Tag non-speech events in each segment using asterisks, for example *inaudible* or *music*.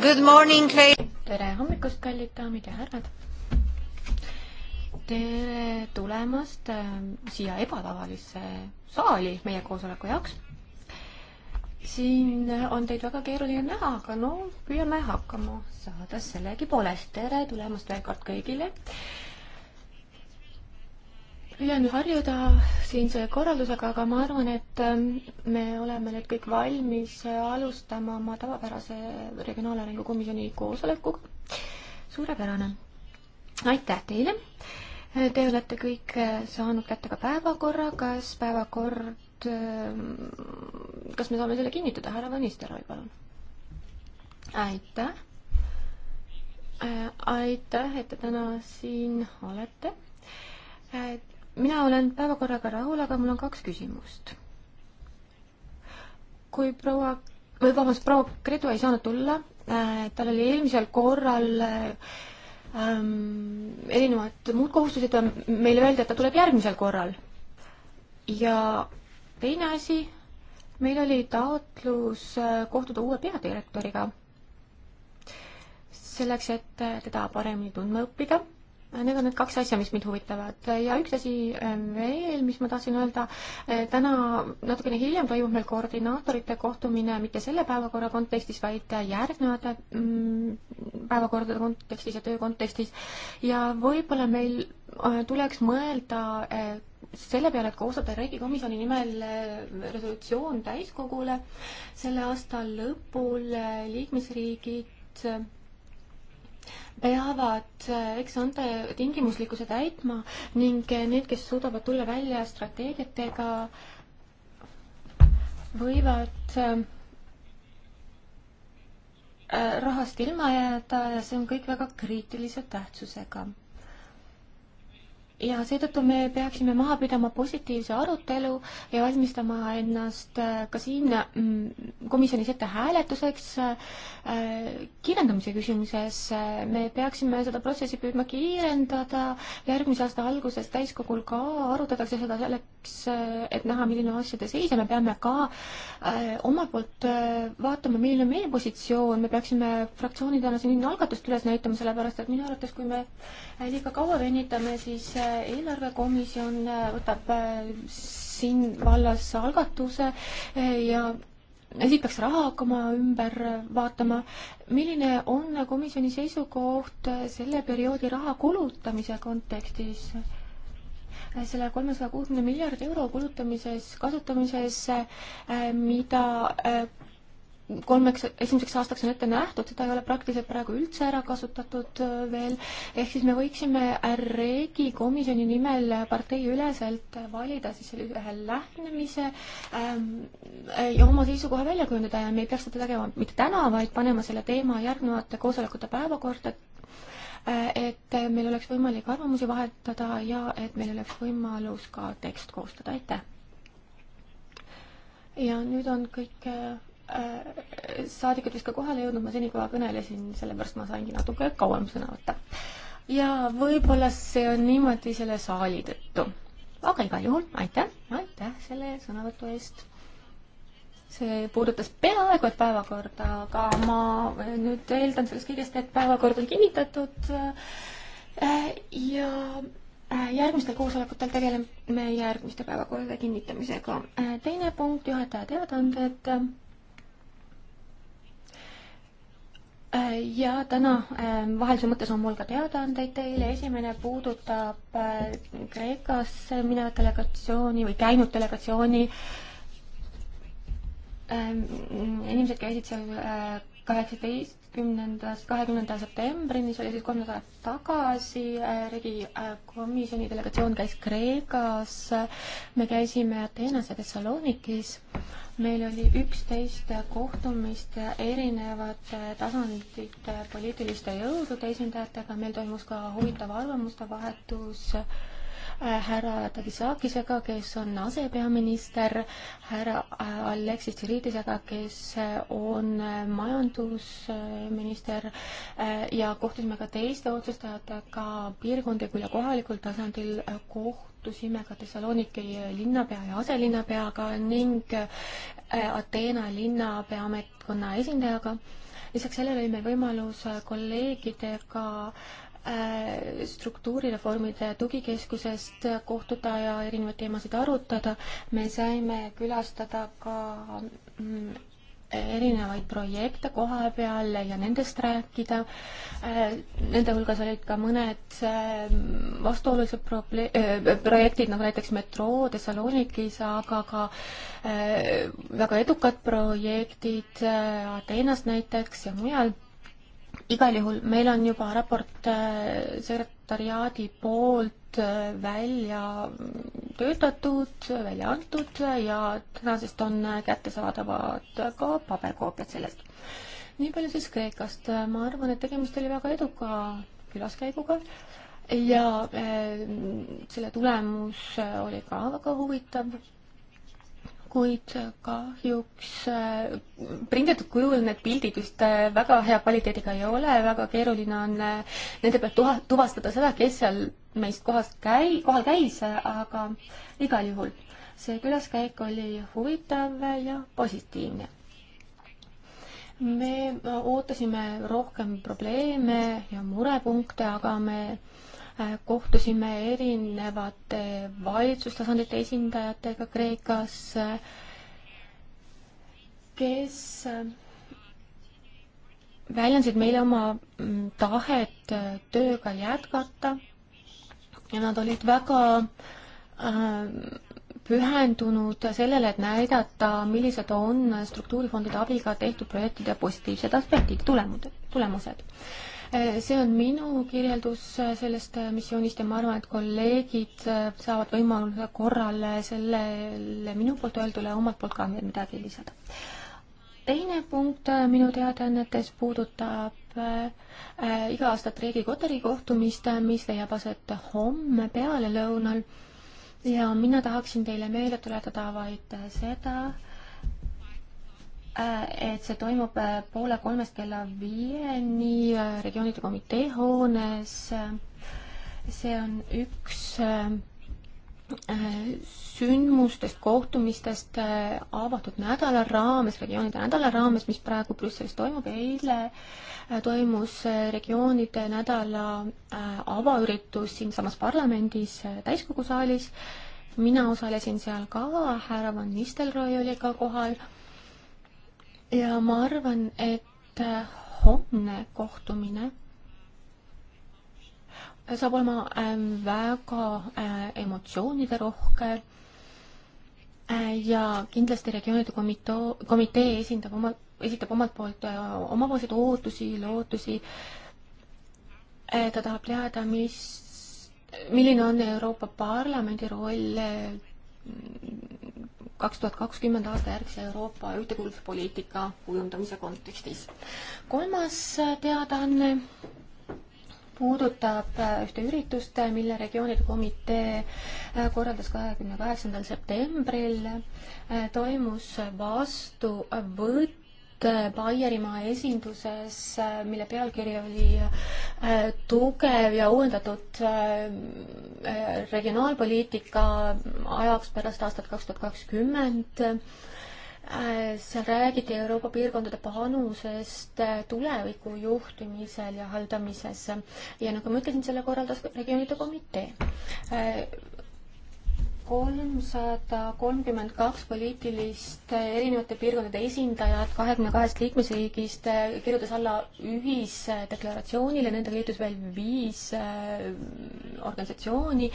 Good morning, tere hommikust, kallid daamid ja härrad. tere tulemast ähm, siia ebatavalisse saali meie koosoleku jaoks. siin on teid väga keeruline näha, aga no püüame hakkama saada sellegipoolest. tere tulemast veel kord kõigile püüan harjuda siinse korraldusega, aga ma arvan, et ähm, me oleme nüüd kõik valmis alustama oma tavapärase Regionaalarengu Komisjoni koosolekuga. suurepärane. aitäh teile. Te olete kõik äh, saanud kätte ka päevakorra, kas päevakord, ähm, kas me saame selle kinnitada, härra Võnisteroi, palun. aitäh. Äh, aitäh, et te täna siin olete äh, mina olen päevakorraga rahul, aga mul on kaks küsimust. kui proua, või vabandust, proua Gredu ei saanud tulla äh,, tal oli eelmisel korral ähm, erinevad muud kohustused, meile öeldi, et ta tuleb järgmisel korral. ja teine asi, meil oli taotlus äh, kohtuda uue peadirektoriga, selleks, et äh, teda paremini tundma õppida Need on need kaks asja, mis mind huvitavad ja üks asi äh, veel, mis ma tahtsin öelda, äh, täna natukene hiljem toimub meil koordinaatorite kohtumine mitte selle päevakorra kontekstis, vaid järgnevate mm, päevakordade kontekstis ja töö kontekstis ja võib-olla meil äh, tuleks mõelda selle peale, et koostada Reigi komisjoni nimel resolutsioon täiskogule selle aasta lõpul liikmesriigid peavad eh, eksante tingimuslikkuse täitma ning eh, need, kes suudavad tulla välja strateegiatega, võivad eh, rahast ilma jääda ja see on kõik väga kriitilise tähtsusega ja seetõttu me peaksime maha pidama positiivse arutelu ja valmistama ennast äh, ka siin mm, komisjonis ette hääletuseks äh, kirjandamise küsimuses. Äh, me peaksime seda protsessi püüdma kiirendada, järgmise aasta alguses täiskogul ka arutatakse seda selleks, et näha, milline on asjade seis ja me peame ka omalt poolt vaatama, milline on meie positsioon, me peaksime fraktsioonidena siin algatust üles näitama, sellepärast et minu arvates, kui me liiga kaua venitame, siis eelarvekomisjon võtab äh, siin vallas algatuse äh, ja siit peaks raha hakkama ümber vaatama. milline on komisjoni seisukoht äh, selle perioodi raha kulutamise kontekstis? selle kolmesaja kuuekümne miljardi euro kulutamises, kasutamises, mida kolmeks esimeseks aastaks on ette nähtud, seda ei ole praktiliselt praegu üldse ära kasutatud äh, veel, ehk siis me võiksime REEGi komisjoni nimel parteiüleselt valida siis sellise ühe lähenemise ähm, ja oma seisukoha välja kujundada ja me ei peaks seda tegema mitte täna, vaid panema selle teema järgnevate koosolekute päevakorda, äh, et meil oleks võimalik arvamusi vahetada ja et meil oleks võimalus ka tekst koostada, aitäh! ja nüüd on kõik äh, Äh, saadikud vist ka kohale jõudnud, ma seni kohe kõnelesin, sellepärast ma saingi natuke kauem sõna võtta. ja võib-olla see on niimoodi selle saali tõttu. aga igal juhul aitäh, aitäh selle sõnavõtu eest. see puudutas peaaegu et päevakorda, aga ma nüüd eeldan sellest kõigest, et päevakord on kinnitatud äh, ja äh, järgmistel koosolekutel tegeleme järgmiste päevakordade kinnitamisega. teine punkt, juhataja teadaanded Äh, ja täna ähm, vahelise mõttes on mul ka teadaandeid teile, esimene puudutab äh, Kreekasse minevat delegatsiooni või käinud delegatsiooni. Ähm, inimesed käisid seal äh, kaheksateistkümnendast kahekümnenda septembrini, see oli siis kolm nädalat tagasi, riigikomisjoni delegatsioon käis Kreekas, me käisime Ateenas ja Thessalonikis meil oli üksteist kohtumist erinevate tasandite poliitiliste jõudude esindajatega, meil toimus ka huvitav arvamuste vahetus äh, härra Tagisakisega, kes on asepeaminister, härra äh, Aleksis Tsiridisega, kes äh, on majandusminister ja kohtusime ka teiste otsustajatega piirkondlikul ja kohalikul tasandil koht-, kohtusime ka Thessaloniki linnapea ja aselinnapeaga ning äh, Ateena linnapea ametkonna esindajaga. lisaks sellele oli meil võimalus äh, kolleegidega äh, struktuurireformide tugikeskusest kohtuda ja erinevaid teemasid arutada. me saime külastada ka mm, erinevaid projekte koha peal ja nendest rääkida. Äh, nende hulgas olid ka mõned äh, vastuolulised proble-, äh, projektid, nagu näiteks metroo Thessalonikis, aga ka väga edukad projektid Ateenas näiteks ja mujal. igal juhul meil on juba raport sekret-, sekretariaadi poolt äh, välja mm, töötatud, välja antud ja tänasest on äh, kättesaadavad ka paberkoopiad sellest. nii palju siis Kreekast, äh, ma arvan, et tegemist oli väga eduka külaskäiguga ja selle tulemus oli ka väga huvitav kuid kahjuks äh, prinditud kujul need pildid just äh, väga hea kvaliteediga ei ole, väga keeruline on äh, nende pealt tuha-, tuvastada seda, kes seal meist kohas käi-, kohal käis, aga igal juhul see külaskäik oli huvitav ja positiivne. me ootasime rohkem probleeme ja murepunkte, aga me kohtusime erinevate valitsustasandite esindajatega Kreekas, kes väljendasid meile oma mm, tahet tööga jätkata ja nad olid väga äh, pühendunud sellele, et näidata, millised on struktuurifondide abiga tehtud projektide positiivsed aspektid, tulemused, tulemused. Eh, see on minu kirjeldus eh, sellest eh, missioonist ja ma arvan, et kolleegid saavad võimaluse korral sellele minu poolt öeldule omalt poolt ka veel midagi lisada. teine punkt minu teadaannetes puudutab iga-aastat Riigikotari kohtumist, mis leiab aset homme pealelõunal ja mina tahaksin teile meelde tuletada vaid seda, Äh, et see toimub äh, poole kolmest kella viieni äh, regioonide komitee hoones. see on üks sündmustest, kohtumistest avatud nädala raames, regioonide nädala raames, mis praegu Brüsselis toimub. eile toimus regioonide nädala avaüritus siinsamas parlamendis täiskogu saalis. mina osalesin seal ka, härra Van Nistelrooy oli ka kohal ja ma arvan, et äh, homne kohtumine saab olema ähm, väga äh, emotsioonide rohke äh, ja kindlasti regioonide komitoo, komitee esindab oma, esitab omalt poolt omapoolseid ootusi, lootusi. ta tahab teada, mis, milline on Euroopa Parlamendi roll kaks tuhat kakskümmend aasta järgse Euroopa ühtekuuluvuspoliitika kujundamise kontekstis. kolmas teadaanne puudutab äh, ühte üritust, äh, mille regioonide komitee äh, korraldas kahekümne kaheksandal septembril. toimus vastuvõtt Äh, Baierimaa esinduses, äh, mille pealkiri oli äh, tugev ja uuendatud regionaalpoliitika ajaks pärast aastat kaks tuhat kakskümmend. seal räägiti Euroopa piirkondade panusest tuleviku juhtimisel ja haldamises ja nagu ma ütlesin, selle korraldas regioonide komitee kolmsada kolmkümmend kaks poliitilist erinevate piirkondade esindajat kahekümne kahest liikmesriigist kirjutas alla ühisdeklaratsioonile, nendega liitus veel viis äh, organisatsiooni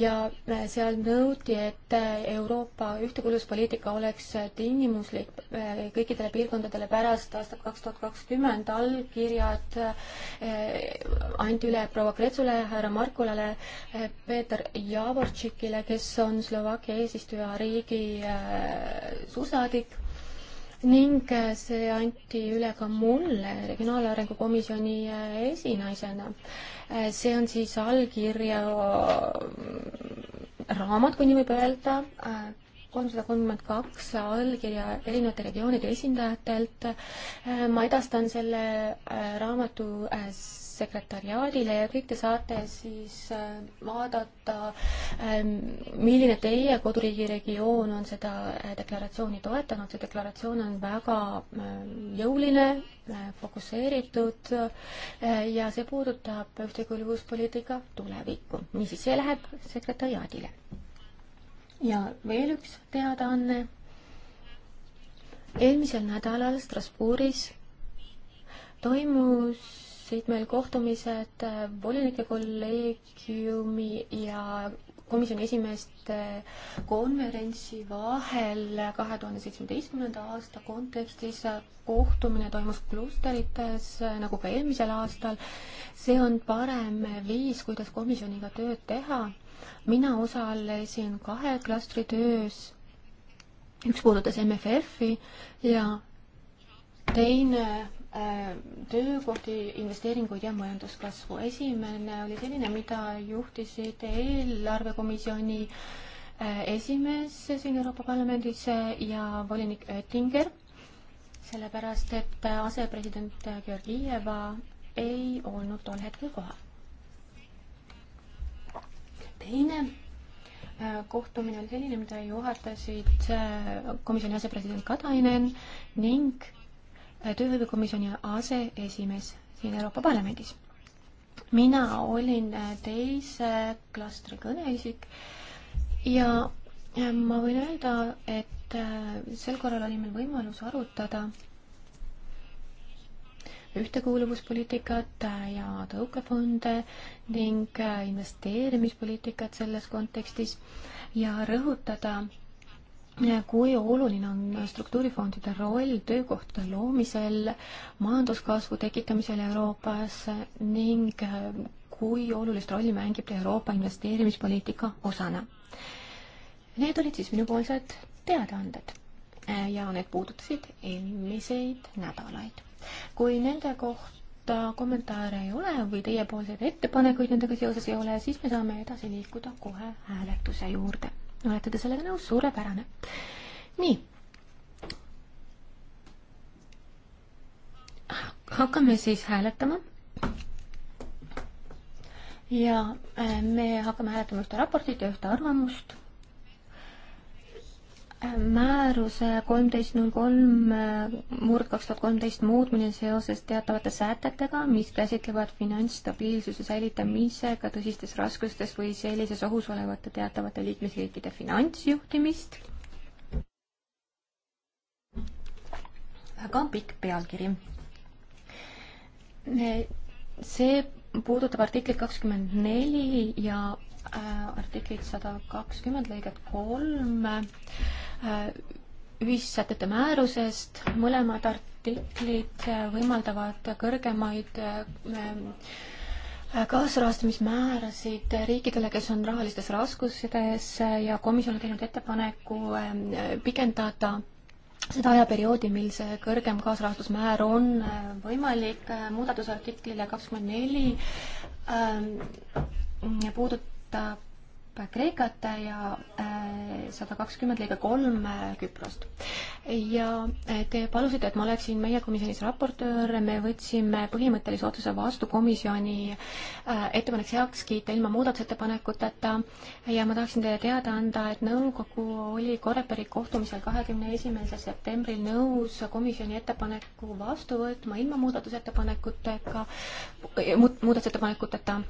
ja äh, seal nõuti, et äh, Euroopa ühtekuuluvuspoliitika oleks tingimuslik äh, kõikidele piirkondadele pärast aastat kaks tuhat kakskümmend, allkirjad anti üle proua Kretsule, härra Markulale, Peeter Javortšikile, kes on Slovakkia eesistujariigi suursaadik ning see anti üle ka mulle Regionaalarengu Komisjoni äh, esinaisena. Äh, see on siis allkirja äh, raamat, kui nii võib öelda, kolmsada kolmkümmend kaks allkirja erinevate regioonide esindajatelt. ma edastan selle raamatu sekretariaadile ja kõik te saate siis äh, vaadata, ähm, milline teie koduriigi regioon on seda äh, deklaratsiooni toetanud, see deklaratsioon on väga äh, jõuline, fokusseeritud ja see puudutab ühtekuuluvuspoliitika tulevikku. niisiis, see läheb sekretariaadile. ja veel üks teadaanne eelmisel nädalal Strasbourgis toimus toimusid meil kohtumised äh, volinike kolleegiumi ja komisjoni esimeeste konverentsi vahel kahe tuhande seitsmeteistkümnenda aasta kontekstis. kohtumine toimus klasterites äh, nagu ka eelmisel aastal. see on parem viis, kuidas komisjoniga tööd teha. mina osalesin kahe klastri töös. üks puudutas MFF-i ja teine Äh, töökohti, investeeringuid ja majanduskasvu. esimene oli selline, mida juhtisid eelarvekomisjoni äh, esimees siin Euroopa Parlamendis äh, ja volinik Oettinger, sellepärast et asepresident Georgieva ei olnud tol hetkel kohal. teine kohtumine oli selline, mida juhatasid komisjoni asepresident Katainen ning tööhõivekomisjoni aseesimees siin Euroopa Parlamendis. mina olin äh, teise klastri kõneisik ja äh, ma võin öelda, et äh, sel korral oli meil võimalus arutada ühtekuuluvuspoliitikat ja tõukefonde ning investeerimispoliitikat selles kontekstis ja rõhutada kui oluline on struktuurifondide roll töökohtade loomisel, majanduskasvu tekitamisel Euroopas ning äh, kui olulist rolli mängib ta Euroopa investeerimispoliitika osana. Need olid siis minupoolsed teadaanded äh, ja need puudutasid eelmiseid nädalaid. kui nende kohta kommentaare ei ole või teiepoolseid ettepanekuid nendega seoses ei ole, siis me saame edasi liikuda kohe hääletuse juurde olete te sellega nõus? suurepärane. nii. hakkame siis hääletama. ja äh, me hakkame hääletama ühte raportit ja ühte arvamust määruse kolmteist null kolm murd kaks tuhat kolmteist muutmine seoses teatavate sätetega, mis käsitlevad finantsstabiilsuse säilitamisega tõsistes raskustes või sellises ohus olevate teatavate liikmesriikide finantsjuhtimist. väga pikk pealkiri. see puudutab artiklit kakskümmend neli ja äh, artiklit sada kakskümmend lõiget kolm Äh, ühissätete määrusest, mõlemad artiklid äh, võimaldavad kõrgemaid äh, kaasrahastamismäärasid riikidele, kes on rahalistes raskustes ja komisjon on teinud ettepaneku pikendada seda ajaperioodi, mil see kõrgem kaasrahastusmäär on võimalik, muudatusartiklile kakskümmend neli ähm, puudutab Kreekat ja äh, sada kakskümmend lõige kolm äh, Küprost. ja äh, te palusite, et ma oleksin meie komisjonis raportöör, me võtsime põhimõttelise otsuse vastu komisjoni ettepanek heaks kiita ilma muudatusettepanekuteta ja ma tahaksin teile teada anda, et nõukogu oli Coreperi kohtumisel kahekümne esimesel septembril nõus komisjoni ettepaneku vastu võtma ilma muudatusettepanekutega, muudatusettepanekuteta.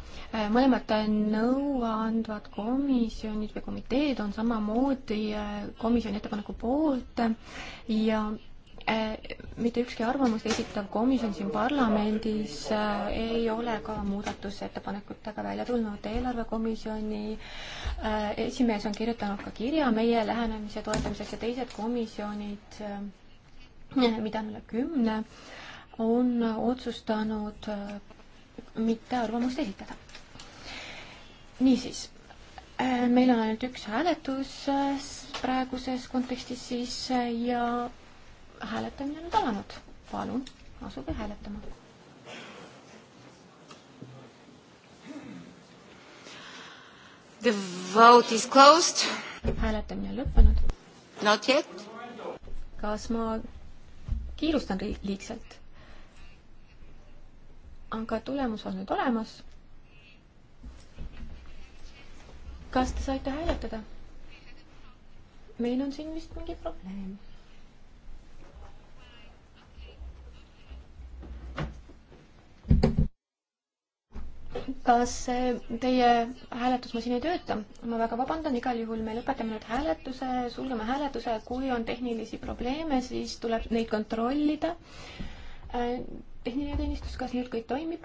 mõlemad nõuandvad komisjonid komisjonid või komiteed on samamoodi äh, komisjoni ettepaneku poolt ja äh, mitte ükski arvamust esitav komisjon siin parlamendis äh, ei ole ka muudatusettepanekutega välja tulnud. eelarvekomisjoni esimees on kirjutanud ka kirja meie lähenemise toetamiseks ja teised komisjonid, mida on üle kümne, on otsustanud mitte arvamust esitada. niisiis Äh, meil on ainult üks hääletus äh, praeguses kontekstis siis äh, ja hääletamine on nüüd alanud. palun, asuge hääletama. The vote is closed. hääletamine on lõppenud. Not yet. kas ma kiirustan liigselt? aga tulemus on nüüd olemas kas te saite hääletada? meil on siin vist mingi probleem. kas eh, teie hääletusmasin ei tööta? ma väga vabandan, igal juhul me lõpetame nüüd hääletuse, sulgeme hääletuse, kui on tehnilisi probleeme, siis tuleb neid kontrollida. Eh, tehniline teenistus, kas nüüd kõik toimib?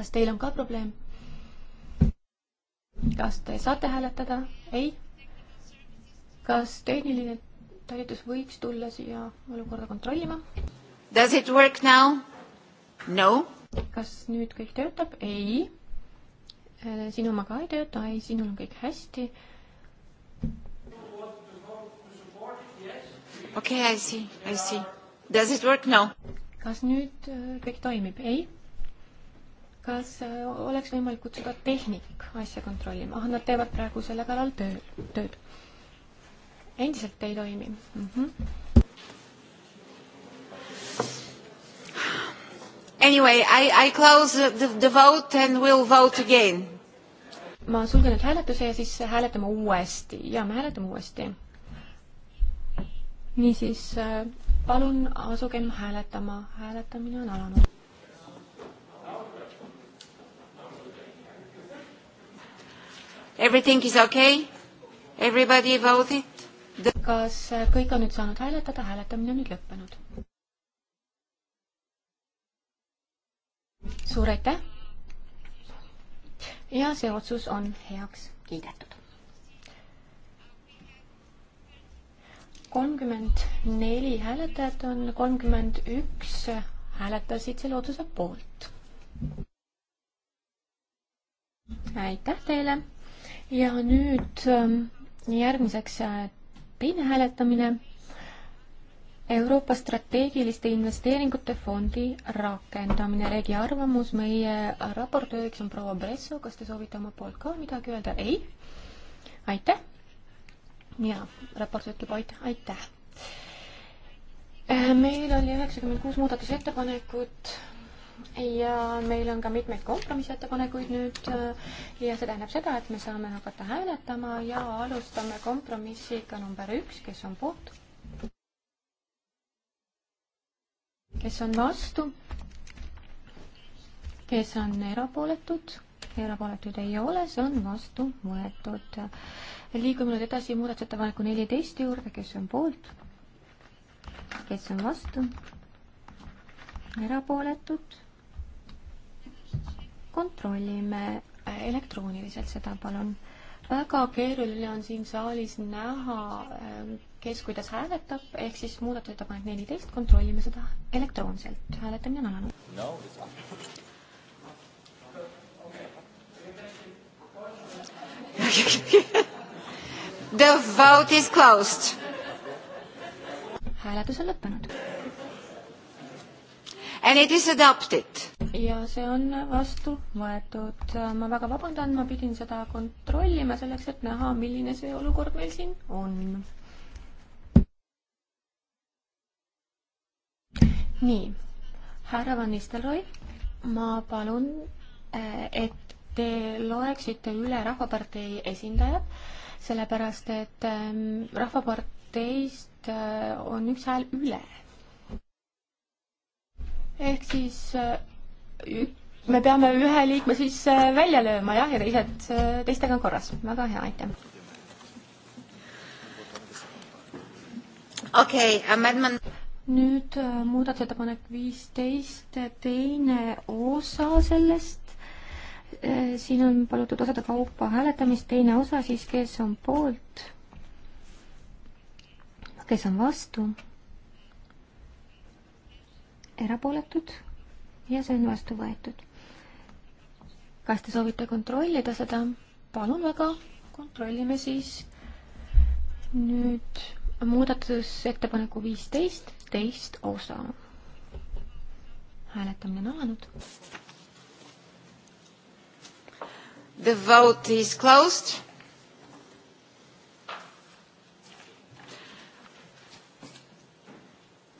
kas teil on ka probleem? kas te saate hääletada? ei? kas tehniline talitus võiks tulla siia olukorda kontrollima? Does it work now? No. kas nüüd kõik töötab? ei. Äh, sinu oma ka ei tööta, ei, sinul on kõik hästi. okei okay,, I see, I see. Does it work now? kas nüüd äh, kõik toimib? ei kas äh, oleks võimalik kutsuda tehnik asja kontrollima? ah, nad teevad praegu selle kallal töö, tööd. endiselt ei toimi mm? -hmm. Anyway, I, I close the, the vote and we'll vote again. ma sulgen nüüd hääletuse ja siis hääletame uuesti ja me hääletame uuesti. niisiis, äh, palun asugem hääletama, hääletamine on alanud Everything is okay? Everybody voted? The... kas kõik on nüüd saanud hääletada, hääletamine on nüüd lõppenud. suur aitäh! ja see otsus on heaks kiidetud. kolmkümmend neli hääletajat on, kolmkümmend üks hääletasid selle otsuse poolt. aitäh teile! ja nüüd ähm, järgmiseks äh, teine hääletamine. Euroopa strateegiliste investeeringute fondi rakendamine. Regi arvamus meie raportööriks on proua Bresso, kas te soovite oma poolt ka midagi öelda? ei? aitäh. ja raport ütleb aitäh. Äh, meil oli üheksakümmend kuus muudatusettepanekut ja meil on ka mitmeid kompromissettepanekuid nüüd äh, ja see tähendab seda, et me saame hakata hääletama ja alustame kompromissiga number üks, kes on poolt. kes on vastu? kes on erapooletud? erapooletuid ei ole, see on vastu võetud. liigume nüüd edasi muudatusettepaneku neliteist juurde, kes on poolt? kes on vastu? erapooletud? kontrollime äh, elektrooniliselt seda, palun. väga keeruline on siin saalis näha, ähm, kes kuidas hääletab, ehk siis muudatusettepanek neliteist, kontrollime seda elektroonselt. hääletamine on alanud no,. *laughs* The vote is closed. hääletus on lõppenud. And it is adopted ja see on vastu võetud. ma väga vabandan, ma pidin seda kontrollima selleks, et näha, milline see olukord meil siin on. nii, härra Van Nistelrooy, ma palun, eh, et te loeksite üle Rahvapartei esindajad, sellepärast et eh, Rahvaparteist eh, on üks hääl üle ehk siis me peame ühe liikme siis äh, välja lööma jah, ja teised, äh, teistega on korras. väga hea, aitäh. okei okay,, amendment. nüüd äh, muudatusettepanek viisteist, teine osa sellest. siin on palutud osade kaupa hääletamist, teine osa siis, kes on poolt, kes on vastu, erapooletud ja see on vastu võetud. kas te soovite kontrollida seda? palun väga, kontrollime siis nüüd muudatusettepaneku viisteist, teist osa. hääletamine on alanud. The vote is closed.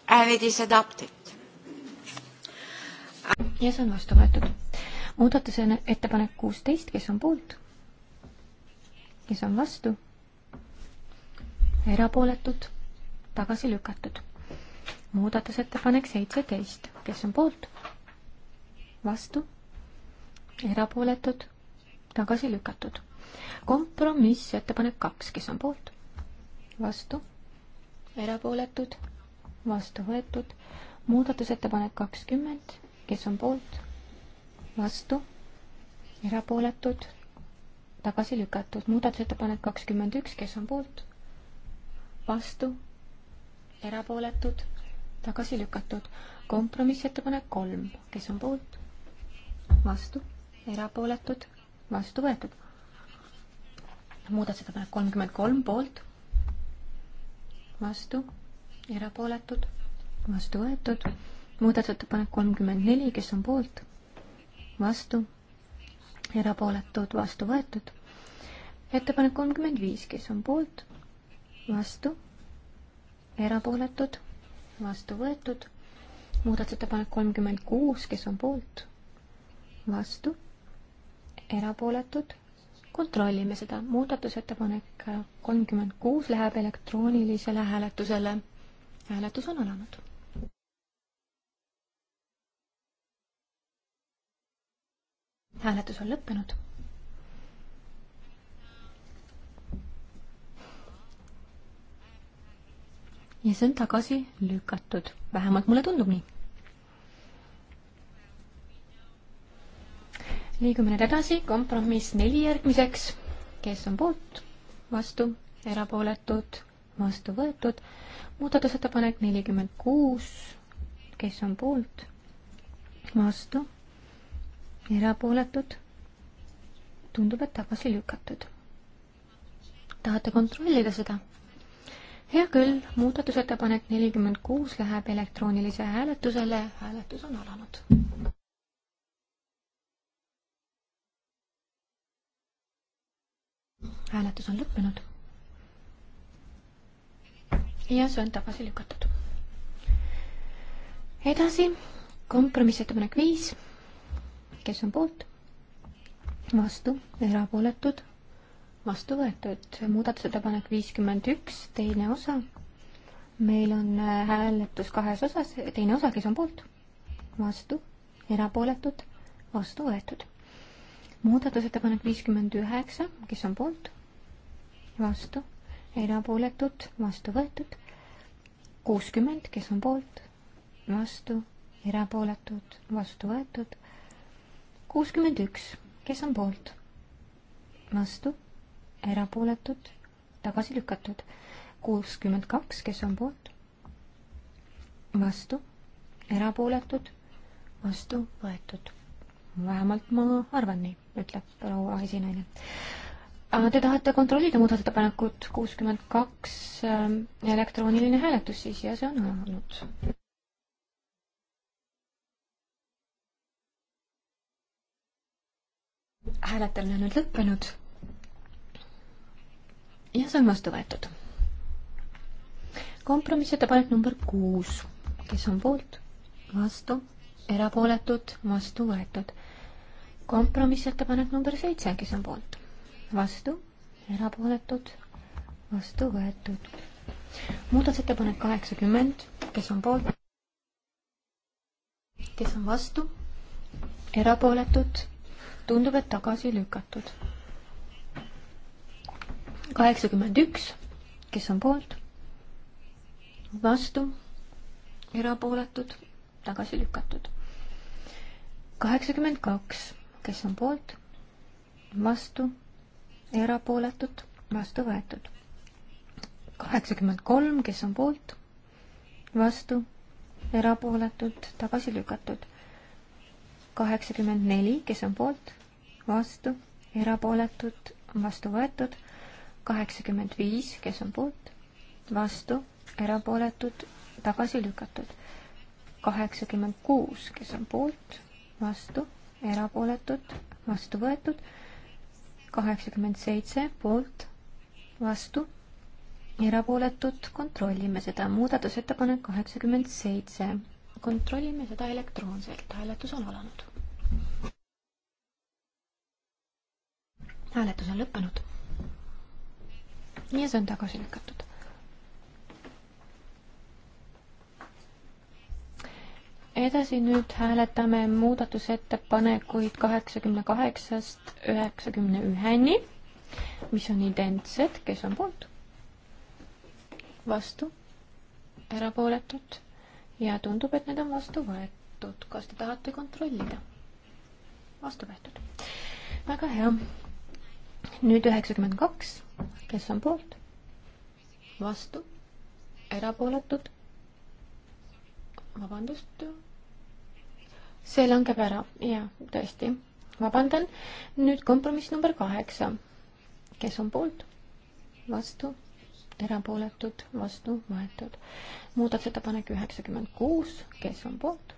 And it is adopted ja see on vastu võetud. muudatusettepanek kuusteist, kes on poolt? kes on vastu? erapooletud, tagasi lükatud. muudatusettepanek seitseteist, kes on poolt? vastu, erapooletud, tagasi lükatud. kompromissettepanek kaks, kes on poolt? vastu, erapooletud, vastu võetud. muudatusettepanek kakskümmend, kes on poolt, vastu, erapooletud, tagasi lükatud. muudatusettepanek kakskümmend üks, kes on poolt, vastu, erapooletud, tagasi lükatud. kompromissettepanek kolm, kes on poolt, vastu, erapooletud, vastu võetud. muudatusettepanek kolmkümmend kolm poolt, vastu, erapooletud, vastu võetud muudatusettepanek kolmkümmend neli, kes on poolt, vastu, erapooletud, vastu võetud. ettepanek kolmkümmend viis, kes on poolt, vastu, erapooletud, vastu võetud. muudatusettepanek kolmkümmend kuus, kes on poolt, vastu, erapooletud. kontrollime seda, muudatusettepanek kolmkümmend kuus läheb elektroonilisele hääletusele. hääletus on alanud hääletus on lõppenud. ja see on tagasi lükatud, vähemalt mulle tundub nii. liigume nüüd edasi, kompromiss neli järgmiseks. kes on poolt, vastu, erapooletud, vastu võetud. muudatusettepanek nelikümmend kuus, kes on poolt, vastu erapooletud. tundub, et tagasi lükatud. tahate kontrollida seda? hea küll, muudatusettepanek nelikümmend kuus läheb elektroonilise hääletusele, hääletus on alanud. hääletus on lõppenud. ja see on tagasi lükatud. edasi kompromissettepanek viis kes on poolt? vastu, erapooletud, vastu võetud. muudatusettepanek viiskümmend üks, teine osa. meil on äh, hääletus kahes osas, teine osa, kes on poolt? vastu, erapooletud, vastu võetud. muudatusettepanek viiskümmend üheksa, kes on poolt? vastu, erapooletud, vastu võetud. kuuskümmend, kes on poolt? vastu, erapooletud, vastu võetud kuuskümmend üks, kes on poolt? vastu, erapooletud, tagasi lükatud. kuuskümmend kaks, kes on poolt? vastu, erapooletud, vastu võetud. vähemalt ma arvan nii, ütleb proua esinaine Te tahate kontrollida muudatusettepanekut kuuskümmend kaks ähm, elektrooniline hääletus siis ja see on alanud. hääletamine on nüüd lõppenud. ja see on vastu võetud. kompromissettepanek number kuus, kes on poolt, vastu, erapooletud, vastu võetud. kompromissettepanek number seitse, kes on poolt, vastu, erapooletud, vastu võetud. muudatusettepanek kaheksakümmend, kes on poolt, kes on vastu, erapooletud tundub, et tagasi lükatud. kaheksakümmend üks, kes on poolt, vastu, erapooletud, tagasi lükatud. kaheksakümmend kaks, kes on poolt, vastu, erapooletud, vastu võetud. kaheksakümmend kolm, kes on poolt, vastu, erapooletud, tagasi lükatud kaheksakümmend neli, kes on poolt, vastu, erapooletud, vastu võetud, kaheksakümmend viis, kes on poolt, vastu, erapooletud, tagasi lükatud, kaheksakümmend kuus, kes on poolt, vastu, erapooletud, vastu võetud, kaheksakümmend seitse poolt, vastu, erapooletud, kontrollime seda, muudatusettepanek kaheksakümmend seitse kontrollime seda elektroonselt, hääletus on alanud. hääletus on lõppenud. ja see on tagasi lükatud. edasi nüüd hääletame muudatusettepanekuid kaheksakümne kaheksast üheksakümne üheni, mis on identsed, kes on poolt, vastu, erapooletud ja tundub, et need on vastu võetud. kas te tahate kontrollida? vastu võetud. väga hea. nüüd üheksakümmend kaks, kes on poolt? vastu, erapooletud. vabandust. see langeb ära, jaa, tõesti. vabandan. nüüd kompromiss number kaheksa. kes on poolt? vastu poolt, erapooletud, vastu võetud. muudatusettepanek üheksakümmend kuus, kes on poolt?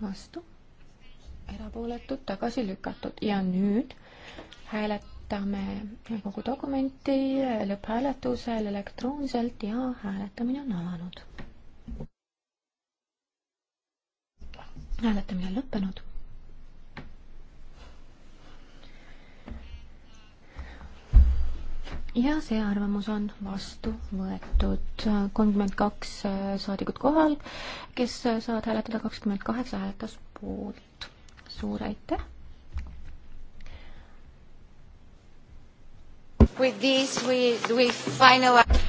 vastu, erapooletud, tagasi lükatud ja nüüd hääletame kogu dokumenti lõpphääletusel elektroonselt ja hääletamine on alanud. hääletamine on lõppenud ja see arvamus on vastu võetud. kolmkümmend kaks äh, saadikut kohal, kes äh, saavad hääletada, kakskümmend kaheksa hääletas poolt. suur aitäh! With this we, we finalize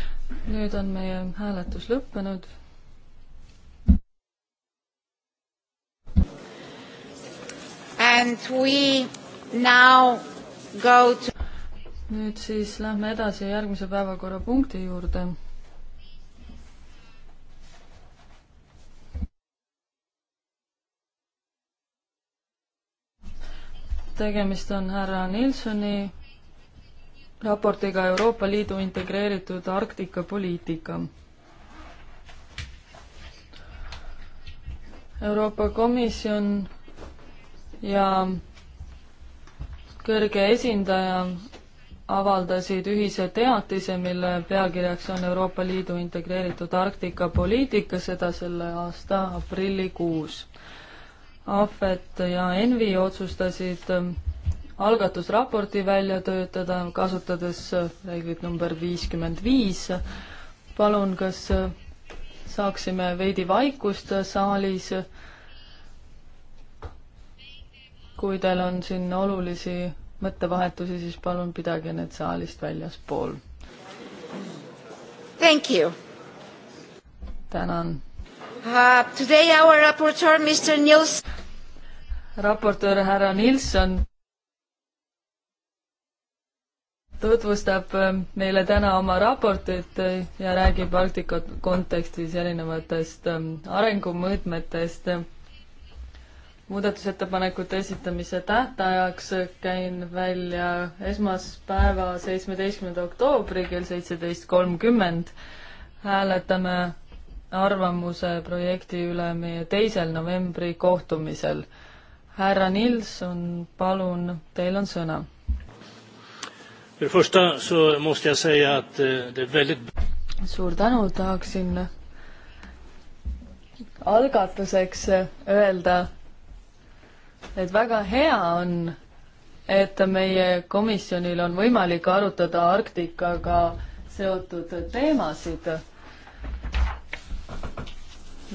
nüüd on meie hääletus lõppenud. And we now go to nüüd siis lähme edasi järgmise päevakorrapunkti juurde. tegemist on härra Nilssoni raportiga Euroopa Liidu integreeritud Arktika poliitika. Euroopa Komisjon ja kõrge esindaja avaldasid ühise teatise, mille pealkirjaks on Euroopa Liidu integreeritud Arktika poliitika, seda selle aasta aprillikuus. Ahvet ja Envi otsustasid ähm, algatusraporti välja töötada, kasutades äh, reeglit number viiskümmend viis. palun, kas äh, saaksime veidi vaikust saalis? kui teil on siin olulisi mõttevahetusi, siis palun pidage need saalist väljaspool. Thank you. tänan uh,. Today our raportöör Mr Nils. raportöör härra Nilsson tutvustab äh, meile täna oma raportit äh, ja räägib Arktika kontekstis erinevatest äh, arengumõõtmetest muudatusettepanekute esitamise tähtajaks käin välja esmaspäeva, seitsmeteistkümnenda oktoobri kell seitseteist kolmkümmend. hääletame arvamuse projekti üle meie teisel novembri kohtumisel. härra Nilsson, palun, teil on sõna. Eh, suur tänu, tahaksin algatuseks eh, öelda, et väga hea on, et meie komisjonil on võimalik arutada Arktikaga seotud teemasid.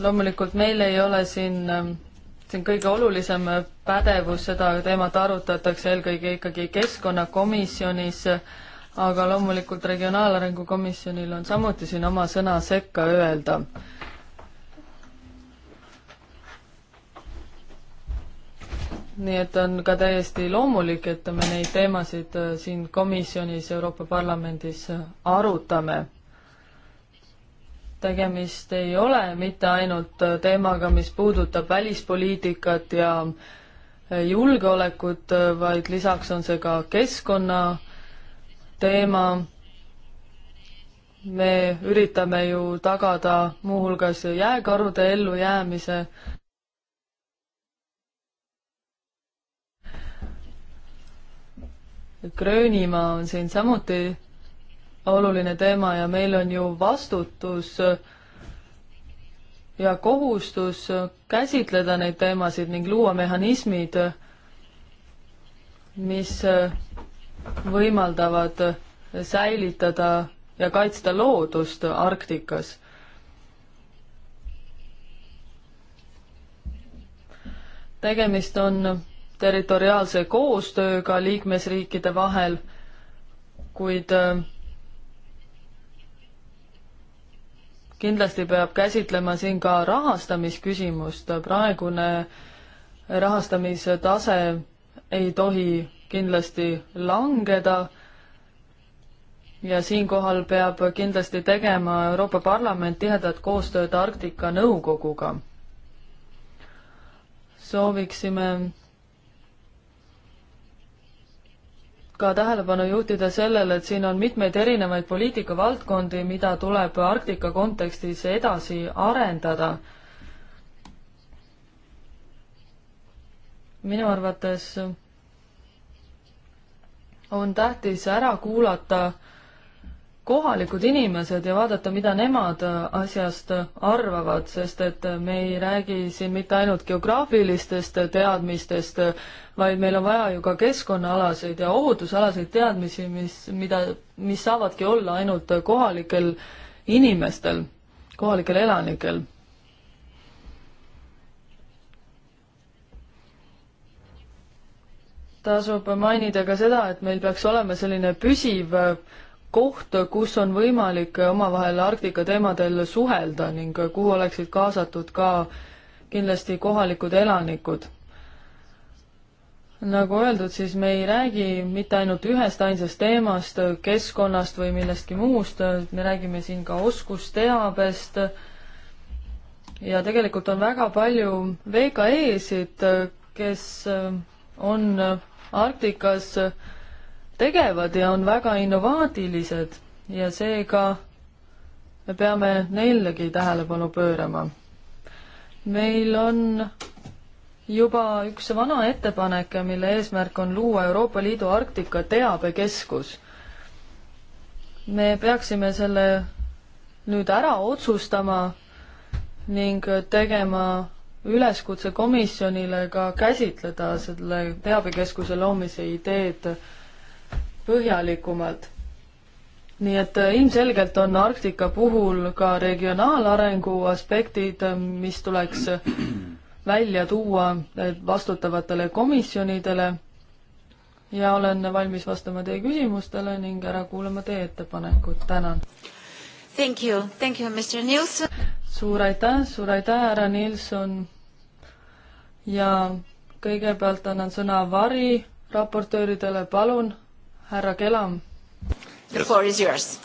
loomulikult meil ei ole siin, siin kõige olulisem pädevus, seda teemat arutatakse eelkõige ikkagi keskkonnakomisjonis, aga loomulikult Regionaalarengu Komisjonil on samuti siin oma sõna sekka öelda nii et on ka täiesti loomulik, et me neid teemasid äh, siin komisjonis, Euroopa Parlamendis äh, arutame. tegemist ei ole mitte ainult äh, teemaga, mis puudutab välispoliitikat ja julgeolekut, vaid lisaks on see ka keskkonna teema me üritame ju tagada muuhulgas jääkarude ellujäämise Gröönimaa on siin samuti oluline teema ja meil on ju vastutus ja kohustus käsitleda neid teemasid ning luua mehhanismid, mis võimaldavad säilitada ja kaitsta loodust Arktikas tegemist on territoriaalse koostööga liikmesriikide vahel, kuid äh, kindlasti peab käsitlema siin ka rahastamisküsimust, praegune rahastamise tase ei tohi kindlasti langeda ja siinkohal peab kindlasti tegema Euroopa Parlament tihedat koostööd Arktika Nõukoguga. sooviksime ka tähelepanu juhtida sellele, et siin on mitmeid erinevaid poliitikavaldkondi, mida tuleb Arktika kontekstis edasi arendada. minu arvates on tähtis ära kuulata äh, kohalikud inimesed ja vaadata, mida nemad äh, asjast äh, arvavad, sest et äh, me ei räägi siin mitte ainult geograafilistest teadmistest, vaid meil on vaja ju ka keskkonnaalaseid ja ohutusalaseid teadmisi, mis, mida, mis saavadki olla ainult kohalikel inimestel, kohalikel elanikel tasub mainida ka seda, et meil peaks olema selline püsiv koht, kus on võimalik omavahel Arktika teemadel suhelda ning kuhu oleksid kaasatud ka kindlasti kohalikud elanikud. nagu öeldud, siis me ei räägi mitte ainult ühest ainsast teemast, keskkonnast või millestki muust, me räägime siin ka oskusteabest ja tegelikult on väga palju VKE-sid, kes on Arktikas äh, tegevad ja on väga innovaatilised ja seega me peame neilegi tähelepanu pöörama. meil on juba üks vana ettepanek, mille eesmärk on luua Euroopa Liidu Arktika teabekeskus. me peaksime selle nüüd ära otsustama ning tegema üleskutse komisjonile ka käsitleda selle teabekeskuse loomise ideed äh, põhjalikumalt. nii et äh, ilmselgelt on Arktika puhul ka regionaalarengu aspektid, äh, mis tuleks äh, välja tuua vastutavatele komisjonidele ja olen valmis vastama teie küsimustele ning ära kuulama teie ettepanekud, tänan. Thank you, thank you, Mr Nilsson. suur aitäh, suur aitäh, härra Nilsson. ja kõigepealt annan sõna variraportööridele, palun härra Kelam. The floor is yours.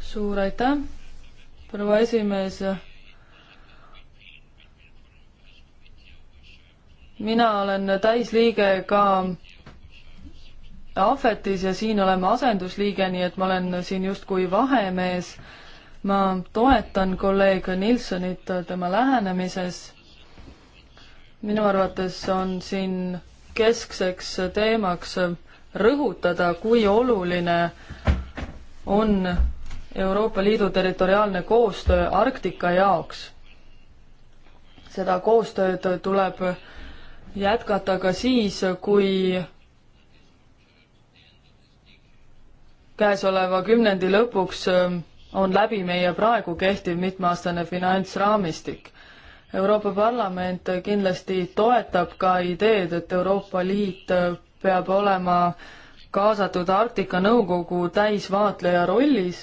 suur aitäh, proua esimees. mina olen täisliige ka Ahvetis ja siin oleme asendusliige, nii et ma olen siin justkui vahemees. ma toetan kolleeg Nilssonit tema lähenemises. minu arvates on siin keskseks teemaks rõhutada, kui oluline on Euroopa Liidu territoriaalne koostöö Arktika jaoks. seda koostööd tuleb jätkata ka siis, kui käesoleva kümnendi lõpuks on läbi meie praegu kehtiv mitmeaastane finantsraamistik. Euroopa Parlament kindlasti toetab ka ideed, et Euroopa Liit peab olema kaasatud Arktika Nõukogu täisvaatleja rollis.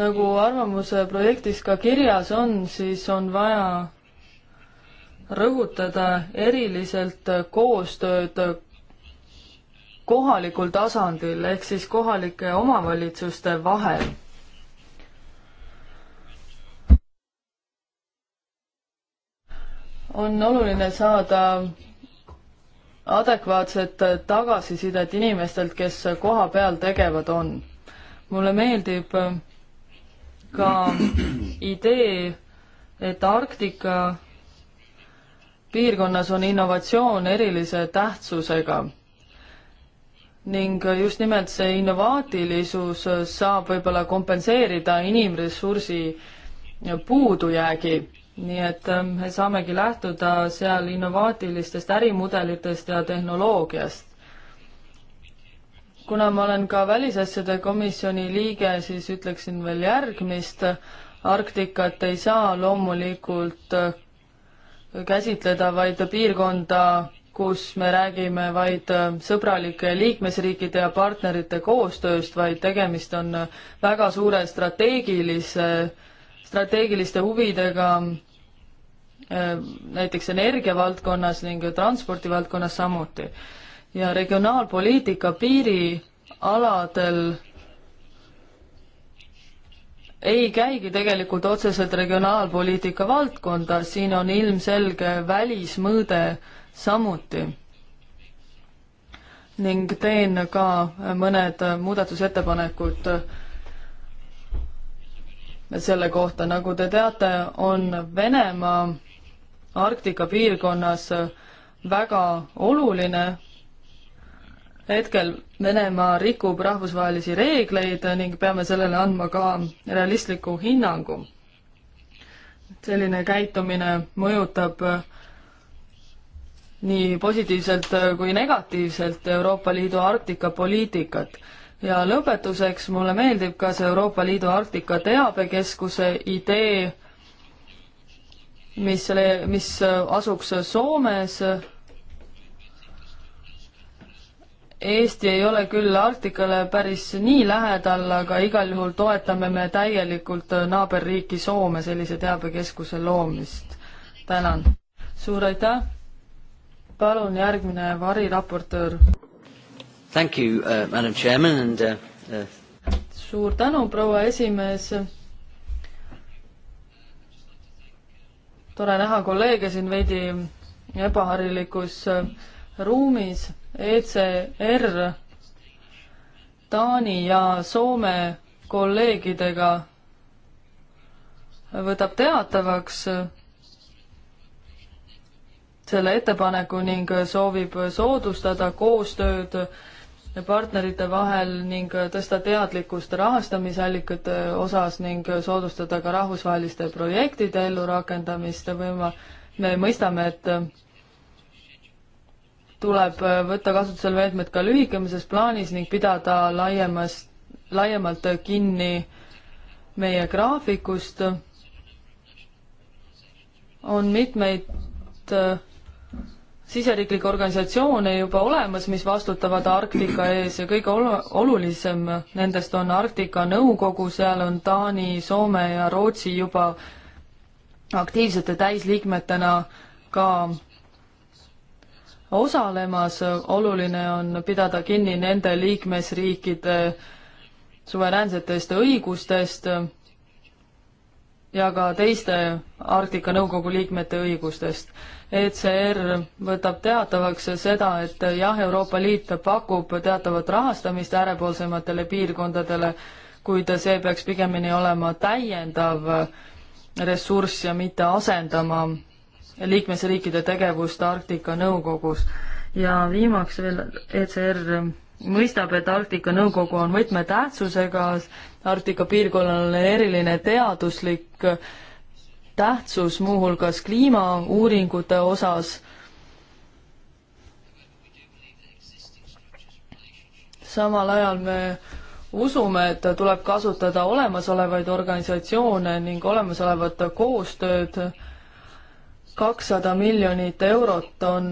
nagu arvamuse projektis ka kirjas on, siis on vaja rõhutada eriliselt koostööd kohalikul tasandil ehk siis kohalike omavalitsuste vahel on oluline saada adekvaatset tagasisidet inimestelt, kes koha peal tegevad on. mulle meeldib ka idee, et Arktika piirkonnas on innovatsioon erilise tähtsusega ning just nimelt see innovaatilisus saab võib-olla kompenseerida inimressursi puudujäägi nii et ähm, me saamegi lähtuda seal innovaatilistest ärimudelitest ja tehnoloogiast. kuna ma olen ka Välisasjade Komisjoni liige, siis ütleksin veel järgmist. Arktikat ei saa loomulikult äh, käsitleda vaid piirkonda, kus me räägime vaid äh, sõbralike liikmesriikide ja partnerite koostööst, vaid tegemist on äh, väga suure strateegilise äh, strateegiliste huvidega äh, näiteks energiavaldkonnas ning transpordivaldkonnas samuti. ja regionaalpoliitika piirialadel ei käigi tegelikult otseselt regionaalpoliitika valdkonda, siin on ilmselge välismõõde samuti. ning teen ka mõned muudatusettepanekud selle kohta, nagu te teate, on Venemaa Arktika piirkonnas väga oluline. hetkel Venemaa rikub rahvusvahelisi reegleid ning peame sellele andma ka realistliku hinnangu. selline käitumine mõjutab nii positiivselt kui negatiivselt Euroopa Liidu Arktika poliitikat ja lõpetuseks mulle meeldib ka see Euroopa Liidu Arktika Teabekeskuse idee, mis, mis asuks Soomes. Eesti ei ole küll Arktikale päris nii lähedal, aga igal juhul toetame me täielikult naaberriiki Soome sellise teabekeskuse loomist. tänan. suur aitäh. palun järgmine variraportöör. Thank you uh,, madam chairman and uh,. Uh... suur tänu, proua esimees. tore näha kolleege siin veidi ebaharilikus uh, ruumis. ECR Taani ja Soome kolleegidega võtab teatavaks uh, selle ettepaneku ning soovib soodustada koostööd partnerite vahel ning tõsta teadlikkust rahastamisallikate osas ning soodustada ka rahvusvaheliste projektide ellurakendamist või ma, me mõistame, et tuleb võtta kasutusele meetmed ka lühikemises plaanis ning pidada laiemas, laiemalt kinni meie graafikust. on mitmeid siseriiklikke organisatsioone juba olemas, mis vastutavad Arktika ees ja kõige ol-, olulisem nendest on Arktika Nõukogu, seal on Taani, Soome ja Rootsi juba aktiivsete täisliikmetena ka osalemas, oluline on pidada kinni nende liikmesriikide suveräänsetest õigustest ja ka teiste Arktika Nõukogu liikmete õigustest ECR võtab teatavaks seda, et jah, Euroopa Liit pakub teatavat rahastamist äärepoolsematele piirkondadele, kuid see peaks pigemini olema täiendav ressurss ja mitte asendama liikmesriikide tegevust Arktika Nõukogus. ja viimaks veel ECR mõistab, et Arktika Nõukogu on võtmetähtsusega, Arktika piirkonnal on eriline teaduslik tähtsus muuhulgas kliimauuringute osas. samal ajal me usume, et tuleb kasutada olemasolevaid organisatsioone ning olemasolevat koostööd. kakssada miljonit eurot on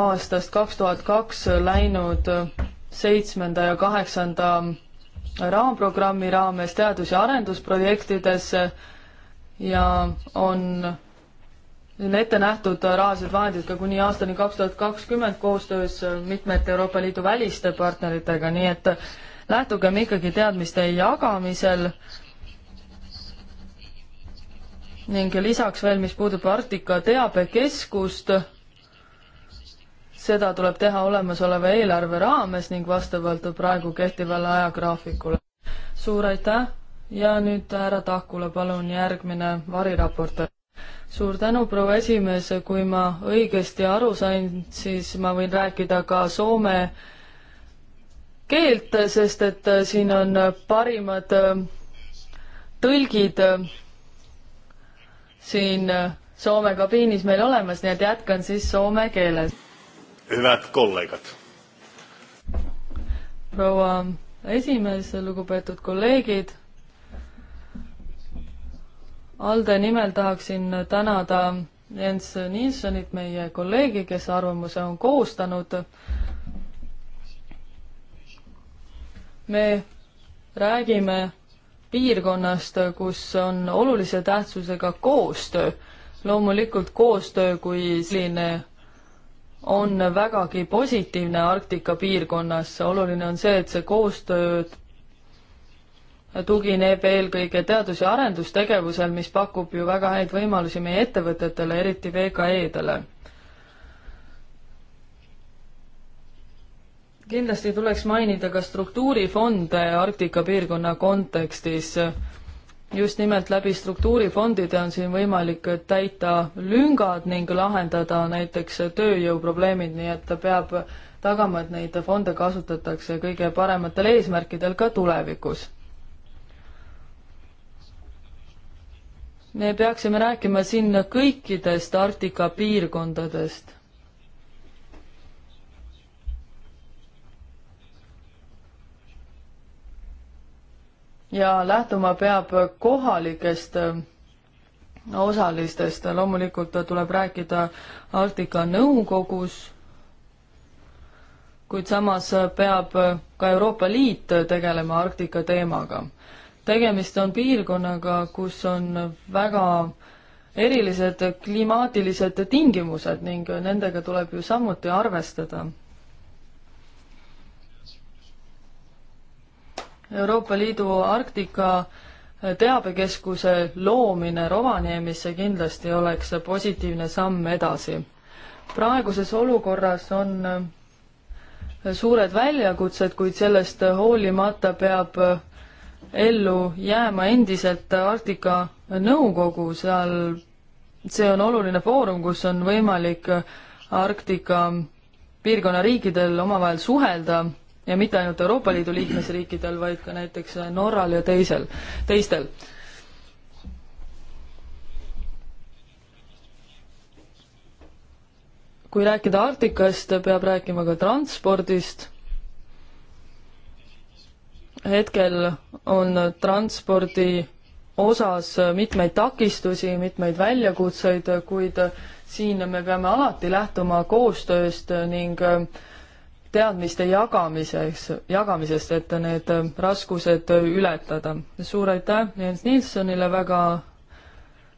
aastast kaks tuhat kaks läinud seitsmenda ja kaheksanda raamprogrammi raames teadus- ja arendusprojektidesse ja on ette nähtud rahalised vahendid ka kuni aastani kaks tuhat kakskümmend koostöös mitmete Euroopa Liidu väliste partneritega, nii et lähtugem ikkagi teadmiste jagamisel ning lisaks veel, mis puudub Arktika teabekeskust, seda tuleb teha olemasoleva eelarve raames ning vastavalt praegu kehtivale ajagraafikule. suur aitäh! ja nüüd härra Tahkula, palun, järgmine variraportor. suur tänu, proua esimees, kui ma õigesti aru sain, siis ma võin rääkida ka soome keelt, sest et siin on parimad äh, tõlgid äh, siin äh, Soome kabiinis meil olemas, nii et jätkan siis soome keeles. head kolleegad. proua esimees, lugupeetud kolleegid Alde nimel tahaksin tänada Jens Nilssonit, meie kolleegi, kes arvamuse on koostanud. me räägime piirkonnast, kus on olulise tähtsusega koostöö. loomulikult koostöö kui selline on vägagi positiivne Arktika piirkonnas, oluline on see, et see koostöö tugineb eelkõige teadus- ja arendustegevusel, mis pakub ju väga häid võimalusi meie ettevõtetele, eriti VKE-dele. kindlasti tuleks mainida ka struktuurifonde Arktika piirkonna kontekstis. just nimelt läbi struktuurifondide on siin võimalik täita lüngad ning lahendada näiteks tööjõuprobleemid, nii et ta peab tagama, et neid fonde kasutatakse kõige parematel eesmärkidel ka tulevikus me peaksime rääkima siin kõikidest Arktika piirkondadest. ja lähtuma peab kohalikest äh, osalistest, loomulikult tuleb rääkida Arktika Nõukogus, kuid samas peab ka Euroopa Liit tegelema Arktika teemaga tegemist on piirkonnaga, kus on väga erilised klimaatilised tingimused ning nendega tuleb ju samuti arvestada. Euroopa Liidu Arktika teabekeskuse loomine Rovaniemisse kindlasti oleks positiivne samm edasi. praeguses olukorras on suured väljakutsed, kuid sellest hoolimata peab ellu jääma endiselt Arktika Nõukogu, seal, see on oluline foorum, kus on võimalik Arktika piirkonna riikidel omavahel suhelda ja mitte ainult Euroopa Liidu liikmesriikidel, vaid ka näiteks Norral ja teisel, teistel. kui rääkida Arktikast, peab rääkima ka transpordist hetkel on transpordi osas mitmeid takistusi, mitmeid väljakutseid, kuid siin me peame alati lähtuma koostööst ning äh, teadmiste jagamiseks, jagamisest, et need raskused ületada. suur aitäh Jens Nilssonile väga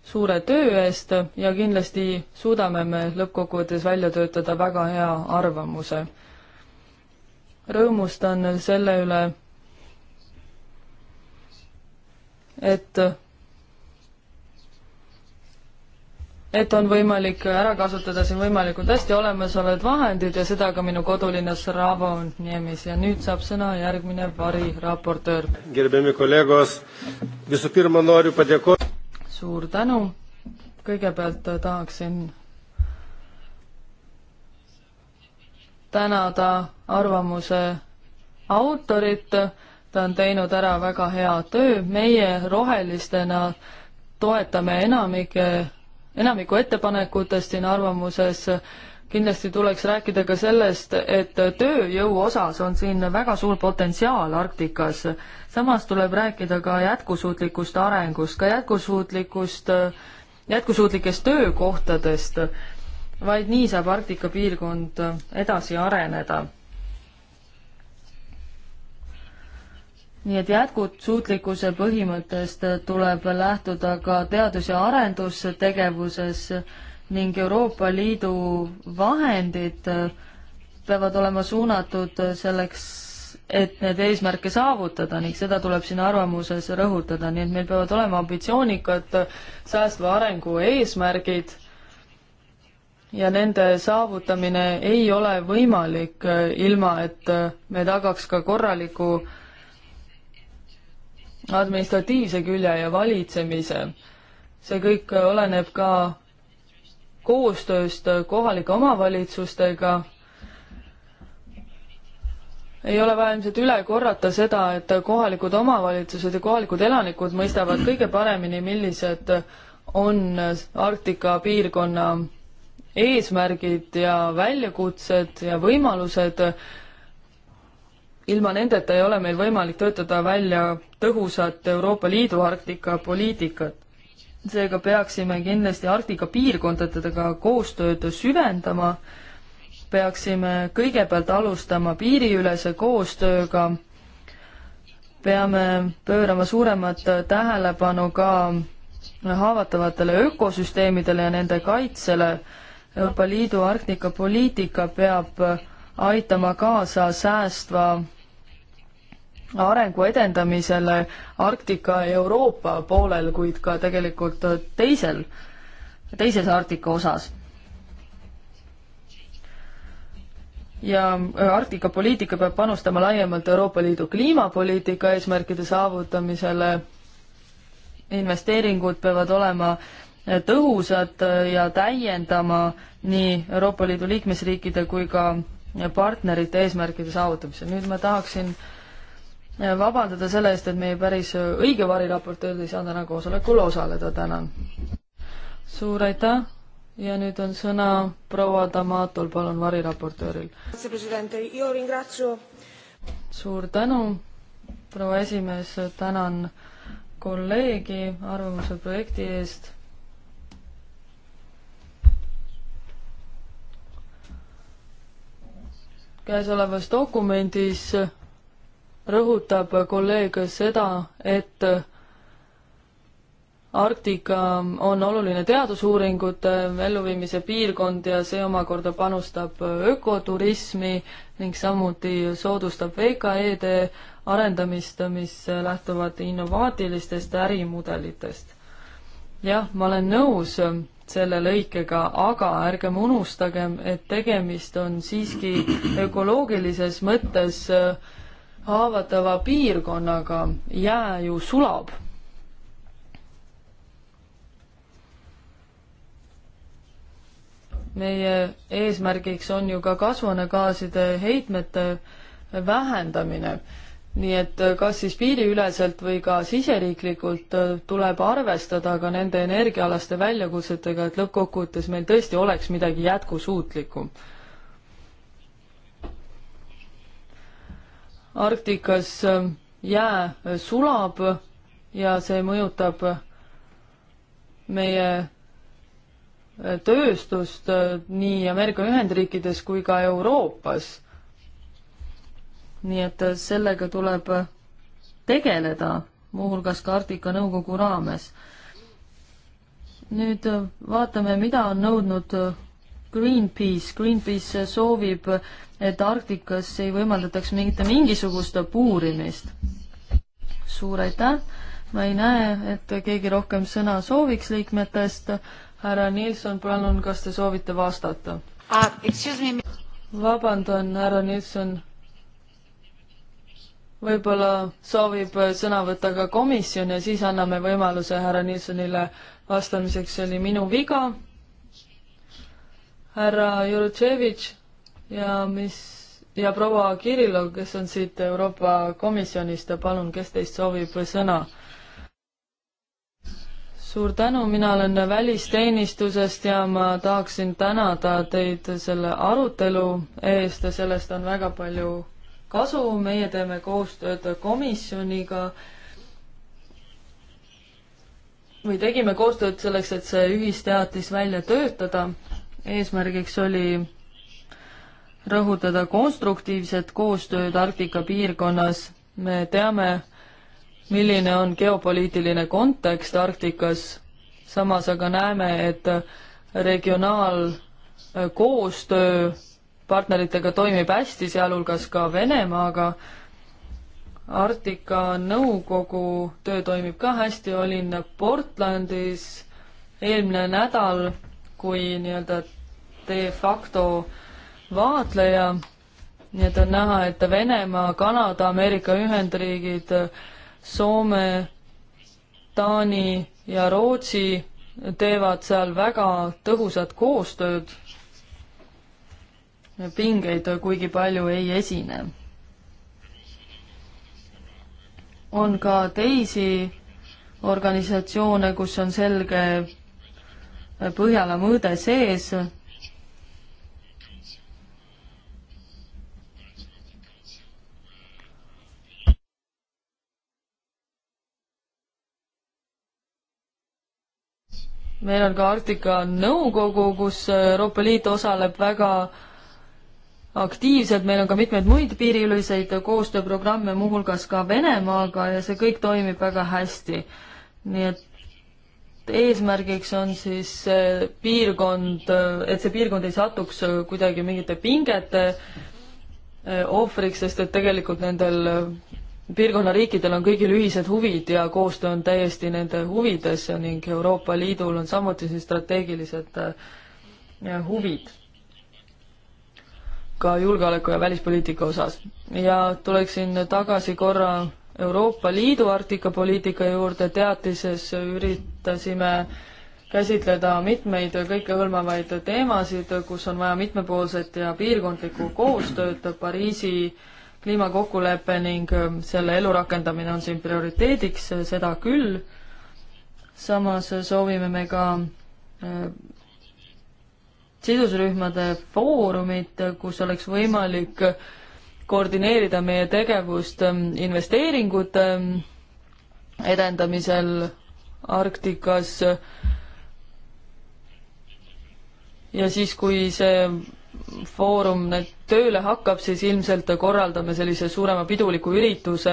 suure töö eest ja kindlasti suudame me lõppkokkuvõttes välja töötada väga hea arvamuse. rõõmustan selle üle, et et on võimalik ära kasutada siin võimalikult hästi olemasolevad vahendid ja seda ka minu kodulinnas Ravo on Niemis ja nüüd saab sõna järgmine variraportöör. suur tänu, kõigepealt tahaksin tänada arvamuse autorit ta on teinud ära väga hea töö, meie rohelistena toetame enamike, enamiku ettepanekutest siin arvamuses, kindlasti tuleks rääkida ka sellest, et tööjõu osas on siin väga suur potentsiaal Arktikas. samas tuleb rääkida ka jätkusuutlikust arengust, ka jätkusuutlikust, jätkusuutlikest töökohtadest. vaid nii saab Arktika piirkond edasi areneda nii et jätkusuutlikkuse põhimõttest tuleb lähtuda ka teadus- ja arendustegevuses ning Euroopa Liidu vahendid peavad olema suunatud selleks, et need eesmärke saavutada ning seda tuleb siin arvamuses rõhutada, nii et meil peavad olema ambitsioonikad säästva arengu eesmärgid ja nende saavutamine ei ole võimalik ilma, et me tagaks ka korraliku administratiivse külje ja valitsemise. see kõik oleneb ka koostööst kohalike omavalitsustega. ei ole vaja ilmselt üle korrata seda, et kohalikud omavalitsused ja kohalikud elanikud mõistavad kõige paremini, millised on Arktika piirkonna eesmärgid ja väljakutsed ja võimalused ilma nendeta ei ole meil võimalik töötada välja tõhusat Euroopa Liidu Arktika poliitikat. seega peaksime kindlasti Arktika piirkondadega koostööd süvendama, peaksime kõigepealt alustama piiriülese koostööga, peame pöörama suuremat tähelepanu ka haavatavatele ökosüsteemidele ja nende kaitsele. Euroopa Liidu Arktika poliitika peab aitama kaasa säästva arengu edendamisele Arktika Euroopa poolel, kuid ka tegelikult teisel, teises Arktika osas. ja Arktika poliitika peab panustama laiemalt Euroopa Liidu kliimapoliitika eesmärkide saavutamisele, investeeringud peavad olema tõhusad ja täiendama nii Euroopa Liidu liikmesriikide kui ka partnerite eesmärkide saavutamisel. nüüd ma tahaksin äh, vabandada selle eest, et meie päris õige variraportöör ei saa täna koosolekul osaleda, tänan. suur aitäh ja nüüd on sõna proua Damatol, palun, variraportööril. suur tänu, proua esimees, tänan kolleegi arvamuse projekti eest käesolevas dokumendis rõhutab kolleeg seda, et Arktika on oluline teadusuuringute elluviimise piirkond ja see omakorda panustab ökoturismi ning samuti soodustab VKE-de arendamist, mis lähtuvad innovaatilistest ärimudelitest. jah, ma olen nõus selle lõikega, aga ärgem unustagem, et tegemist on siiski ökoloogilises mõttes äh, haavatava piirkonnaga, jää ju sulab. meie eesmärgiks on ju ka kasvuhoonegaaside heitmete vähendamine. nii et kas siis piiriüleselt või ka siseriiklikult tuleb arvestada ka nende energiaalaste väljakutsetega, et lõppkokkuvõttes meil tõesti oleks midagi jätkusuutlikku Arktikas ähm, jää äh, sulab ja see mõjutab äh, meie äh, tööstust nii Ameerika Ühendriikides kui ka Euroopas. nii et sellega tuleb tegeleda, muuhulgas ka Arktika Nõukogu raames. nüüd vaatame, mida on nõudnud Greenpeace, Greenpeace soovib, et Arktikas ei võimaldataks mingit, mingisugust puurimist. suur aitäh, ma ei näe, et keegi rohkem sõna sooviks liikmetest. härra Nilsson, palun, kas te soovite vastata uh,? vabandan, härra Nilsson. võib-olla soovib sõna võtta ka komisjon ja siis anname võimaluse härra Nilssonile vastamiseks, see oli minu viga härra Jurutševitš ja mis ja proua Kirillov, kes on siit Euroopa Komisjonist ja palun, kes teist soovib sõna? suur tänu, mina olen välisteenistusest ja ma tahaksin tänada teid selle arutelu eest ja sellest on väga palju kasu, meie teeme koostööd komisjoniga või tegime koostööd selleks, et see ühisteatis välja töötada eesmärgiks oli rõhutada konstruktiivset koostööd Arktika piirkonnas. me teame, milline on geopoliitiline kontekst Arktikas, samas aga näeme, et regionaalkoostöö äh, partneritega toimib hästi, sealhulgas ka Venemaaga. Arktika Nõukogu töö toimib ka hästi, olin Portlandis eelmine nädal kui nii-öelda de facto vaatleja, nii et on näha, et Venemaa, Kanada, Ameerika Ühendriigid, Soome, Taani ja Rootsi teevad seal väga tõhusat koostööd. pingeid kuigi palju ei esine. on ka teisi organisatsioone, kus on selge Põhjala mõõde sees. meil on ka Arktika Nõukogu, kus Euroopa Liit osaleb väga aktiivselt, meil on ka mitmeid muid piiriüleseid koostööprogramme, muuhulgas ka Venemaaga ja see kõik toimib väga hästi. nii et eesmärgiks on siis piirkond, et see piirkond ei satuks kuidagi mingite pingete eh, ohvriks, sest et tegelikult nendel eh, piirkonna riikidel on kõigil ühised huvid ja koostöö on täiesti nende huvides ning Euroopa Liidul on samuti siin strateegilised eh, huvid ka julgeoleku ja välispoliitika osas. ja tuleksin tagasi korra Euroopa Liidu Arktika-poliitika juurde teatises üritasime käsitleda mitmeid kõikehõlmavaid teemasid, kus on vaja mitmepoolset ja piirkondlikku koostööd, Pariisi kliimakokkulepe ning selle elurakendamine on siin prioriteediks, seda küll, samas soovime me ka äh, sidusrühmade foorumit, kus oleks võimalik äh, koordineerida meie tegevust ähm, investeeringute ähm, edendamisel Arktikas. ja siis, kui see foorum nüüd tööle hakkab, siis ilmselt korraldame sellise suurema piduliku ürituse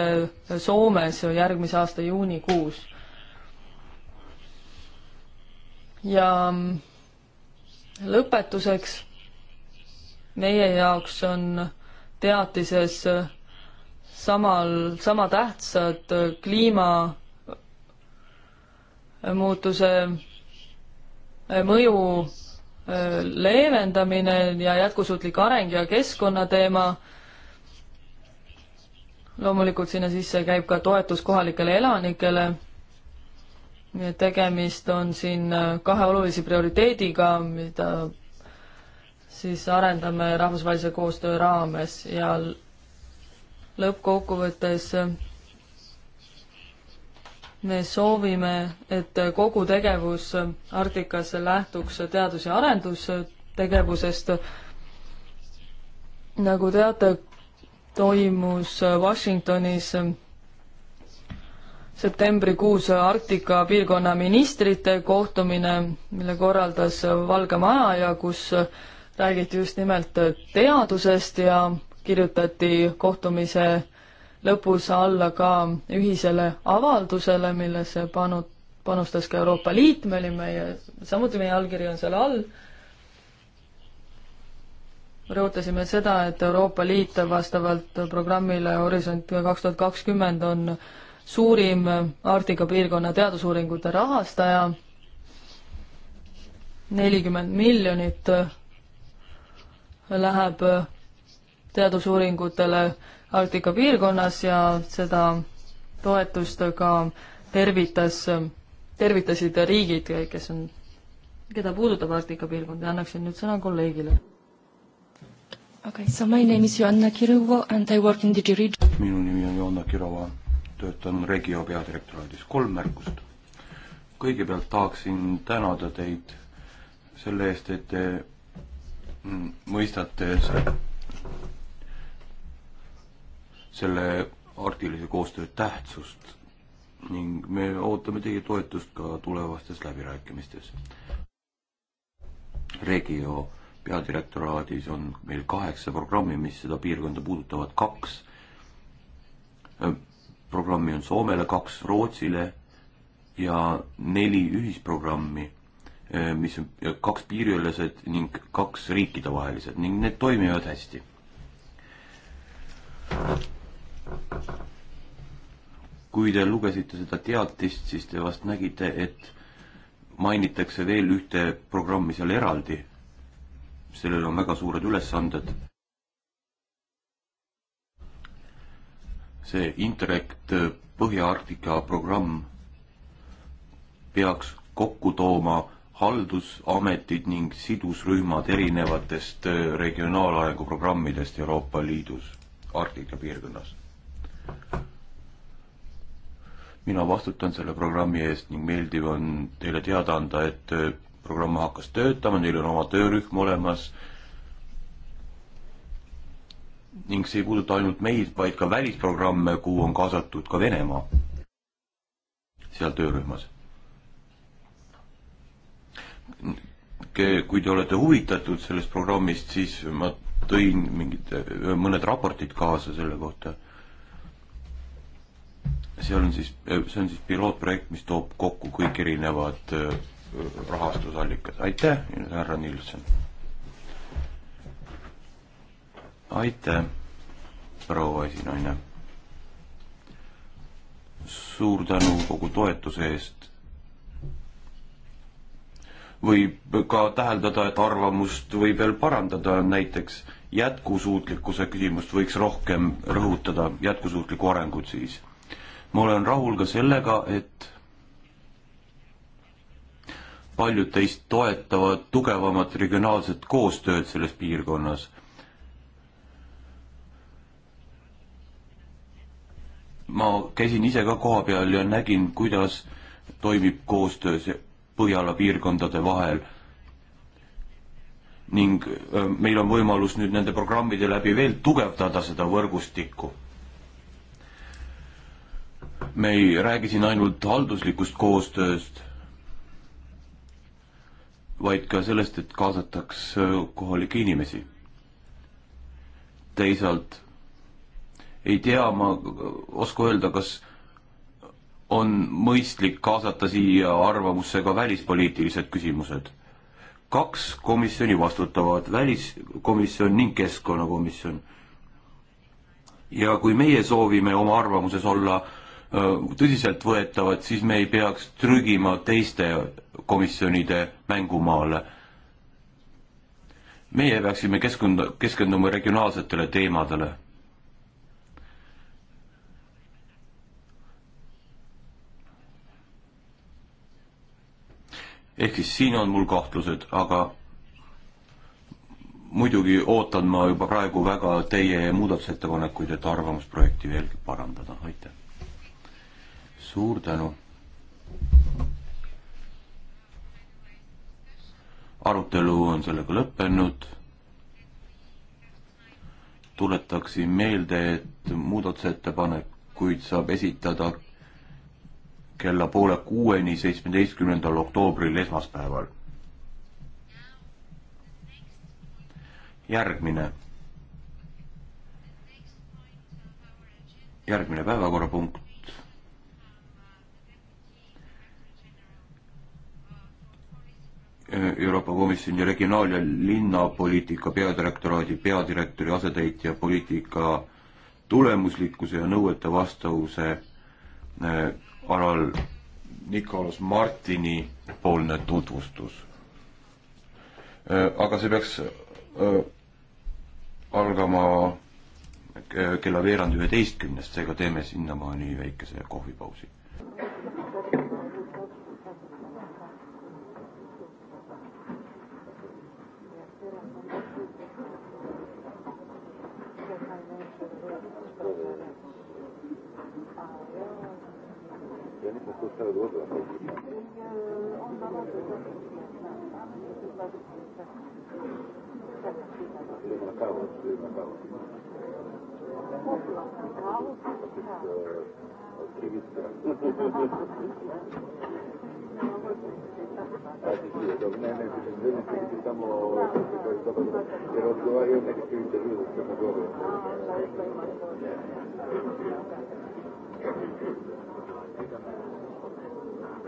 Soomes järgmise aasta juunikuus. ja ähm, lõpetuseks meie jaoks on teatises eh, samal, sama tähtsad eh, kliimamuutuse eh, mõju leevendamine ja jätkusuutlik areng ja keskkonnateema. loomulikult sinna sisse käib ka toetus kohalikele elanikele. nii et tegemist on siin kahe olulise prioriteediga, mida siis arendame rahvusvahelise koostöö raames ja lõppkokkuvõttes me soovime, et kogu tegevus Arktikas lähtuks teadus- ja arendustegevusest. nagu teate, toimus Washingtonis septembrikuus Arktika piirkonna ministrite kohtumine, mille korraldas Valge Maja ja kus räägiti just nimelt äh, teadusest ja kirjutati kohtumise lõpus alla ka ühisele avaldusele, millesse panud, panustas ka Euroopa Liit, me olime, samuti meie allkiri on seal all. rõhutasime seda, et Euroopa Liit vastavalt programmile Horisont kaks tuhat kakskümmend on suurim Arktika piirkonna teadusuuringute rahastaja, nelikümmend miljonit läheb äh, teadusuuringutele Arktika piirkonnas ja seda toetust ka tervitas, tervitasid riigid, kes on, keda puudutab Arktika piirkond ja annaksin nüüd sõna kolleegile. Okay, so my name is Joanna Kirova and I work in Digi Region. minu nimi on Joanna Kirova, töötan Regio peadirektoraadis. kolm märkust. kõigepealt tahaksin tänada teid selle eest, et te mõistate selle arktilise koostöö tähtsust ning me ootame teie toetust ka tulevastes läbirääkimistes. Regio peadirektoraadis on meil kaheksa programmi, mis seda piirkonda puudutavad, kaks äh, programmi on Soomele, kaks Rootsile ja neli ühisprogrammi Eh, mis on kaks piiriülesed ning kaks riikidevahelised ning need toimivad hästi. kui te lugesite seda teatist, siis te vast nägite, et mainitakse veel ühte programmi seal eraldi. sellel on väga suured ülesanded. see Interact eh, Põhja-Arktika programm peaks kokku tooma haldusametid ning sidusrühmad erinevatest äh, regionaalarengu programmidest Euroopa Liidus Arktika piirkonnas. mina vastutan selle programmi eest ning meeldiv on teile teada anda, et äh, programm hakkas töötama, neil on oma töörühm olemas ning see ei puuduta ainult meid, vaid ka välisprogramme, kuhu on kaasatud ka Venemaa seal töörühmas kui te olete huvitatud sellest programmist, siis ma tõin mingid, mõned raportid kaasa selle kohta. see on siis, see on siis pilootprojekt, mis toob kokku kõik erinevad rahastusallikad. aitäh, härra Nilsson. aitäh, proua esinaine. suur tänu kogu toetuse eest võib ka täheldada, et arvamust võib veel parandada, näiteks jätkusuutlikkuse küsimust võiks rohkem rõhutada, jätkusuutlikku arengut siis. ma olen rahul ka sellega, et paljud teist toetavad tugevamat regionaalset koostööd selles piirkonnas. ma käisin ise ka kohapeal ja nägin, kuidas toimib koostöö see Põhjala piirkondade vahel. ning meil on võimalus nüüd nende programmide läbi veel tugevdada seda võrgustikku. me ei räägi siin ainult halduslikust koostööst, vaid ka sellest, et kaasataks kohalikke inimesi. teisalt ei tea, ma oska öelda, kas on mõistlik kaasata siia arvamusse ka välispoliitilised küsimused. kaks komisjoni vastutavad, väliskomisjon ning keskkonnakomisjon. ja kui meie soovime oma arvamuses olla äh, tõsiseltvõetavad, siis me ei peaks trügima teiste komisjonide mängumaale. meie peaksime keskkonda, keskenduma regionaalsetele teemadele ehk siis siin on mul kahtlused, aga muidugi ootan ma juba praegu väga teie muudatusettepanekuid, et arvamusprojekti veelgi parandada, aitäh. suur tänu. arutelu on sellega lõppenud. tuletaksin meelde, et muudatusettepanekuid saab esitada kella poole kuueni, seitsmeteistkümnendal oktoobril esmaspäeval. järgmine, järgmine päevakorrapunkt Euroopa Komisjoni regionaal- ja linnapoliitika peadirektoraadi peadirektori asetäitja poliitika tulemuslikkuse ja nõuete vastavuse eh, alal Nikolas Martini poolne tutvustus. Äh, aga see peaks äh, algama äh, kella veerand üheteistkümnest, seega teeme sinnamaani väikese kohvipausi. Куса года. Он народу Накалывает, накалывает. Кривица. Значит, это, наверное, впечатление, что само я разговариваю на каких интервью с Черногорой. Thank you.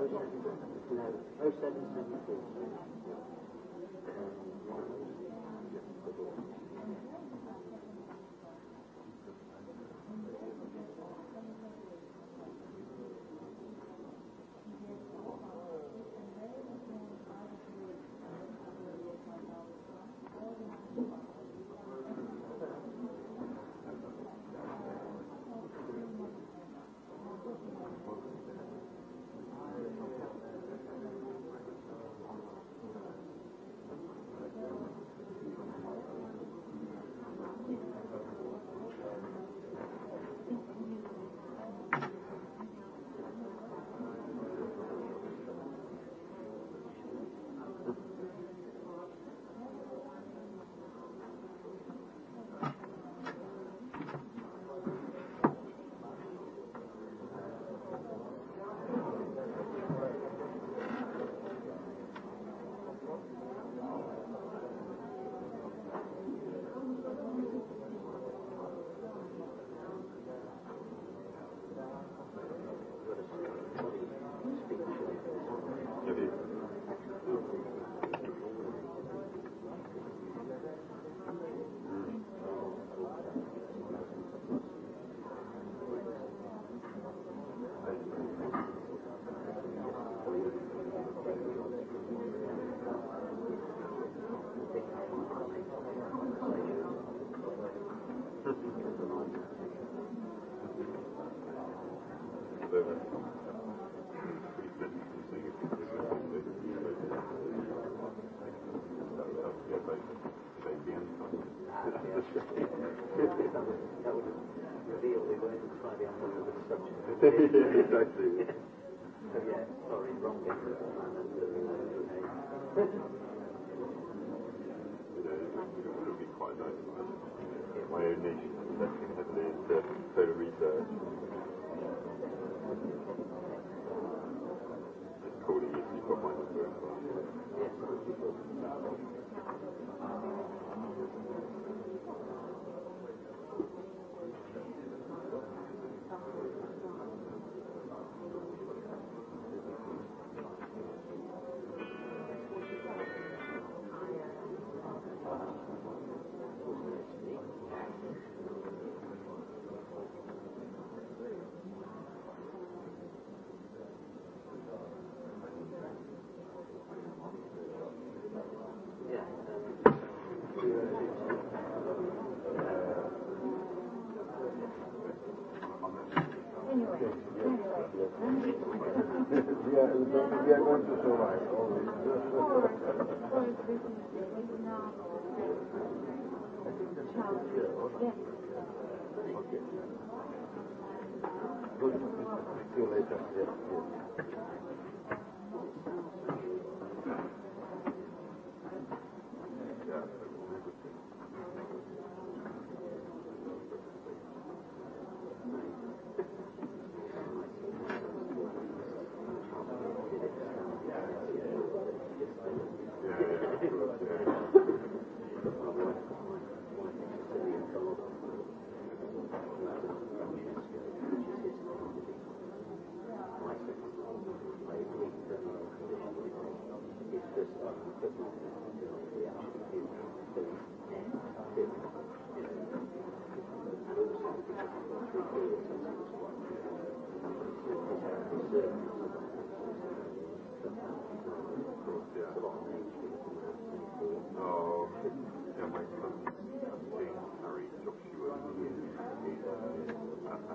No, 0773. Um, yeah, exactly. yeah, sorry, wrong You know, it would be quite nice. My own nation is investing heavily into solar research. It's probably if you've got my number. Yeah. Good. See you later. Yes, yes.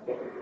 Thank you.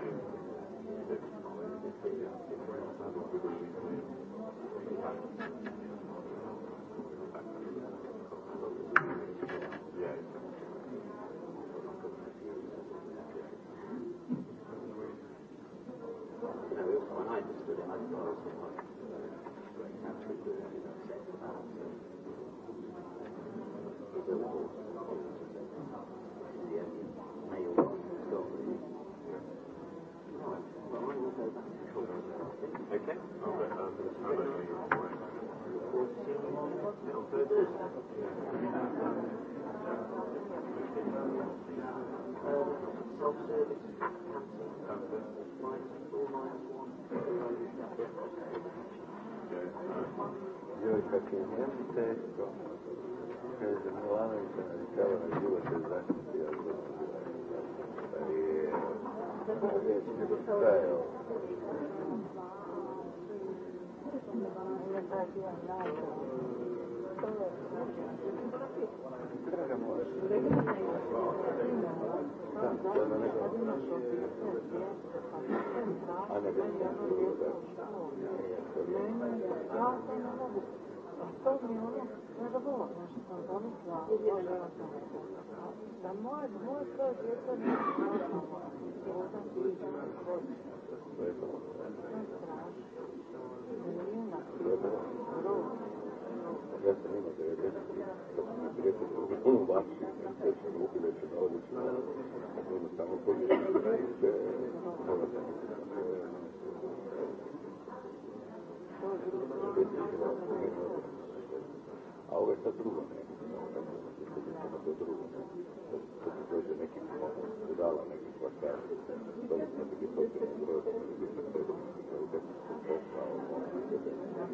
Joj, kakvi njemu teško. Kaže, Milanović je navikava na život se zaštiti od Pa je... Šta je ovo? Draga moja. Домой, домой, как это Поэтому. Страшно. Блин, a ovo je sad drugo neko, nekako to drugo neko, to se dođe nekim dala nekih kvartara, to je nekih potrebno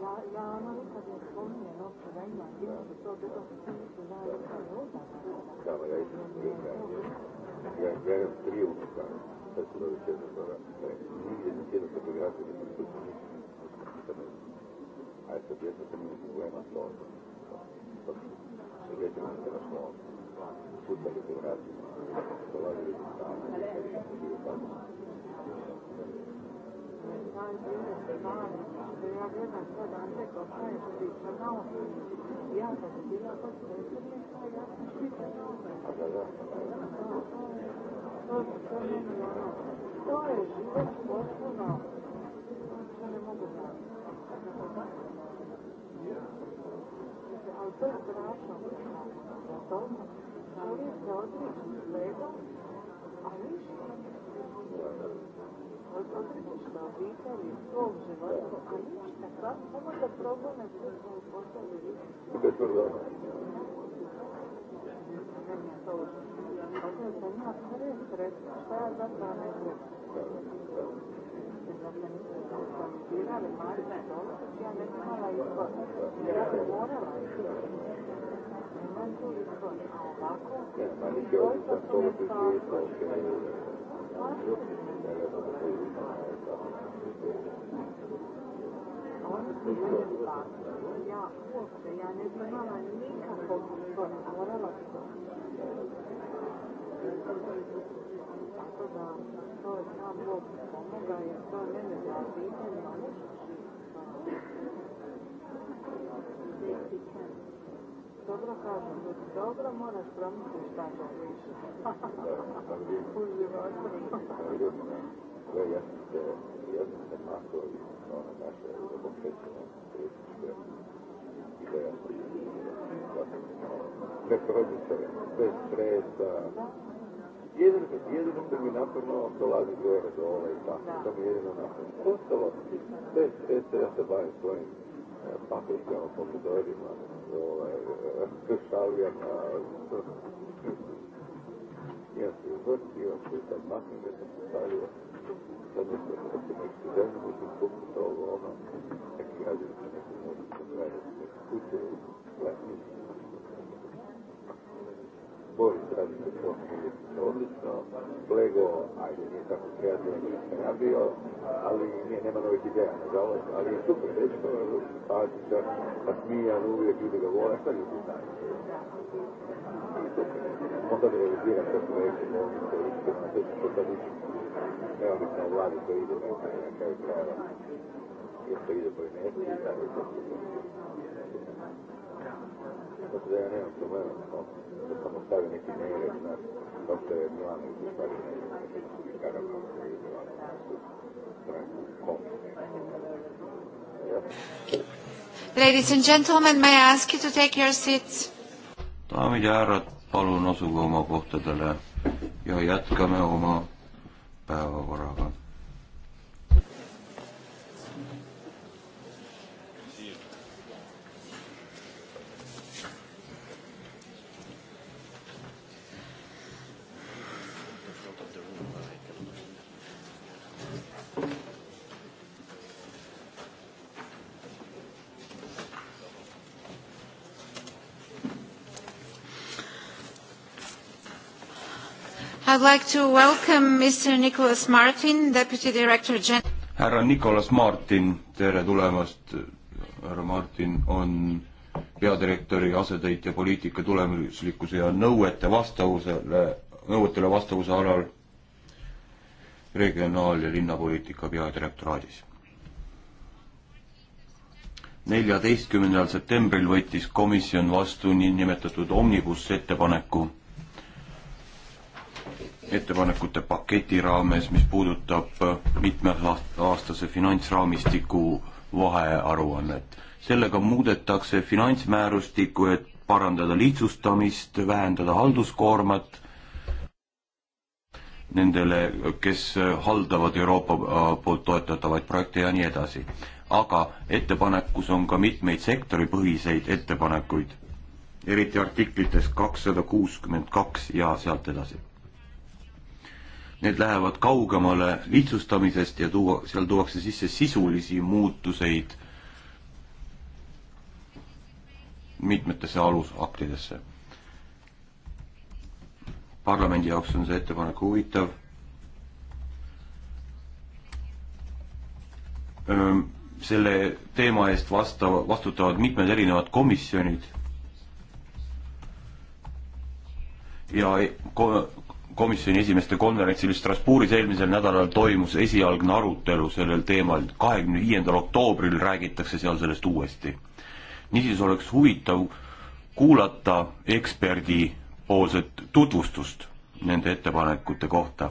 Ja, ja, man kan ju sjunga något på den man gör. Så det är fint när det kan låta. Да, я это прекрасно. Я, я три утра. Это было честно, что нигде не сели фотографии, не присутствовали. А это бедно, это не называем осталось. Советы нам хорошо. Футболе федерации. Давали результаты ali to je strašno lično. Čovjek se odriješi gledom, a ništa. Вот он установитель и слово животного, они така могат да пробваме всичко, което да видим. Без проблема. Ако е помня, къде е средства, тая завтра не е Организирали мали школа, тя не имала избор. Тя не морала. Nema tu izbor. A ovako, izbor sa tu ne stavljaju. Tako da, to je sam Bog pomoga, jer to je mene za obitelj, a ne Dobro kažem, da si dobro moraš promisliti šta želiš. U životu. Ja sam se, ja sam se masovio no, no, nasze europejskie, to jest idea reproducere, bez stresa. Jedino, jedino što mi napravno dolazi gore, dole i tako, to mi jedino napravno. Ostalo, bez stresa ja se bavim svojim paprikama, pomidorima, ovaj, šalijama, ja se uvrtio, sve sam maknuo, sam stavio, Boris radi se to odlično, Lego, ajde, nije tako kreativno nisam ja bio, ali nije, nema novih ideja, nažalost, ali je super, dečko, simpatičan, nasmijan, uvijek ljudi ga vole, šta ljudi znaju? Onda bi realizirati to projekte, molim se, iskreno, to će sad ići Acabo de salvar el pedido, acá declara el pedido por el negocio y está reconocido. No se debe negar, pero bueno, no estamos tarde en este negro, es más, no se debe no han ocupado el negro, que se publicaron con el pedido, tranquilo, con Ladies and gentlemen, may I ask you to take your seats? daamid ja härrad, palun asuge oma kohtadele ja jätkame oma päevakorraga I'd like to welcome Mr Nicholas Martin, Deputy Director General. härra Nicholas Martin, tere tulemast. härra Martin on peadirektori asetäitja poliitika tulemuslikkuse ja nõuete vastavusele, nõuetele vastavuse alal regionaal- ja linnapoliitika peadirektoraadis. neljateistkümnendal septembril võttis komisjon vastu niinimetatud omnibus ettepaneku ettepanekute paketi raames, mis puudutab mitmeaastase finantsraamistiku vahearuannet. sellega muudetakse finantsmäärustikku, et parandada lihtsustamist, vähendada halduskoormat nendele, kes haldavad Euroopa äh, poolt toetatavaid projekte ja nii edasi. aga ettepanekus on ka mitmeid sektoripõhiseid ettepanekuid, eriti artiklites kakssada kuuskümmend kaks ja sealt edasi need lähevad kaugemale lihtsustamisest ja tuua, seal tuuakse sisse sisulisi muutuseid mitmetesse alusaktidesse. parlamendi jaoks on see ettepanek huvitav. selle teema eest vastava, vastutavad mitmed erinevad komisjonid ja ko komisjoni esimeeste konverentsil Strasbourgis eelmisel nädalal toimus esialgne arutelu sellel teemal, kahekümne viiendal oktoobril räägitakse seal sellest uuesti. niisiis oleks huvitav kuulata eksperdi poolset tutvustust nende ettepanekute kohta,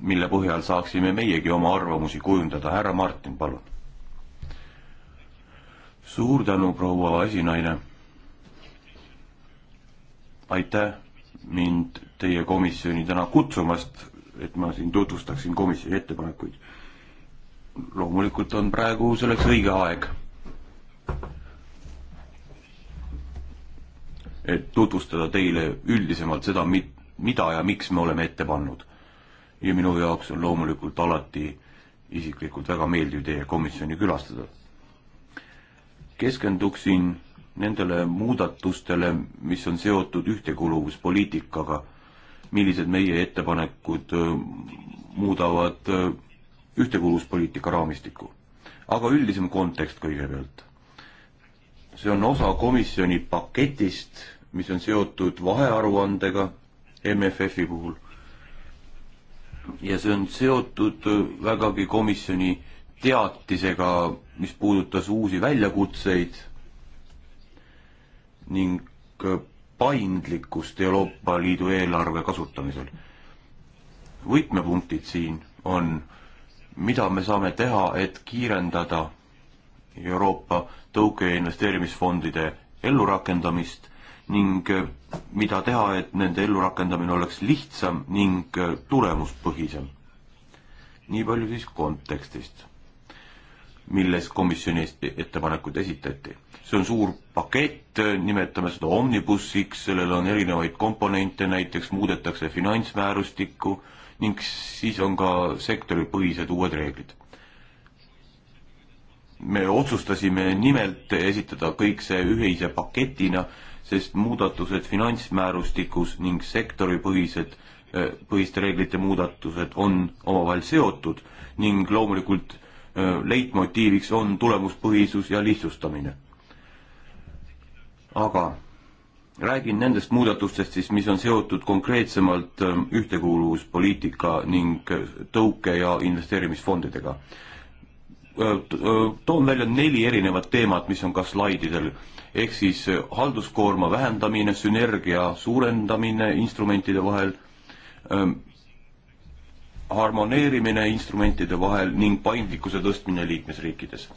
mille põhjal saaksime meiegi oma arvamusi kujundada. härra Martin, palun. suur tänu, proua esinaine. aitäh mind teie komisjoni täna kutsumast, et ma siin tutvustaksin komisjoni ettepanekuid. loomulikult on praegu selleks õige aeg. et tutvustada teile üldisemalt seda, mida ja miks me oleme ette pannud. ja minu jaoks on loomulikult alati isiklikult väga meeldiv teie komisjoni külastada. keskenduksin nendele muudatustele, mis on seotud ühtekuluvuspoliitikaga, millised meie ettepanekud muudavad ühtekuuluvuspoliitika raamistikku. aga üldisem kontekst kõigepealt. see on osa komisjoni paketist, mis on seotud vahearuandega MFF-i puhul. ja see on seotud vägagi komisjoni teatisega, mis puudutas uusi väljakutseid ning äh, paindlikkust Euroopa Liidu eelarve kasutamisel. võtmepunktid siin on, mida me saame teha, et kiirendada Euroopa tõuke- ja investeerimisfondide ellurakendamist ning äh, mida teha, et nende ellurakendamine oleks lihtsam ning äh, tulemuspõhisem. nii palju siis kontekstist, milles komisjoni ettepanekud esitati see on suur pakett, nimetame seda omnibussiks, sellel on erinevaid komponente, näiteks muudetakse finantsmäärustikku ning siis on ka sektoripõhised uued reeglid. me otsustasime nimelt esitada kõik see ühise paketina, sest muudatused finantsmäärustikus ning sektoripõhised, eh, põhiste reeglite muudatused on omavahel seotud ning loomulikult eh, leitmotiiviks on tulemuspõhisus ja lihtsustamine aga räägin nendest muudatustest siis, mis on seotud konkreetsemalt ähm, ühtekuuluvuspoliitika ning äh, tõuke- ja investeerimisfondidega. Äh, äh, toon välja neli erinevat teemat, mis on ka slaididel, ehk siis halduskoorma vähendamine, sünergia suurendamine instrumentide vahel, ähm, harmoneerimine instrumentide vahel ning paindlikkuse tõstmine liikmesriikides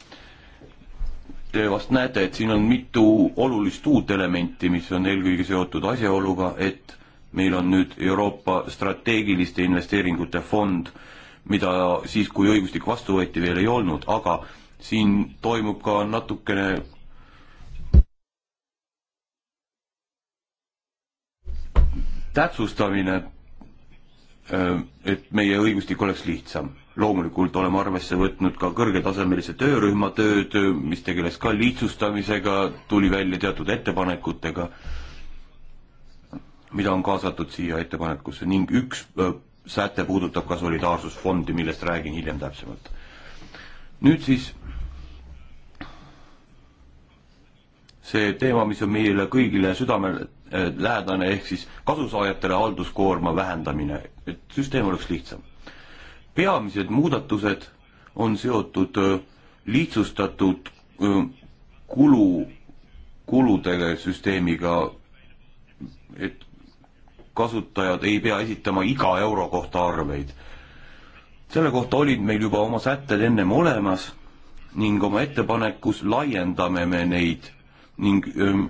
te vast näete, et siin on mitu olulist uut elementi, mis on eelkõige seotud asjaoluga, et meil on nüüd Euroopa strateegiliste investeeringute fond, mida siis, kui õigustik vastu võeti, veel ei olnud, aga siin toimub ka natukene täpsustamine, et meie õigustik oleks lihtsam loomulikult oleme arvesse võtnud ka kõrgetasemelise töörühma tööd, mis tegeles ka lihtsustamisega, tuli välja teatud ettepanekutega, mida on kaasatud siia ettepanekusse ning üks äh, säte puudutab ka solidaarsusfondi, millest räägin hiljem täpsemalt. nüüd siis see teema, mis on meile kõigile südamele äh, lähedane, ehk siis kasusaajatele halduskoorma vähendamine, et süsteem oleks lihtsam peamised muudatused on seotud äh, lihtsustatud äh, kulu, kulude süsteemiga, et kasutajad ei pea esitama iga euro kohta arveid. selle kohta olid meil juba oma sätted ennem olemas ning oma ettepanekus laiendame me neid ning ähm,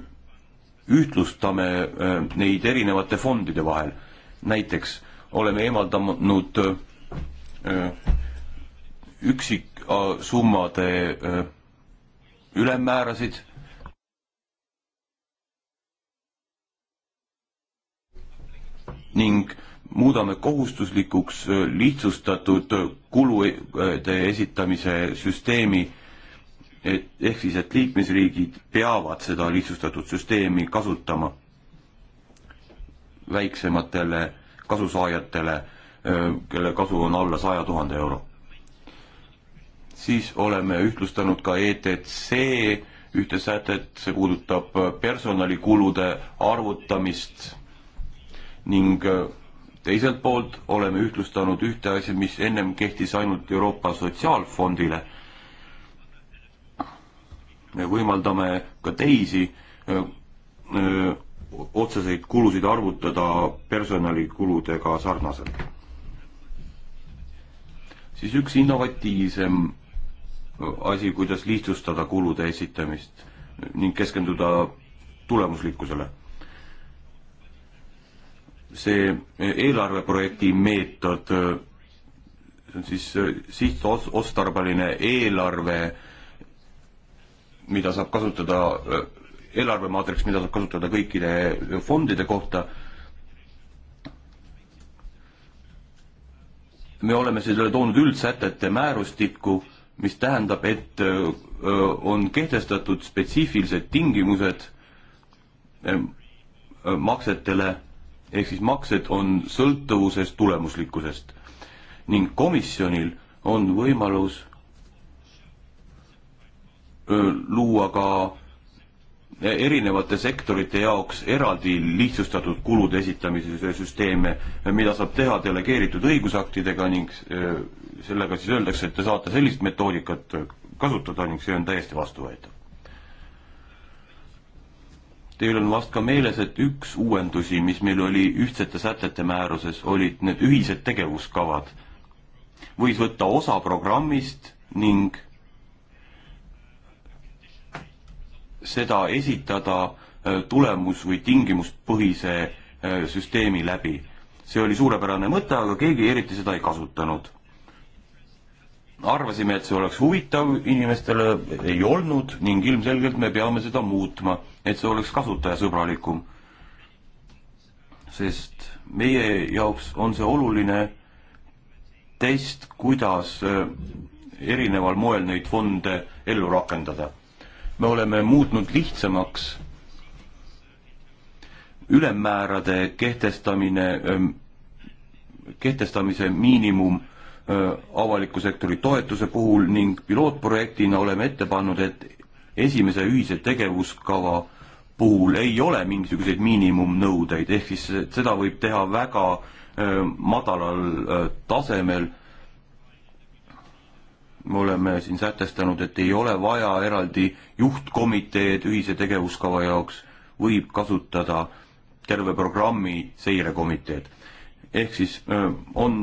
ühtlustame äh, neid erinevate fondide vahel. näiteks oleme eemaldanud Äh, üksiksummade äh, äh, ülemmäärasid. ning muudame kohustuslikuks lihtsustatud kulude esitamise süsteemi, et ehk siis, et liikmesriigid peavad seda lihtsustatud süsteemi kasutama väiksematele kasusaajatele Äh, kelle kasu on alla saja tuhande euro. siis oleme ühtlustanud ka ETC ühte sätet, see puudutab äh, personalikulude arvutamist ning äh, teiselt poolt oleme ühtlustanud ühte asja, mis ennem kehtis ainult Euroopa Sotsiaalfondile. me võimaldame ka teisi öö, öö, otseseid kulusid arvutada personalikuludega sarnaselt siis üks innovatiivsem äh, asi, kuidas lihtsustada kulude esitamist ning keskenduda tulemuslikkusele. see eelarveprojekti meetod, äh, see on siis äh, sihtotstarbeline eelarve, mida saab kasutada, eelarvemaatriks, mida saab kasutada kõikide fondide kohta me oleme selle toonud üldsätete määrustikku, mis tähendab, et on kehtestatud spetsiifilised tingimused maksetele, ehk siis maksed on sõltuvuses tulemuslikkusest ning komisjonil on võimalus luua ka erinevate sektorite jaoks eraldi lihtsustatud kulude esitamise süsteeme, mida saab teha delegeeritud õigusaktidega ning äh, sellega siis öeldakse, et te saate sellist metoodikat äh, kasutada ning see on täiesti vastuvõetav. Teil on vast ka meeles, et üks uuendusi, mis meil oli ühtsete sätete määruses, olid need ühised tegevuskavad. võis võtta osa programmist ning seda esitada äh, tulemus- või tingimuspõhise äh, süsteemi läbi. see oli suurepärane mõte, aga keegi eriti seda ei kasutanud. arvasime, et see oleks huvitav, inimestele ei olnud ning ilmselgelt me peame seda muutma, et see oleks kasutajasõbralikum. sest meie jaoks on see oluline test, kuidas äh, erineval moel neid fonde ellu rakendada me oleme muutnud lihtsamaks ülemmäärade kehtestamine, ähm, kehtestamise miinimum äh, avaliku sektori toetuse puhul ning pilootprojektina oleme ette pannud, et esimese ühise tegevuskava puhul ei ole mingisuguseid miinimumnõudeid, ehk siis seda võib teha väga äh, madalal äh, tasemel me oleme siin sätestanud, et ei ole vaja eraldi juhtkomiteed ühise tegevuskava jaoks, võib kasutada terve programmi seirekomiteed. ehk siis on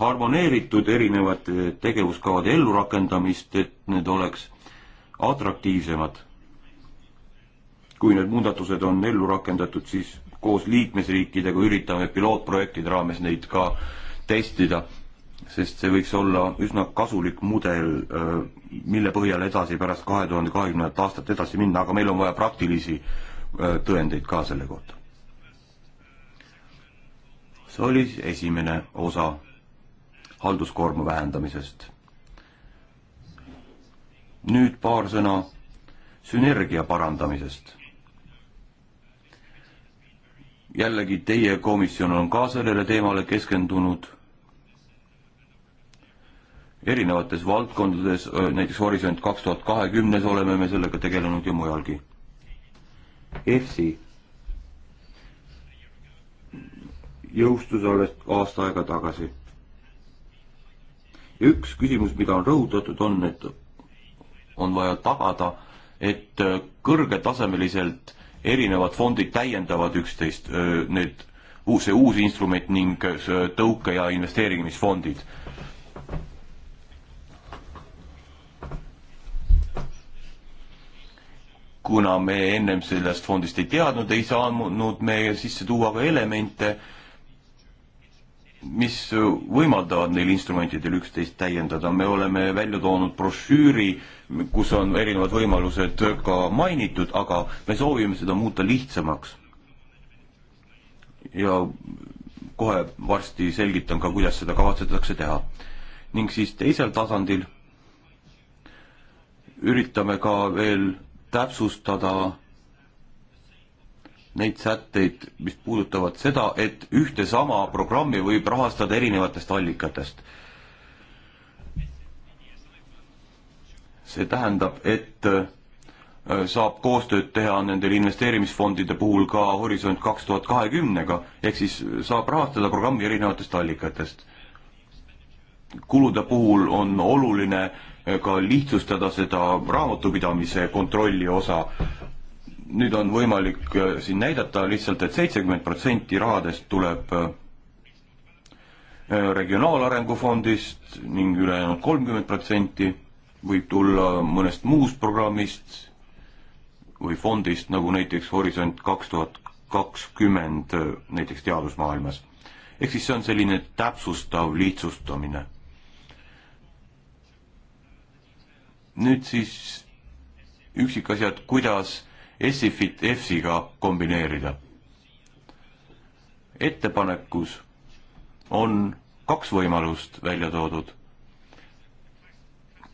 harmoneeritud erinevate tegevuskavade ellurakendamist, et need oleks atraktiivsemad. kui need muudatused on ellu rakendatud, siis koos liikmesriikidega üritame pilootprojektide raames neid ka testida sest see võiks olla üsna kasulik mudel, äh, mille põhjal edasi pärast kahe tuhande kahekümnendat aastat edasi minna, aga meil on vaja praktilisi äh, tõendeid ka selle kohta. see oli esimene osa halduskoorma vähendamisest. nüüd paar sõna sünergia parandamisest. jällegi, teie komisjon on ka sellele teemale keskendunud erinevates valdkondades, näiteks Horisont kaks tuhat kahekümnes oleme me sellega tegelenud ja mujalgi. EFSI jõustus alles aasta aega tagasi. ja üks küsimus, mida on rõhutatud, on, et on vaja tagada, et kõrgetasemeliselt erinevad fondid täiendavad üksteist, need, see uus instrument ning tõuke- ja investeerimisfondid kuna me ennem sellest fondist ei teadnud, ei saanud me sisse tuua ka elemente, mis võimaldavad neil instrumentidel üksteist täiendada, me oleme välja toonud brošüüri, kus on erinevad võimalused ka mainitud, aga me soovime seda muuta lihtsamaks. ja kohe varsti selgitan ka, kuidas seda kavatsetakse teha. ning siis teisel tasandil üritame ka veel täpsustada neid sätteid, mis puudutavad seda, et ühte sama programmi võib rahastada erinevatest allikatest. see tähendab, et äh, saab koostööd teha nendel investeerimisfondide puhul ka Horisont kaks tuhat kahekümnega, ehk siis äh, saab rahastada programmi erinevatest allikatest. kulude puhul on oluline äh, ka lihtsustada seda raamatupidamise kontrolli osa. nüüd on võimalik äh, siin näidata lihtsalt et, et seitsekümmend protsenti rahadest tuleb äh, regionaalarengu fondist ning ülejäänud kolmkümmend protsenti võib tulla mõnest muust programmist või fondist, nagu näiteks Horisont kaks tuhat kakskümmend äh, näiteks teadusmaailmas. ehk siis see on selline täpsustav lihtsustamine nüüd siis üksikasjad, kuidas ESIF-it EFSI-ga kombineerida. ettepanekus on kaks võimalust välja toodud.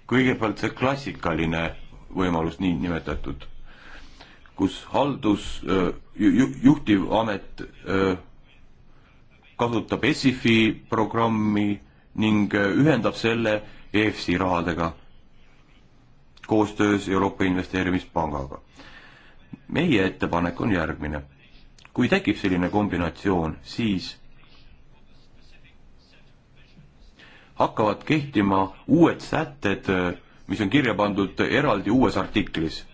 kõigepealt see klassikaline võimalus, niinimetatud, kus haldus ju,, juhtiv amet kasutab ESIF-i programmi ning ühendab selle EFSI rahadega koostöös Euroopa Investeerimispangaga. meie ettepanek on järgmine. kui tekib selline kombinatsioon, siis hakkavad kehtima uued sätted, mis on kirja pandud eraldi uues artiklis.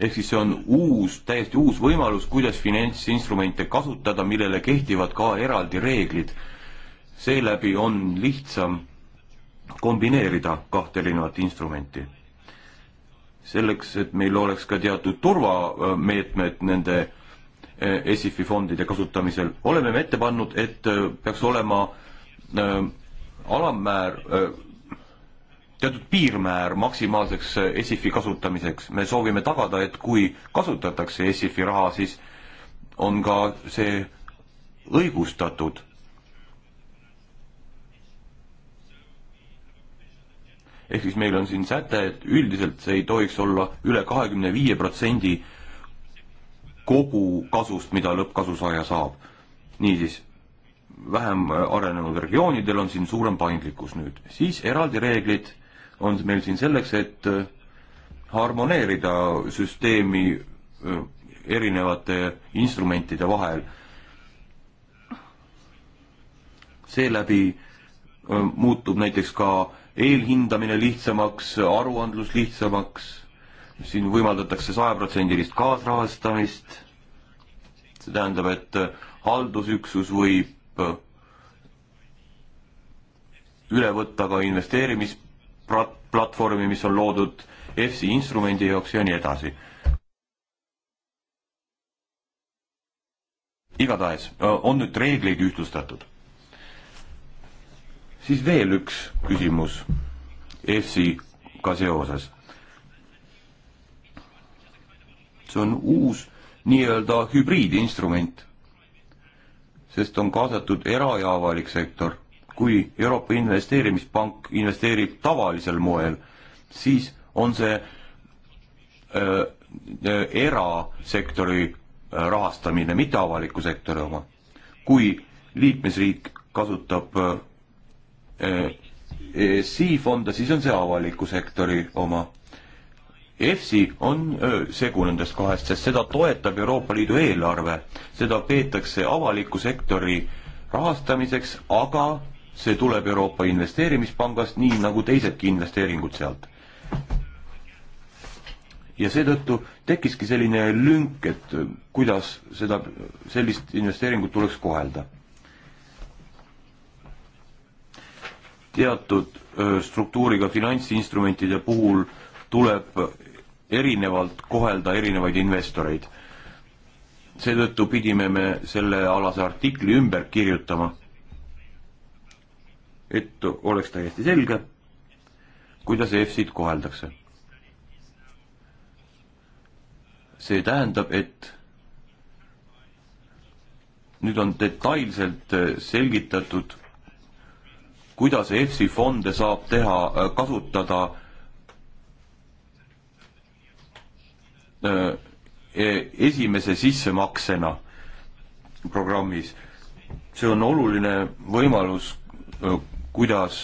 ehk siis see on uus, täiesti uus võimalus, kuidas finantsinstrumente kasutada, millele kehtivad ka eraldi reeglid. seeläbi on lihtsam kombineerida kahte erinevat instrumenti selleks, et meil oleks ka teatud turvameetmed nende ESIF-i eh, fondide kasutamisel, oleme me ette pannud, et eh, peaks olema eh, alammäär, teatud piirmäär maksimaalseks ESIF-i kasutamiseks. me soovime tagada, et kui kasutatakse ESIF-i raha, siis on ka see õigustatud ehk siis meil on siin säte, et üldiselt see ei tohiks olla üle kahekümne viie protsendi kogu kasust, mida lõppkasusaaja saab. niisiis, vähem arenenud regioonidel on siin suurem paindlikkus nüüd. siis eraldi reeglid on meil siin selleks, et äh, harmoneerida süsteemi äh, erinevate instrumentide vahel. seeläbi äh, muutub näiteks ka eelhindamine lihtsamaks, aruandlus lihtsamaks, siin võimaldatakse sajaprotsendilist kaasrahastamist, see tähendab, et haldusüksus võib äh, üle võtta ka investeerimisplatvormi, mis on loodud EFSI instrumendi jaoks ja nii edasi. igatahes äh, on nüüd reegleid ühtlustatud siis veel üks küsimus EFSI-ga seoses. see on uus nii-öelda hübriidinstrument, sest on kaasatud era- ja avalik sektor. kui Euroopa Investeerimispank investeerib tavalisel moel, siis on see öö, äh, äh, erasektori äh, rahastamine, mitte avaliku sektori oma. kui liikmesriik kasutab öö, äh, ESI äh, äh, fonde, siis on see avaliku sektori oma. EFSI on äh, segu nendest kahest, sest seda toetab Euroopa Liidu eelarve. seda peetakse avaliku sektori rahastamiseks, aga see tuleb Euroopa Investeerimispangast, nii nagu teisedki investeeringud sealt. ja seetõttu tekkiski selline lünk, et kuidas seda, sellist investeeringut tuleks kohelda teatud struktuuriga finantsinstrumentide puhul tuleb erinevalt kohelda erinevaid investoreid. seetõttu pidime me sellealase artikli ümber kirjutama, et oleks täiesti selge, kuidas EFSid koheldakse. see tähendab, et nüüd on detailselt selgitatud kuidas EFSI fonde saab teha, äh, kasutada äh, e, esimese sissemaksena programmis. see on oluline võimalus, äh, kuidas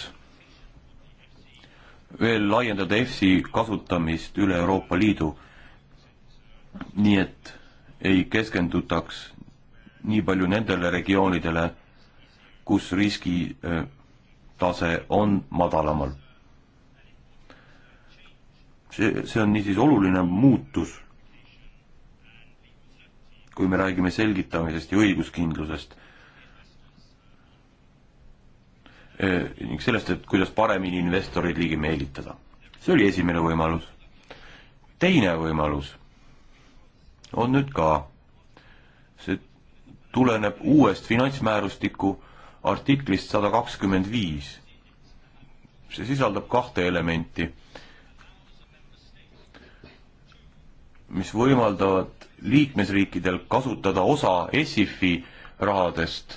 veel laiendada EFSI kasutamist üle Euroopa Liidu, nii et ei keskendutaks nii palju nendele regioonidele, kus riski tase on madalamal. see, see on niisiis oluline muutus, kui me räägime selgitamisest ja õiguskindlusest ning sellest, et kuidas paremini investoreid ligi meelitada. see oli esimene võimalus. teine võimalus on nüüd ka, see tuleneb uuest finantsmäärustiku artiklist sada kakskümmend viis. see sisaldab kahte elementi, mis võimaldavad liikmesriikidel kasutada osa ESIF-i rahadest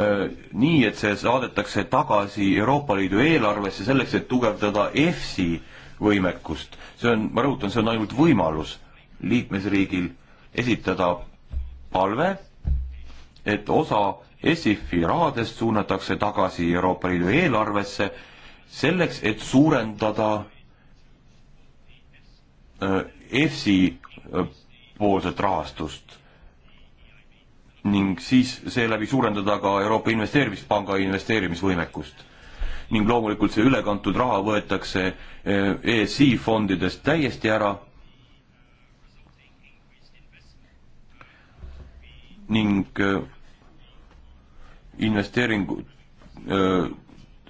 äh, nii, et see saadetakse tagasi Euroopa Liidu eelarvesse selleks, et tugevdada EFSI võimekust. see on, ma rõhutan, see on ainult võimalus liikmesriigil esitada palve et osa ESIF-i rahadest suunatakse tagasi Euroopa Liidu eelarvesse selleks, et suurendada EFSI äh, poolset rahastust ning siis seeläbi suurendada ka Euroopa Investeerimispanga investeerimisvõimekust. ning loomulikult see ülekantud raha võetakse äh, ESI fondidest täiesti ära ning äh, investeeringud, äh,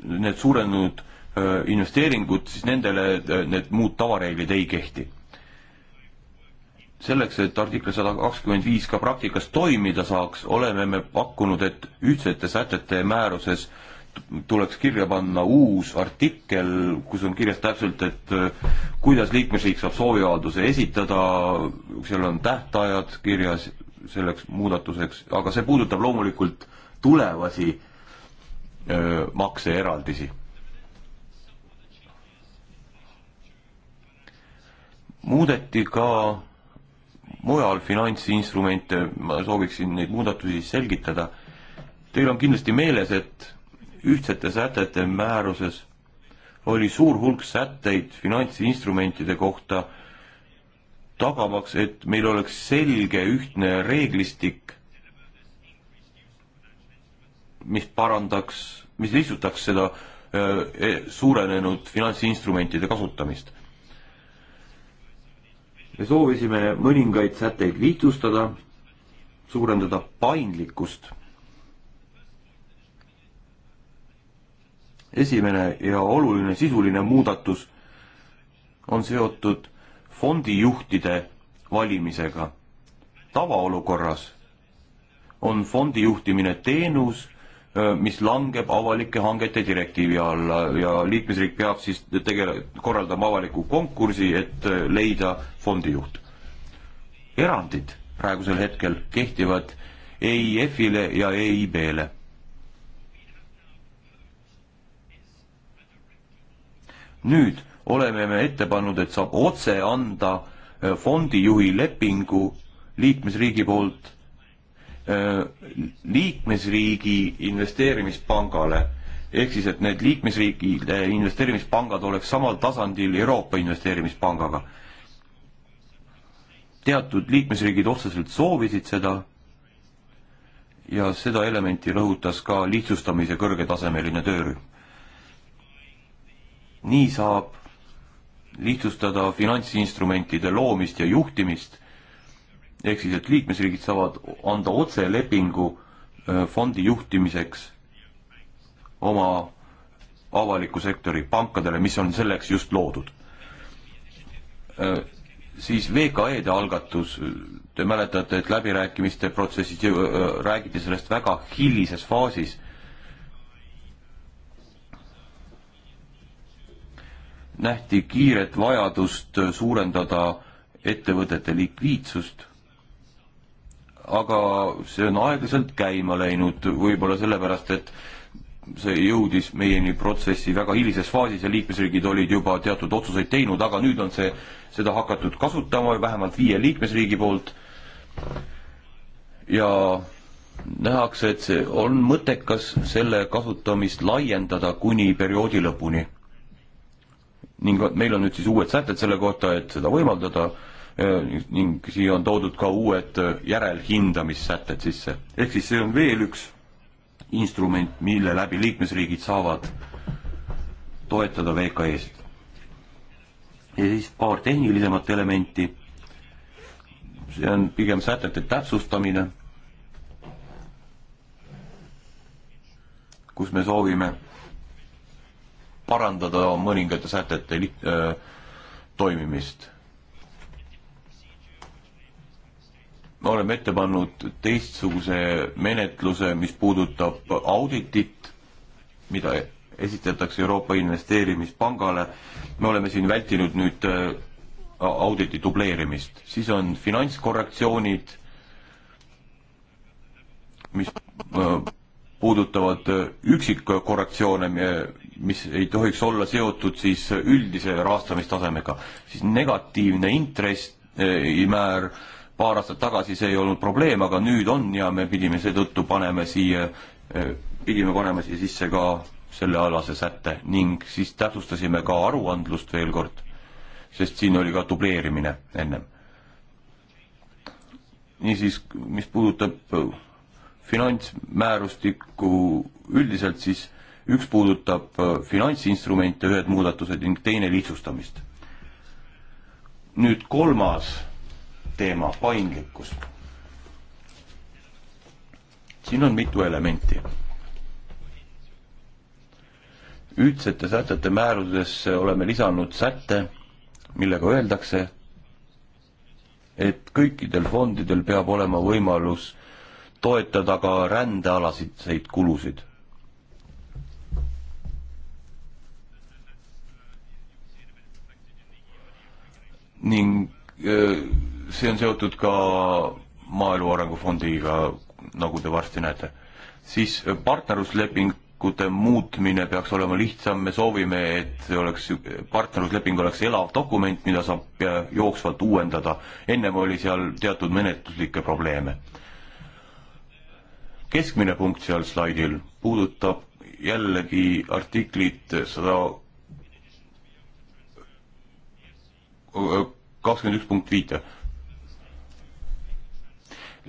need suurenenud äh, investeeringud, siis nendele need muud tavareeglid ei kehti. selleks, et artikkel sada kakskümmend viis ka praktikas toimida saaks, oleme me pakkunud, et ühtsete sätete määruses tuleks kirja panna uus artikkel, kus on kirjas täpselt, et kuidas liikmesriik saab sooviavalduse esitada, seal on tähtajad kirjas selleks muudatuseks, aga see puudutab loomulikult tulevasi makseeraldisi. muudeti ka mujal finantsinstrumente, ma sooviksin neid muudatusi selgitada. Teil on kindlasti meeles, et ühtsete sätete määruses oli suur hulk sätteid finantsinstrumentide kohta tagamaks, et meil oleks selge ühtne reeglistik, mis parandaks, mis lihtsustaks seda eh, eh, suurenenud finantsinstrumentide kasutamist. me soovisime mõningaid sätteid lihtsustada, suurendada paindlikkust. esimene ja oluline sisuline muudatus on seotud fondijuhtide valimisega. tavaolukorras on fondi juhtimine teenus, mis langeb avalike hangete direktiivi alla ja liikmesriik peab siis tegele-, korraldama avaliku konkursi, et leida fondijuht. erandid praegusel hetkel kehtivad EIF-ile ja EIB-le. nüüd oleme me ette pannud, et saab otse anda äh, fondijuhi lepingu liikmesriigi poolt äh, liikmesriigi investeerimispangale. ehk siis, et need liikmesriikide investeerimispangad oleks samal tasandil Euroopa investeerimispangaga. teatud liikmesriigid otseselt soovisid seda ja seda elementi rõhutas ka lihtsustamise kõrgetasemeline töörühm. nii saab lihtsustada finantsinstrumentide loomist ja juhtimist, ehk siis, et liikmesriigid saavad anda otse lepingu äh, fondi juhtimiseks oma avaliku sektori pankadele, mis on selleks just loodud. Äh, siis VKE-de algatus, te mäletate, et läbirääkimiste protsessis äh, räägiti sellest väga hilises faasis nähti kiiret vajadust suurendada ettevõtete likviidsust, aga see on aeglaselt käima läinud, võib-olla sellepärast, et see jõudis meieni protsessi väga hilises faasis ja liikmesriigid olid juba teatud otsuseid teinud, aga nüüd on see, seda hakatud kasutama vähemalt viie liikmesriigi poolt ja nähakse, et see on mõttekas selle kasutamist laiendada kuni perioodi lõpuni ning meil on nüüd siis uued sätted selle kohta, et seda võimaldada eh, ning siia on toodud ka uued eh, järelhindamissätted sisse. ehk siis see on veel üks instrument, mille läbi liikmesriigid saavad toetada VKE-sid. ja siis paar tehnilisemat elementi, see on pigem sätete täpsustamine, kus me soovime parandada mõningate sätete liht, äh, toimimist. me oleme ette pannud teistsuguse menetluse, mis puudutab auditit, mida esitatakse Euroopa Investeerimispangale. me oleme siin vältinud nüüd äh, auditi dubleerimist, siis on finantskorrektsioonid, mis äh, puudutavad üksikkorrektsioone, mis ei tohiks olla seotud siis üldise rahastamistasemega, siis negatiivne intressimäär paar aastat tagasi see ei olnud probleem, aga nüüd on ja me pidime seetõttu panema siia, pidime panema siia sisse ka sellealase sätte ning siis täpsustasime ka aruandlust veel kord, sest siin oli ka dubleerimine ennem. niisiis, mis puudutab finantsmäärustikku üldiselt, siis üks puudutab äh, finantsinstrumente, ühed muudatused ning teine lihtsustamist. nüüd kolmas teema, paindlikkus. siin on mitu elementi. üldsete sätete määrusesse oleme lisanud sätte, millega öeldakse, et kõikidel fondidel peab olema võimalus toetada ka rändealasid kulusid ning see on seotud ka Maaelu Arengu Fondiga, nagu te varsti näete. siis partnerluslepingute muutmine peaks olema lihtsam, me soovime, et see oleks, partnerlusleping oleks elav dokument, mida saab jooksvalt uuendada. ennem oli seal teatud menetluslikke probleeme. keskmine punkt seal slaidil puudutab jällegi artiklit sada kakskümmend üks punkt viite.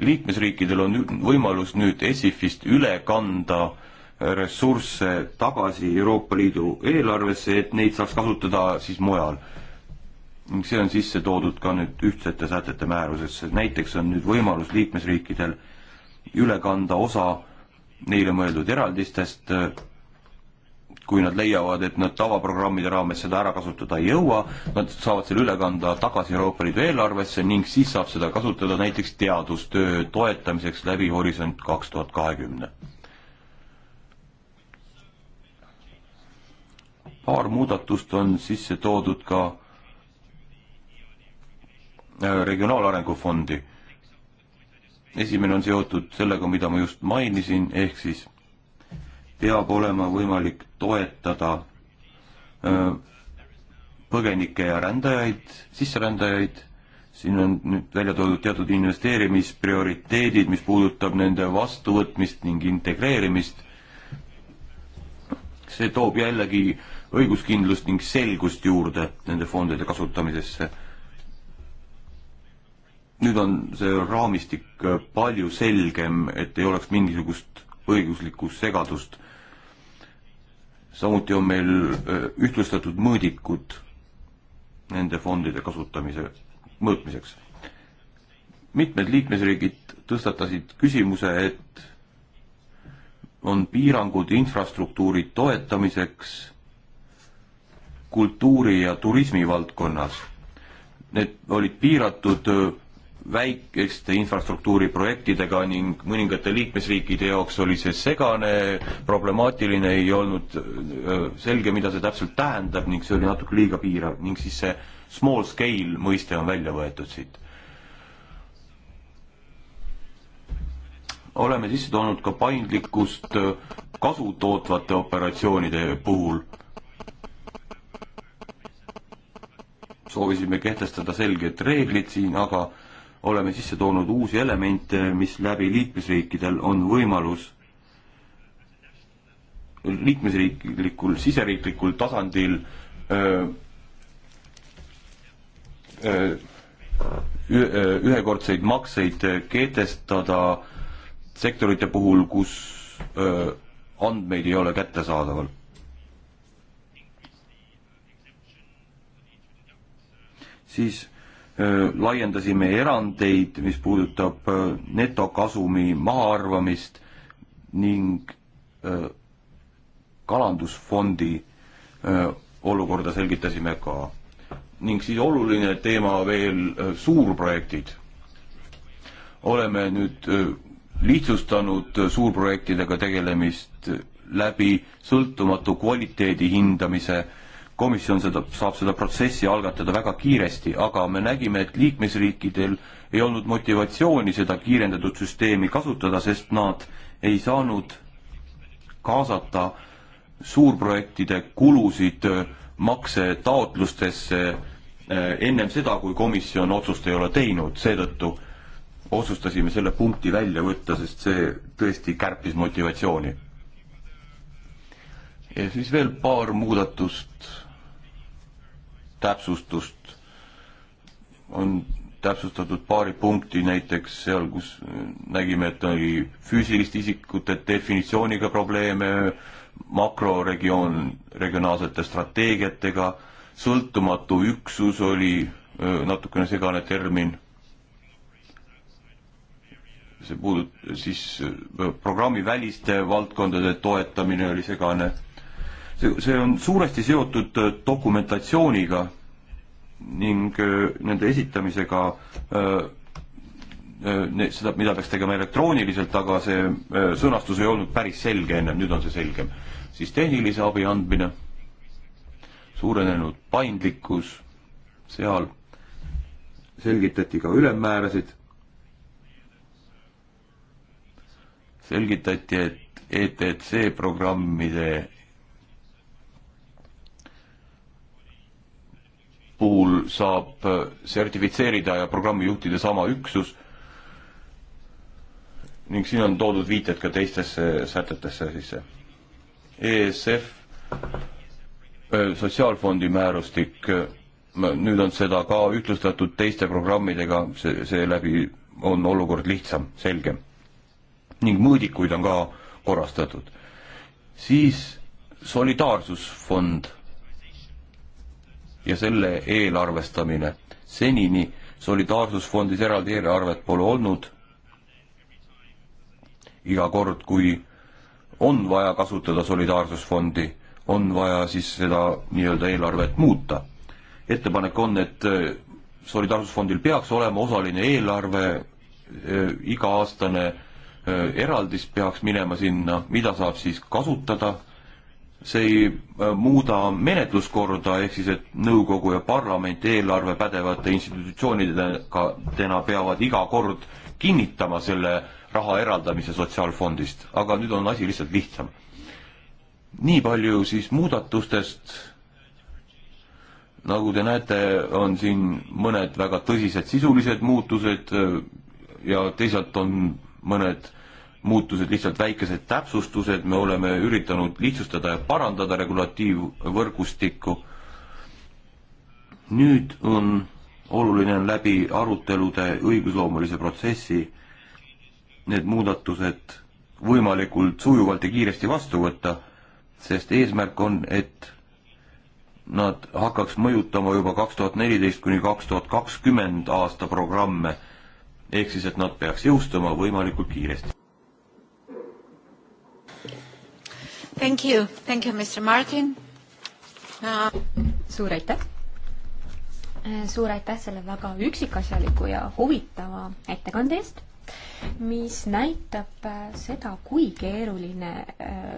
liikmesriikidel on võimalus nüüd ESIF-ist üle kanda ressursse tagasi Euroopa Liidu eelarvesse, et neid saaks kasutada siis mujal. see on sisse toodud ka nüüd ühtsete sätete määrusesse, näiteks on nüüd võimalus liikmesriikidel üle kanda osa neile mõeldud eraldistest kui nad leiavad, et nad tavaprogrammide raames seda ära kasutada ei jõua, nad saavad selle üle kanda tagasi Euroopa Liidu eelarvesse ning siis saab seda kasutada näiteks teadustöö toetamiseks läbi Horisont kaks tuhat kahekümne. paar muudatust on sisse toodud ka äh, regionaalarengu fondi. esimene on seotud sellega, mida ma just mainisin, ehk siis peab olema võimalik toetada äh, põgenikke ja rändajaid, sisserändajaid, siin on nüüd välja toodud teatud investeerimisprioriteedid, mis puudutab nende vastuvõtmist ning integreerimist, see toob jällegi õiguskindlust ning selgust juurde nende fondide kasutamisesse. nüüd on see raamistik palju selgem, et ei oleks mingisugust õiguslikku segadust samuti on meil ühtlustatud mõõdikud nende fondide kasutamise mõõtmiseks. mitmed liikmesriigid tõstatasid küsimuse, et on piirangud infrastruktuuri toetamiseks kultuuri- ja turismivaldkonnas. Need olid piiratud väikeste infrastruktuuriprojektidega ning mõningate liikmesriikide jaoks oli see segane, problemaatiline, ei olnud selge, mida see täpselt tähendab ning see oli natuke liiga piirav ning siis see small scale mõiste on välja võetud siit. oleme sisse toonud ka paindlikkust kasu tootvate operatsioonide puhul soovisime kehtestada selged reeglid siin, aga oleme sisse toonud uusi elemente, mis läbi liikmesriikidel on võimalus liikmesriiklikul, siseriiklikul tasandil öö, öö, ühekordseid makseid kehtestada sektorite puhul, kus öö, andmeid ei ole kättesaadaval. siis laiendasime erandeid, mis puudutab netokasumi mahaarvamist ning kalandusfondi olukorda selgitasime ka. ning siis oluline teema veel, suurprojektid. oleme nüüd lihtsustanud suurprojektidega tegelemist läbi sõltumatu kvaliteedi hindamise äh, komisjon seda, saab seda protsessi algatada väga kiiresti, aga me nägime, et liikmesriikidel ei olnud motivatsiooni seda kiirendatud süsteemi kasutada, sest nad ei saanud kaasata suurprojektide kulusid maksetaotlustesse eh, ennem seda, kui komisjon otsust ei ole teinud, seetõttu otsustasime selle punkti välja võtta, sest see tõesti kärpis motivatsiooni. ja siis veel paar muudatust täpsustust. on täpsustatud paari punkti, näiteks seal, kus nägime, et oli füüsiliste isikute definitsiooniga probleeme, makroregioon regionaalsete strateegiatega, sõltumatu üksus oli natukene segane termin see puudut-, siis programmi väliste valdkondade toetamine oli segane see, see on suuresti seotud äh, dokumentatsiooniga ning äh, nende esitamisega äh, seda, mida peaks tegema elektrooniliselt, aga see sõnastus ei olnud päris selge ennem, nüüd on see selgem. siis tehnilise abi andmine, suurenenud paindlikkus seal, selgitati ka ülemmäärasid, selgitati, et ETC programmide puhul saab äh, sertifitseerida ja programmi juhtida sama üksus ning siin on toodud viited ka teistesse sätetesse sisse. ESF, äh, sotsiaalfondi määrustik, äh, nüüd on seda ka ühtlustatud teiste programmidega, see, seeläbi on olukord lihtsam, selgem. ning mõõdikuid on ka korrastatud. siis solidaarsusfond ja selle eelarvestamine. senini solidaarsusfondis eraldi eelarvet pole olnud. iga kord, kui on vaja kasutada solidaarsusfondi, on vaja siis seda nii-öelda eelarvet muuta. ettepanek on, et äh, solidaarsusfondil peaks olema osaline eelarve, äh, iga-aastane äh, eraldis peaks minema sinna, mida saab siis kasutada see ei äh, muuda menetluskorda, ehk siis et nõukogu ja parlament eelarve pädevate institutsioonidega täna peavad iga kord kinnitama selle raha eraldamise sotsiaalfondist, aga nüüd on asi lihtsalt lihtsam. nii palju siis muudatustest, nagu te näete, on siin mõned väga tõsised sisulised muutused äh, ja teisalt on mõned muutused lihtsalt väikesed täpsustused, me oleme üritanud lihtsustada ja parandada regulatiivvõrgustikku. nüüd on oluline on läbi arutelude õigusloomulise protsessi need muudatused võimalikult sujuvalt ja kiiresti vastu võtta, sest eesmärk on, et nad hakkaks mõjutama juba kaks tuhat neliteist kuni kaks tuhat kakskümmend aasta programme, ehk siis et nad peaks jõustuma võimalikult kiiresti. Thank you, thank you, Mr Martin uh.... suur aitäh! Eh, suur aitäh selle väga üksikasjaliku ja huvitava ettekande eest, mis näitab eh, seda, kui keeruline eh,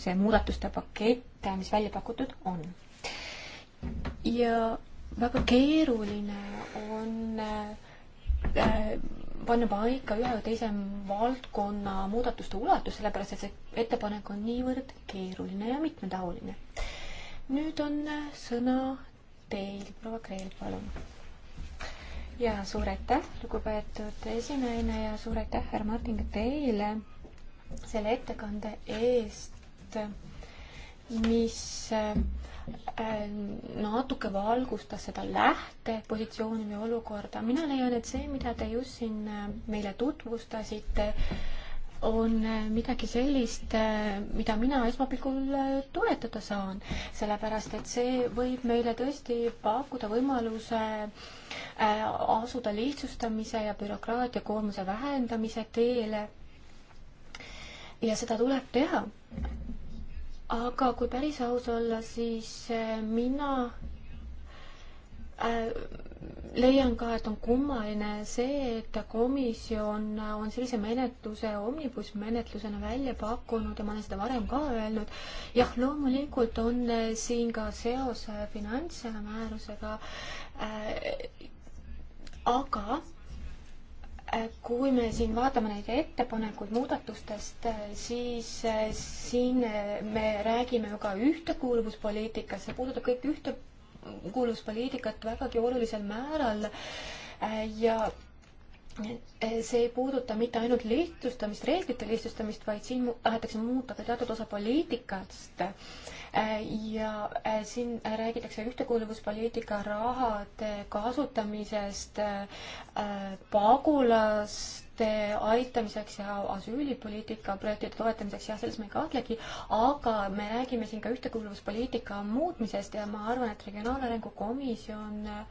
see muudatuste pakett, mis välja pakutud on. ja väga keeruline on panna paika ühe või teise valdkonna muudatuste ulatus, sellepärast et see ettepanek on niivõrd keeruline ja mitmetahuline. nüüd on sõna teil, proua Kreel, palun. ja suur aitäh, lugupeetud esinaine ja suur aitäh, härra Martin, ka teile selle ettekande eest, mis Äh, natuke valgustas seda lähtepositsiooni või olukorda. mina leian, et see, mida te just siin äh, meile tutvustasite, on äh, midagi sellist, mida mina esmapilgul toetada saan, sellepärast et see võib meile tõesti pakkuda võimaluse asuda lihtsustamise ja bürokraatia koormuse vähendamise teele. ja seda tuleb teha aga kui päris aus olla, siis äh, mina äh, leian ka, et on kummaline see, et komisjon on sellise menetluse omnibus menetlusena välja pakkunud ja ma olen seda varem ka öelnud. jah, loomulikult on äh, siin ka seos finantsmäärusega äh,. aga kui me siin vaatame neid ettepanekuid muudatustest, siis eh, siin eh, me räägime ju ka ühtekuuluvuspoliitikast, see puudutab kõik ühtekuuluvuspoliitikat vägagi olulisel määral eh, ja Eh, see ei puuduta mitte ainult lihtsustamist, reeglite lihtsustamist, vaid siin tahetakse muuta ka teatud osa poliitikast. Eh, ja eh, siin räägitakse ühtekuuluvuspoliitika rahade kasutamisest pagulaste aitamiseks ja asüülipoliitika projektide toetamiseks, jah, selles ma ei kahtlegi, aga me räägime siin ka ühtekuuluvuspoliitika muutmisest ja ma arvan, et Regionaalarengu Komisjon äh,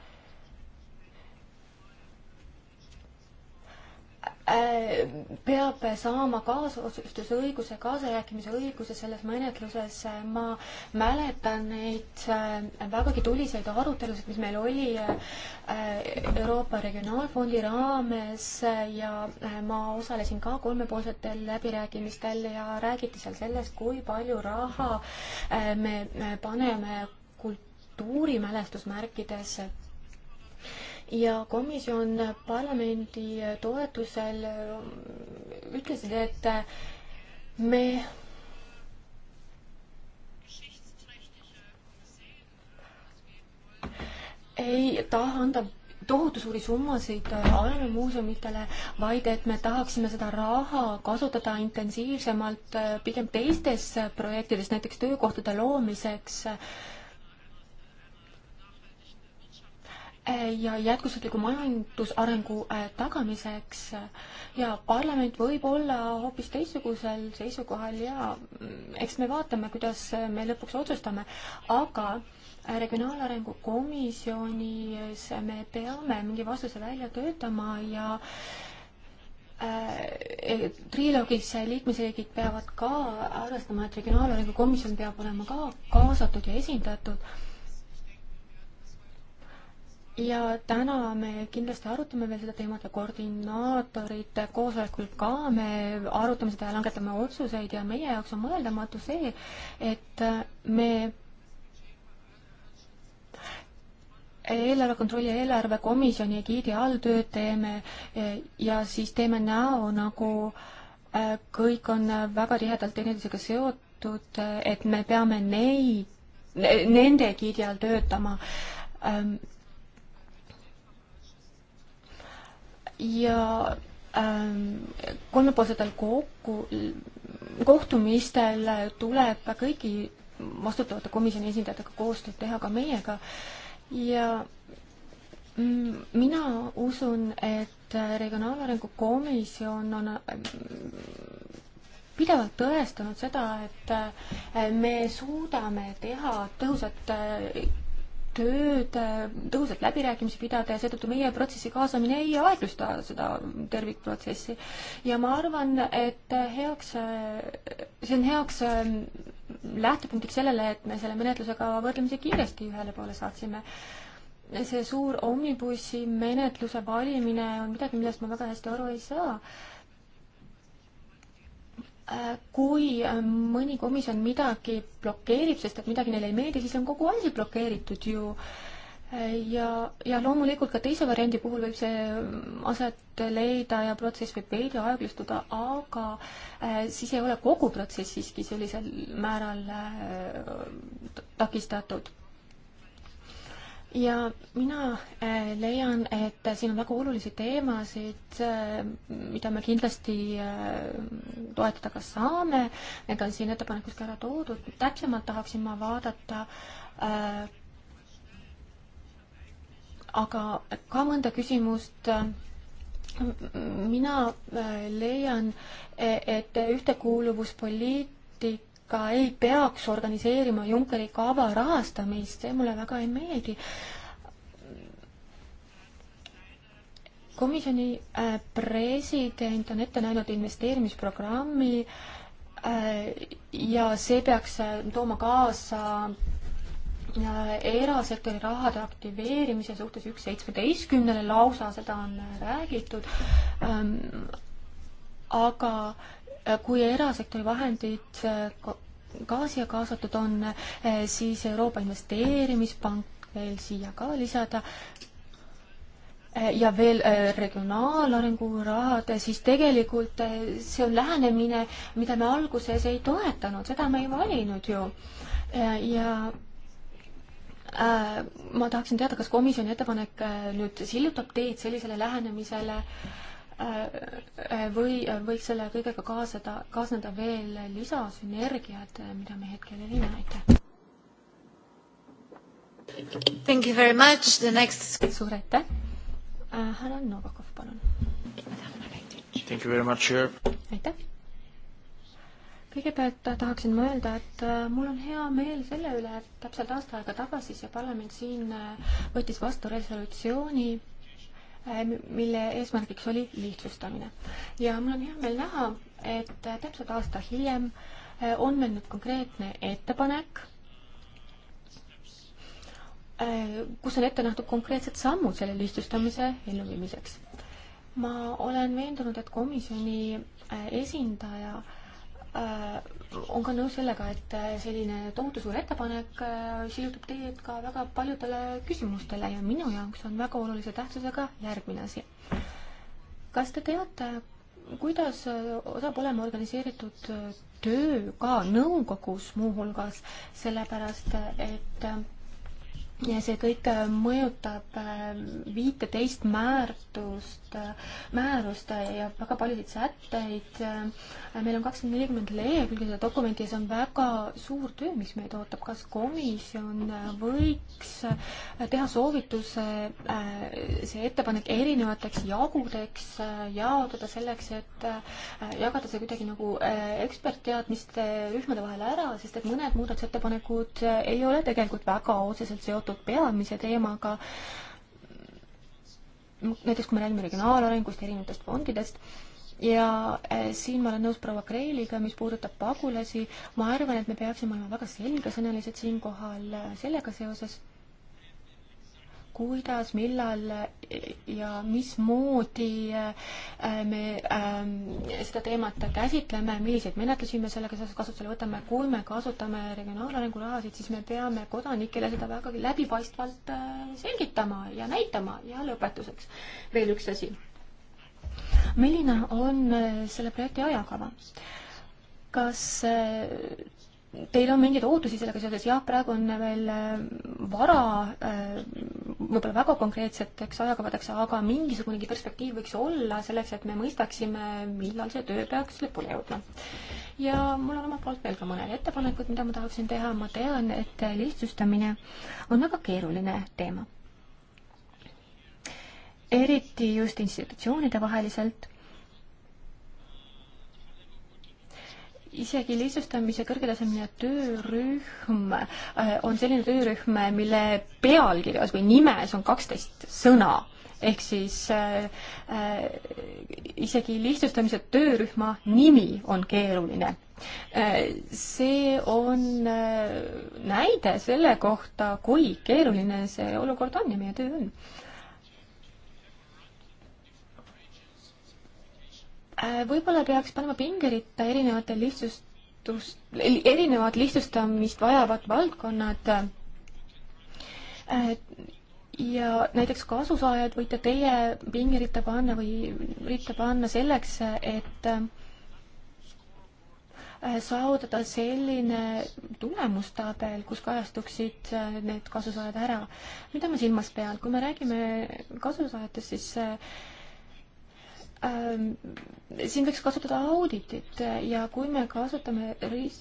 peab saama kaasotsustusõiguse, kaasarääkimise õiguse selles menetluses. ma mäletan neid äh, vägagi tuliseid arutelusid, mis meil oli äh, Euroopa Regionaalfondi raames ja äh, ma osalesin ka kolmepoolsetel läbirääkimistel ja räägiti seal sellest, kui palju raha me paneme kultuurimälestusmärkidesse ja komisjon parlamendi toetusel ütlesid, et me ei taha anda tohutu suuri summasid ajaloomuuseumidele, vaid et me tahaksime seda raha kasutada intensiivsemalt pigem teistes projektides, näiteks töökohtade loomiseks äh, ja jätkusuutliku majandusarengu äh, tagamiseks ja parlament võib olla hoopis teistsugusel seisukohal ja mm, eks me vaatame, kuidas äh, me lõpuks otsustame, aga äh, regionaalarengu komisjonis me peame mingi vastuse välja töötama ja äh, e, triloogis liikmesriigid peavad ka arvestama, et regionaalarengu komisjon peab olema ka kaasatud ja esindatud ja täna me kindlasti arutame veel seda teemat ja koordinaatorite koosolekul ka me arutame seda ja langetame otsuseid ja meie jaoks on mõeldamatu see, et me eelarve kontrolli eelarvekomisjoni egiidi all tööd teeme ja siis teeme näo, nagu äh, kõik on väga tihedalt teineteisega seotud, et me peame neid, nende egiidi all töötama ja ähm, kolmepoolsetel kokku, kohtumistel tuleb kõigi vastutavate komisjoni esindajatega koostööd teha, ka meiega, ja mm, mina usun, et Regionaalarengu Komisjon on mm, pidevalt tõestanud seda, et äh, me suudame teha tõhusat äh, tööd äh, tõhusalt läbirääkimisi pidada ja seetõttu meie protsessi kaasamine ei aeglusta seda tervikprotsessi. ja ma arvan, et heaks, äh, see on heaks äh, lähtepunktiks sellele, et me selle menetlusega võrdlemisi kiiresti ühele poole saatsime see suur omnibussi menetluse valimine on midagi, millest ma väga hästi aru ei saa Äh, kui äh, mõni komisjon midagi blokeerib, sest et midagi neile ei meeldi, siis on kogu asi blokeeritud ju. Äh, ja, ja loomulikult ka teise variandi puhul võib see mm, aset leida ja protsess võib veidi aeglustuda, aga äh, siis ei ole kogu protsess siiski sellisel määral äh, takistatud ja mina äh, leian, et siin on väga olulisi teemasid, äh, mida me kindlasti äh, toetada ka saame, need on siin ettepanekus ka ära toodud, täpsemalt tahaksin ma vaadata aga ka mõnda küsimust mina leian, e-, et ühtekuuluvuspoliitik ka ei peaks organiseerima Junckeri kava rahastamist, see mulle väga ei meeldi. komisjoni äh, president on ette näinud investeerimisprogrammi äh, ja see peaks äh, tooma kaasa erasektori rahade aktiveerimise suhtes üks seitsmeteistkümnele lausa, seda on räägitud. Ähm, aga äh, kui erasektori vahendid äh, ka siia kaasatud on, äh, siis Euroopa Investeerimispank veel siia ka lisada äh, ja veel regionaalarengu rahad, siis tegelikult see on lähenemine, mida me alguses ei toetanud, seda me ei valinud ju. ja ma tahaksin teada, kas komisjoni ettepanek nüüd sillutab teed sellisele lähenemisele äh, Äh, või võiks selle kõigega kaasada, kaasneda veel lisasünergiad, äh, mida me hetkel ei näe, aitäh. Thank you very much, the next. suur aitäh. Äh, härra Novakov, palun. Thank you very much, sir. aitäh. kõigepealt tahaksin ma öelda, et mul on hea meel selle üle, et täpselt aasta aega tagasi see parlament siin võttis vastu resolutsiooni Äh, mille eesmärgiks oli lihtsustamine. ja mul on hea meel näha, et äh, täpselt aasta hiljem äh, on meil nüüd konkreetne ettepanek, kus on ette nähtud konkreetsed sammud selle lihtsustamise elluviimiseks. ma olen veendunud, et komisjoni esindaja äh, Äh, on ka nõus sellega, et äh, selline tohutu suur ettepanek äh, sillutab teed ka väga paljudele küsimustele ja minu jaoks on väga olulise tähtsusega järgmine asi. kas te teate, kuidas saab olema organiseeritud töö ka nõukogus muuhulgas, sellepärast et ja see kõik äh, mõjutab äh, viiteist äh, määrust, määrust ja väga paljusid sätteid. meil on kakssada nelikümmend lehekülge seda dokumenti ja see on väga suur töö, mis meid ootab. kas komisjon võiks teha soovituse see ettepanek erinevateks jagudeks jaotada selleks, et jagada see kuidagi nagu ekspertteadmiste rühmade vahel ära, sest et mõned muudatusettepanekud ei ole tegelikult väga otseselt seotud seotud peamise teemaga, näiteks kui me räägime regionaalarengust, erinevatest fondidest, ja eh, siin ma olen nõus proua Kreeliga, mis puudutab pagulasi, ma arvan, et me peaksime olema väga selgesõnalised siinkohal eh, sellega seoses, kuidas, millal ja mismoodi äh, me ähm, seda teemat käsitleme, milliseid menetlusi me sellega seoses kasutusele võtame, kui me kasutame regionaalarengu rahasid, siis me peame kodanikele seda vägagi läbipaistvalt äh, selgitama ja näitama ja lõpetuseks veel üks asi. milline on äh, selle projekti ajakava? kas teil on mingeid ootusi sellega seoses, jah, praegu on veel äh, vara äh, võib-olla väga konkreetseteks ajakavadeks, aga mingisugunegi perspektiiv võiks olla selleks, et me mõistaksime, millal see töö peaks lõpule jõudma. ja mul on omalt poolt veel ka mõned ettepanekud, mida ma tahaksin teha, ma tean, et lihtsustamine on väga keeruline teema. eriti just institutsioonide vaheliselt isegi lihtsustamise kõrgetasemeline töörühm äh, on selline töörühm, mille pealkirjas või nimes on kaksteist sõna. ehk siis äh, äh isegi lihtsustamise töörühma nimi on keeruline äh, see on näide selle kohta, kui keeruline see olukord on ja meie töö on Äh, võib-olla peaks panema pingeritta erinevate lihtsustust, erinevad lihtsustamist vajavad valdkonnad. Äh, ja näiteks kasusaajad võite teie pingeritta panna või ritta panna selleks, et äh, saavutada selline tulemustabel, kus kajastuksid need kasusaajad ära. mida ma silmas pean, kui me räägime kasusaajatest, siis Ähm, siin võiks kasutada auditit ja kui me kasutame riis-,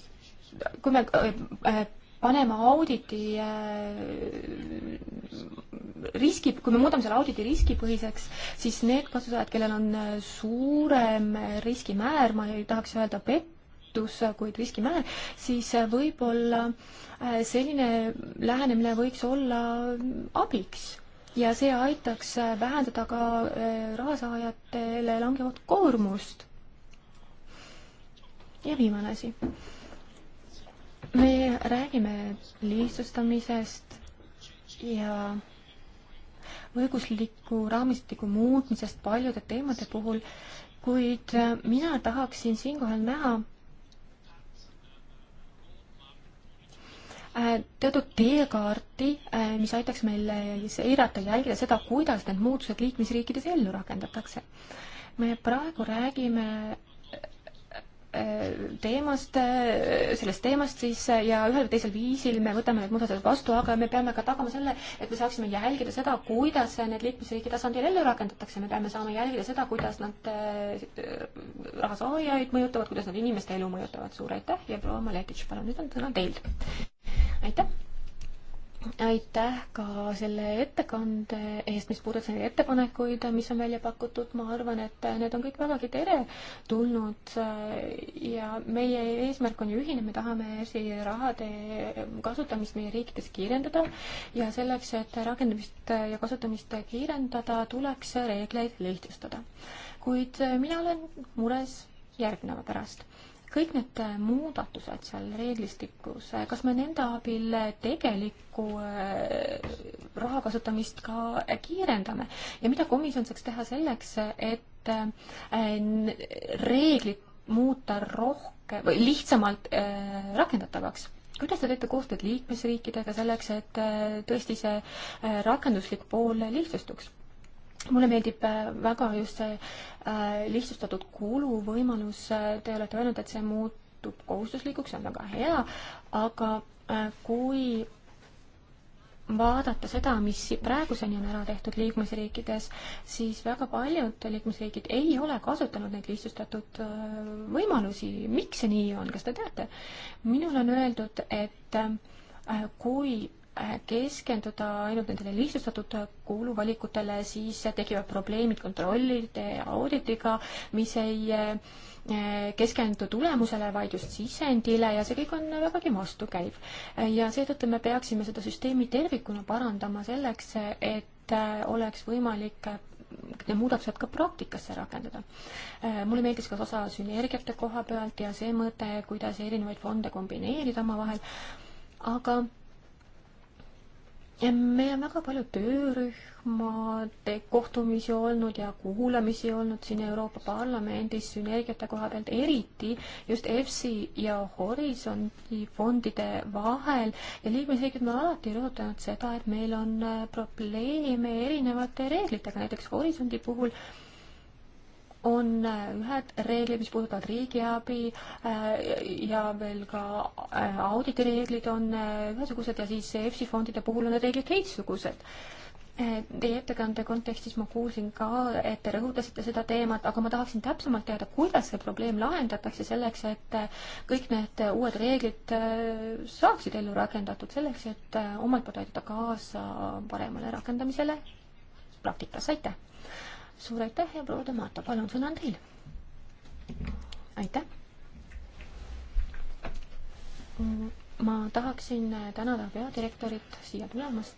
kui me äh, äh, paneme auditi äh, riski, kui me muudame selle auditi riskipõhiseks, siis need kasutajad, kellel on suurem riskimäär, ma ei tahaks öelda pettus, kuid riskimäär, siis võib-olla selline lähenemine võiks olla abiks ja see aitaks äh, vähendada ka äh, rahasaajatele langevat koormust. ja viimane asi. me räägime lihtsustamisest ja õigusliku raamistiku muutmisest paljude teemade puhul, kuid äh, mina tahaksin siinkohal näha Äh, teatud teekaarti, äh, mis aitaks meil äh, seirata, jälgida seda, kuidas need muutused liikmesriikides ellu rakendatakse. me praegu räägime Äh, teemast, äh, sellest teemast siis äh, ja ühel või teisel viisil me võtame need muudatused vastu, aga me peame ka tagama selle, et me saaksime jälgida seda, kuidas need liikmesriigi tasandil ellu rakendatakse, me peame saama jälgida seda, kuidas nad rahasaajaid mõjutavad, kuidas nad inimeste elu mõjutavad. suur aitäh ja proua Maletitš, palun, nüüd on sõna teil. aitäh aitäh ka selle ettekande eest, mis puudutas neid ettepanekuid, mis on välja pakutud, ma arvan, et need on kõik vägagi teretulnud äh, ja meie eesmärk on ju ühine, me tahame ERSi rahade kasutamist meie riikides kiirendada ja selleks, et rakendamist ja kasutamist kiirendada, tuleks reegleid lihtsustada. kuid äh, mina olen mures järgneva pärast kõik need äh, muudatused seal reeglistikus, äh, kas me nende abil äh, tegelikku raha kasutamist ka kiirendame ja mida komisjon saaks teha selleks, et reeglid muuta rohkem või lihtsamalt rakendatavaks? kuidas te teete koostööd liikmesriikidega selleks, et tõesti see rakenduslik pool lihtsustuks? mulle meeldib äh, väga just see äh, lihtsustatud kuluvõimalus, äh, te olete öelnud, et see muutub kohustuslikuks, see on väga hea, aga kui vaadata seda, mis praeguseni on ära tehtud liikmesriikides, siis väga paljud liikmesriigid ei ole kasutanud neid lihtsustatud võimalusi. miks see nii on, kas te teate? minule on öeldud, et kui keskenduda ainult nendele lihtsustatud kuuluvalikutele, siis tekivad probleemid kontrollide ja auditiga, mis ei eh, keskendu tulemusele, vaid just sisendile ja see kõik on vägagi vastukäiv. ja seetõttu me peaksime seda süsteemi tervikuna parandama selleks, et eh, oleks võimalik eh, need muudatused ka praktikasse rakendada. mulle meeldis ka osa sünergiate koha pealt ja see mõte, kuidas erinevaid fonde kombineerida omavahel, aga meil on väga palju töörühmade kohtumisi olnud ja kuulamisi olnud siin Euroopa Parlamendis sünergiate koha pealt, eriti just EFSI ja Horisondi fondide vahel ja liikmesriigid on alati rõhutanud seda, et meil on probleeme erinevate reeglitega, näiteks Horisondi puhul äh, on äh, ühed reeglid, mis puudutavad riigiabi äh, ja veel ka äh, auditireeglid on ühesugused ja siis EFSI fondide puhul on need reeglid teistsugused. Teie ettekande kontekstis ma kuulsin ka, et te rõhutasite seda teemat, aga ma tahaksin täpsemalt teada, kuidas see probleem lahendatakse selleks, et kõik need uued reeglid saaksid ellu rakendatud, selleks et omalt poolt aidata kaasa paremale rakendamisele praktikas, aitäh! suur aitäh ja proua Tomato, palun, sõna on teil. aitäh. ma tahaksin tänada peadirektorit siia tulemast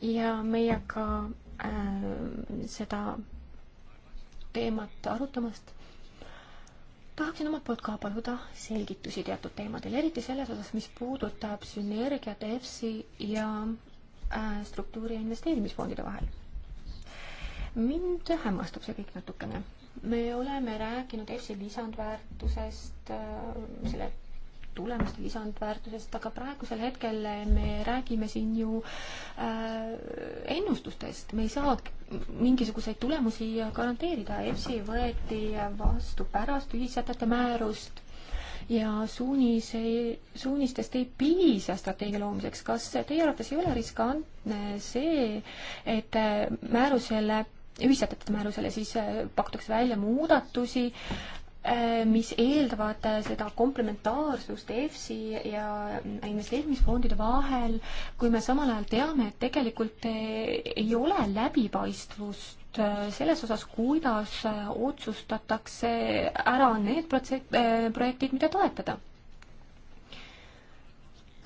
ja meiega äh, seda teemat arutamast. tahaksin omalt poolt ka paluda selgitusi teatud teemadel, eriti selles osas, mis puudutab sünergiat EFSI ja äh, struktuuri ja investeerimisfondide vahel mind hämmastab see kõik natukene. me oleme rääkinud EFSi lisandväärtusest, äh, selle tulemuste lisandväärtusest, aga praegusel hetkel me räägime siin ju äh, ennustustest, me ei saa mingisuguseid tulemusi garanteerida, EFSI võeti vastu pärast ühissätete määrust ja suunis, suunistest ei piisa strateegia loomiseks. kas teie arvates ei ole riskantne see, et äh, määruse läheb ühissätete määrusele, siis äh, pakutakse välja muudatusi, äh, mis eeldavad äh, seda komplementaarsust EFSI ja investeerimisfondide vahel, kui me samal ajal teame, et tegelikult ei ole läbipaistvust selles osas, kuidas otsustatakse ära need protse-, projektid, mida toetada.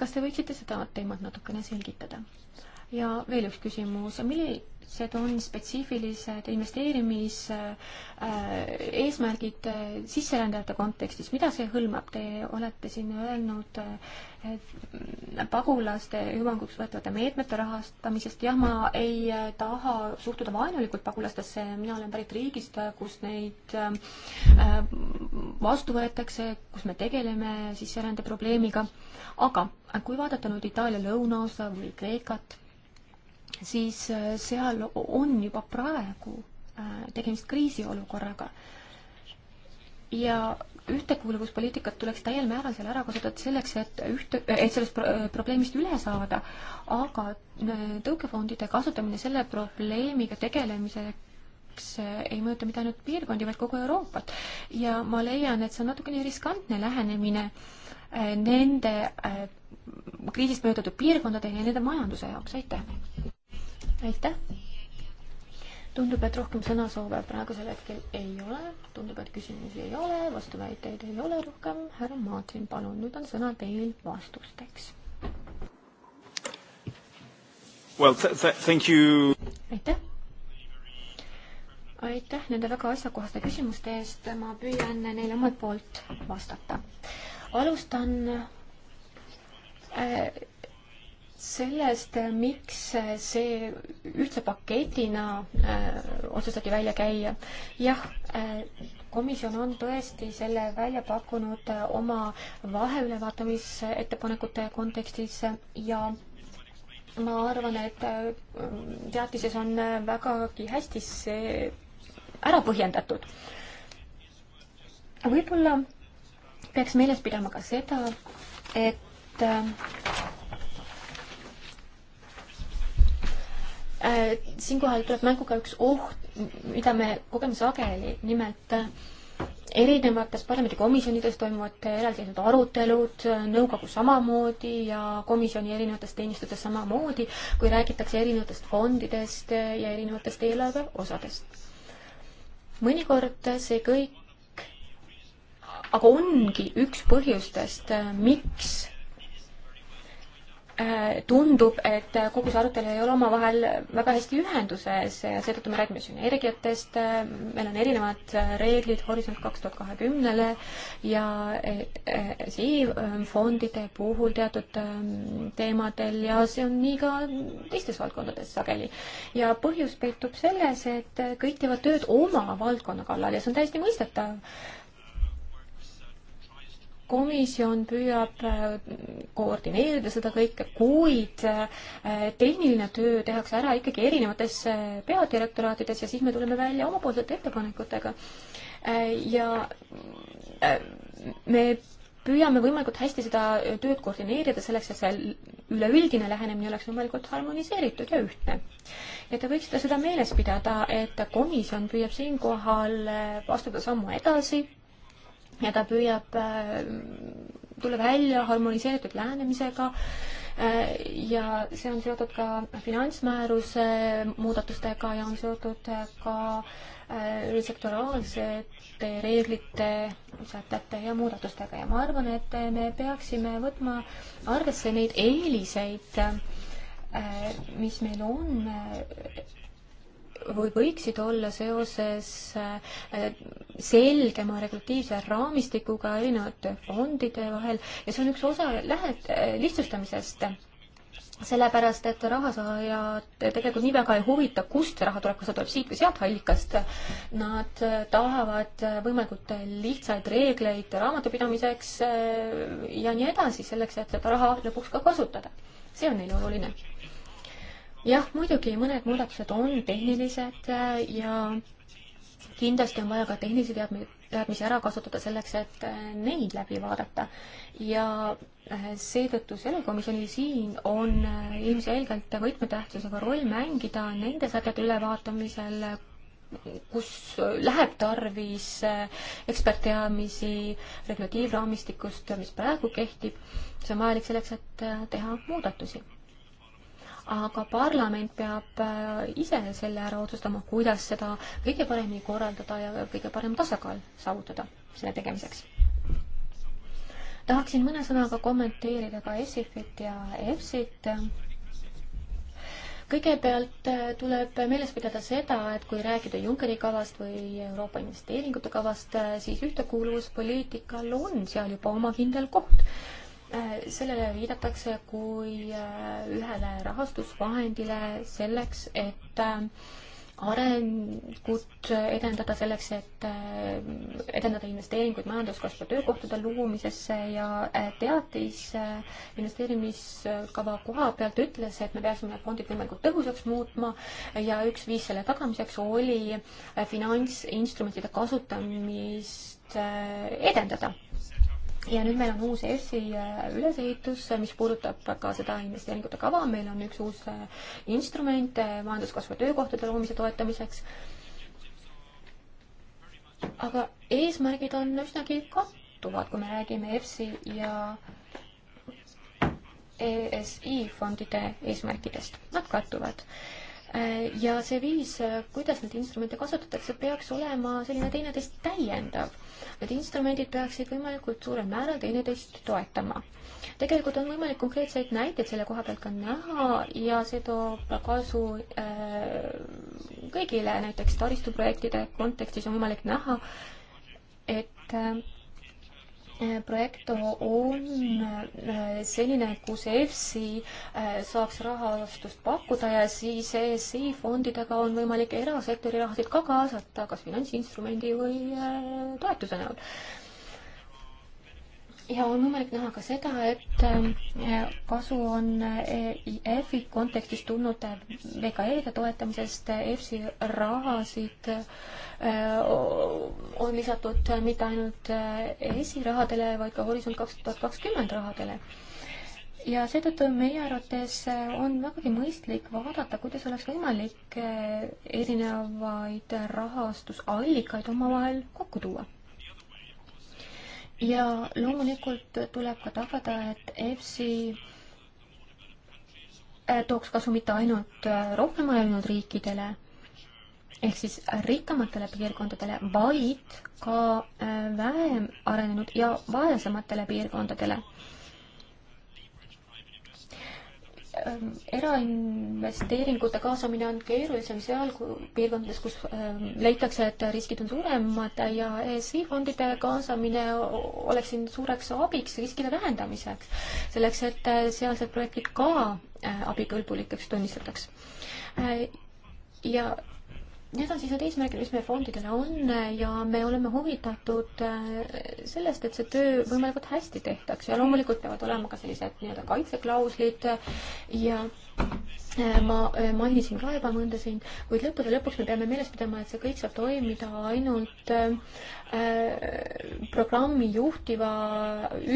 kas te võiksite seda teemat natukene selgitada? ja veel üks küsimus, millised on spetsiifilised investeerimiseesmärgid äh, äh, sisserändajate kontekstis, mida see hõlmab, te olete siin öelnud pagulaste hüvanguks võetavate meetmete rahastamisest, jah, ma ei äh, taha suhtuda vaenulikult pagulastesse, mina olen pärit riigist, kus neid vastu võetakse, kus me tegeleme sisserände probleemiga, aga kui vaadata nüüd Itaalia lõunaosa või Kreekat, siis äh, seal on juba praegu äh, tegemist kriisiolukorraga. ja ühtekuuluvuspoliitikat tuleks täiel määral seal ära kasutada selleks, et ühte, äh, et sellest pro probleemist üle saada, aga tõukefondide kasutamine selle probleemiga tegelemiseks ei mõjuta mitte ainult piirkondi, vaid kogu Euroopat. ja ma leian, et see on natukene riskantne lähenemine nende kriisist mõjutatud piirkondade ja nende majanduse jaoks, aitäh! aitäh! tundub, et rohkem sõnasoove praegusel hetkel ei ole, tundub, et küsimusi ei ole, vastuväiteid ei ole rohkem. härra Martin, palun, nüüd on sõna teil vastusteks. Well, th th thank you. aitäh. aitäh nende väga asjakohaste küsimuste eest, ma püüan neile omalt poolt vastata. alustan äh, sellest, miks see ühtse paketina äh, otsustati välja käia. jah äh,, komisjon on tõesti selle välja pakkunud äh, oma vaheülevaatamisettepanekute kontekstis ja ma arvan, et äh, teatises on äh, vägagi hästi see ära põhjendatud. võib-olla peaks meeles pidama ka seda, et äh, Äh, siinkohal tuleb mängu ka üks oht, mida me kogeme sageli, nimelt äh, erinevates parlamendikomisjonides toimuvad eraldiseisvad arutelud, äh, nõukogu samamoodi ja komisjoni erinevates teenistustes samamoodi, kui räägitakse erinevatest fondidest ja erinevatest eelarve osadest. mõnikord see kõik aga ongi üks põhjustest, miks Äh, tundub, et kogu see arutelu ei ole omavahel väga hästi ühenduses ja seetõttu me räägime sünergiatest, äh, meil on erinevad äh, reeglid Horisont kaks tuhat kahekümnele ja fondide puhul teatud ähm, teemadel ja see on nii ka teistes valdkondades sageli. ja põhjus peitub selles, et kõik teevad tööd oma valdkonna kallal ja see on täiesti mõistetav komisjon püüab äh, koordineerida seda kõike, kuid äh, tehniline töö tehakse ära ikkagi erinevates äh, peadirektoraatides ja siis me tuleme välja omapoolsete ettepanekutega. ja me püüame võimalikult hästi seda tööd koordineerida selleks, et see üleüldine lähenemine oleks võimalikult harmoniseeritud ja ühtne. ja te võiksite seda meeles pidada, et komisjon püüab siinkohal astuda sammu edasi ja ta püüab äh, tulla välja harmoniseeritud lähenemisega äh, ja see on seotud ka finantsmääruse muudatustega ja on seotud äh, ka sektoraalsete reeglite, sätete ja muudatustega ja ma arvan, et me peaksime võtma arvesse neid eeliseid, mis meil on või võiksid olla seoses äh, selgema regulatiivse raamistikuga erinevate fondide vahel ja see on üks osa lähed-, äh, lihtsustamisest sellepärast, et rahasaajad tegelikult nii väga ei huvita, kust see raha tuleb, kas ta tuleb siit või sealt allikast. Nad äh, tahavad võimalikult lihtsaid reegleid raamatupidamiseks ja nii edasi, selleks et seda raha lõpuks ka kasutada. see on neile oluline jah, muidugi mõned muudatused on tehnilised äh, ja kindlasti on vaja ka tehnilisi teadmi-, teadmisi ära kasutada selleks, et äh, neid läbi vaadata. ja äh, seetõttu sellel komisjonil siin on ilmselgelt võtmetähtsusega roll mängida nende sätete ülevaatamisel, kus läheb tarvis ekspertteadmisi regulatiivraamistikust, mis praegu kehtib, see on vajalik selleks, et teha muudatusi aga parlament peab äh, ise selle ära otsustama, kuidas seda kõige paremini korraldada ja kõige parem tasakaal saavutada selle tegemiseks. tahaksin mõne sõnaga kommenteerida ka ESIF-it ja EFSit kõigepealt äh, tuleb meeles pidada seda, et kui rääkida Junckeri kavast või Euroopa investeeringute kavast, äh, siis ühtekuuluvuspoliitikal on seal juba oma kindel koht. Äh, sellele viidatakse kui äh, ühele rahastusvahendile selleks, et äh, arengut edendada selleks, et edendada investeeringuid majanduskasvu töökohtade loomisesse ja teatis investeerimiskava koha pealt ütles, et me peaksime fondid võimalikult tõhusaks muutma ja üks viis selle tagamiseks oli finantsinstrumentide kasutamist edendada ja nüüd meil on uus EFSI äh, ülesehitus, äh, mis puudutab ka seda investeeringute kava, meil on üks uus äh, instrument majanduskasvu töökohtade loomise toetamiseks. aga eesmärgid on üsnagi kattuvad, kui me räägime EFSI ja ESI fondide eesmärkidest, nad kattuvad ja see viis, kuidas neid instrumente kasutatakse, peaks olema selline teineteist täiendav. Need instrumendid peaksid võimalikult suurel määral teineteist toetama. tegelikult on võimalik konkreetseid näiteid selle koha pealt ka näha ja see toob kasu äh, kõigile, näiteks taristuprojektide kontekstis on võimalik näha, et äh, projekt on äh, selline, kus EFSI äh, saaks rahastust pakkuda ja siis ESI fondidega on võimalik erasektori rahasid ka kaasata, kas finantsinstrumendi või äh, toetuse näol ja on võimalik näha ka seda, et äh, kasu on äh, EFI kontekstis tulnud äh, VKE-de toetamisest, EFSI rahasid on lisatud mitte ainult ESI rahadele, vaid ka Horisont kaks tuhat kakskümmend rahadele ja seetõttu meie arvates on vägagi mõistlik vaadata, kuidas oleks võimalik erinevaid rahastusallikaid omavahel kokku tuua ja loomulikult tuleb ka tagada, et EFSI äh, tooks kasu mitte ainult äh, rohkem arenenud riikidele ehk siis rikkamatele piirkondadele, vaid ka äh, vähem arenenud ja vaesematele piirkondadele Ähm, erainvesteeringute kaasamine on keerulisem seal piirkondades, kus ähm, leitakse, et riskid on suuremad ja ESI fondide kaasamine oleks siin suureks abiks riskide vähendamiseks, selleks et äh, sealsed projektid ka äh, abikõlbulikeks tunnistataks. Äh, ja Need on siis need eesmärgid, mis meie fondidel on äh, ja me oleme huvitatud äh, sellest, et see töö võimalikult hästi tehtaks ja loomulikult peavad olema ka sellised nii-öelda kaitseklauslid äh, ja ma mainisin ka juba mõnda siin, kuid lõppude lõpuks me peame meeles pidama, et see kõik saab toimida ainult programmi juhtiva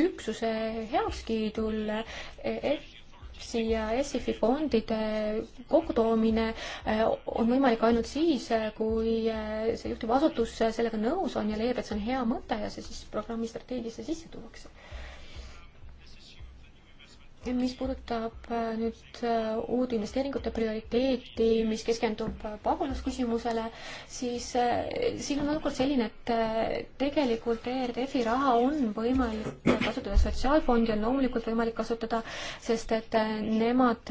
üksuse heakskiidul, et EFSI ja ESIFi fondide kokkutoomine äh, on võimalik ainult siis, äh, kui äh, see juhtiv asutus sellega nõus on ja leiab, et see on hea mõte ja see siis programmi strateegiasse sisse tuuakse mis puudutab äh, nüüd äh, uut investeeringute prioriteeti, mis keskendub äh, pagulasküsimusele, siis siin on olukord selline, et tegelikult ERDF-i raha on võimalik kasutada, sotsiaalfondi on loomulikult võimalik kasutada, sest et nemad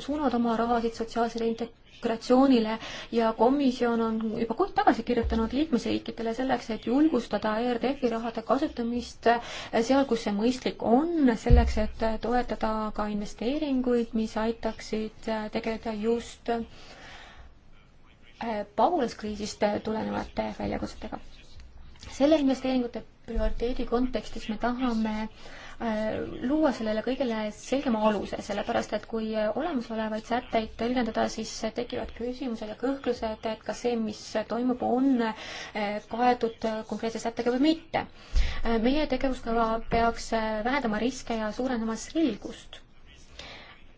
suunavad oma rahasid sotsiaalse rente-, migratsioonile ja komisjon on juba kuud tagasi kirjutanud liikmesriikidele selleks, et julgustada ERDF-i rahade kasutamist seal, kus see mõistlik on, selleks, et toetada ka investeeringuid, mis aitaksid tegeleda just äh, pagulaskriisist tulenevate väljakutsetega. selle investeeringute prioriteedi kontekstis me tahame äh, Äh, luua sellele kõigele selgema aluse, sellepärast et kui äh, olemasolevaid sätteid tõlgendada, siis äh, tekivad küsimused ja kõhklused, et kas see, mis toimub, on kaetud konkreetse sättega või mitte. meie tegevuskava peaks vähendama riske ja suurendama selgust.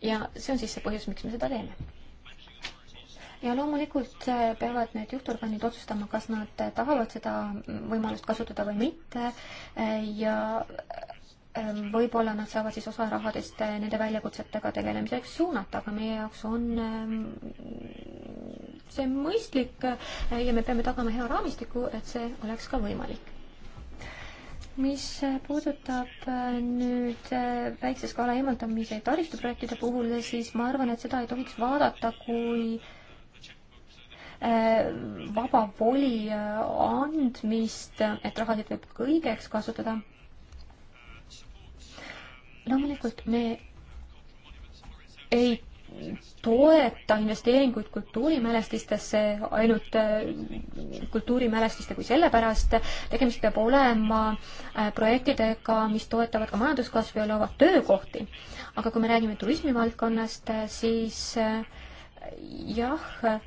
ja see on siis see põhjus, miks me seda teeme ja loomulikult peavad need juhtorganid otsustama, kas nad tahavad seda mm, võimalust kasutada või mitte ja Ehm, võib-olla nad saavad siis osa rahadest eh, nende väljakutsetega tegelemiseks suunata, aga meie jaoks on ehm, see mõistlik eh, ja me peame tagama hea raamistiku, et see oleks ka võimalik. mis eh, puudutab nüüd väikse skaala eemaldamise taristuprojektide puhul, siis ma arvan, et seda ei tohiks vaadata kui vaba voli andmist, et rahasid võib kõigeks kasutada loomulikult me ei toeta investeeringuid kultuurimälestistesse ainult äh, kultuurimälestiste kui sellepärast. tegemist peab olema äh, projektidega, mis toetavad ka majanduskasvu ja loovad töökohti. aga kui me räägime turismivaldkonnast, äh, siis jah,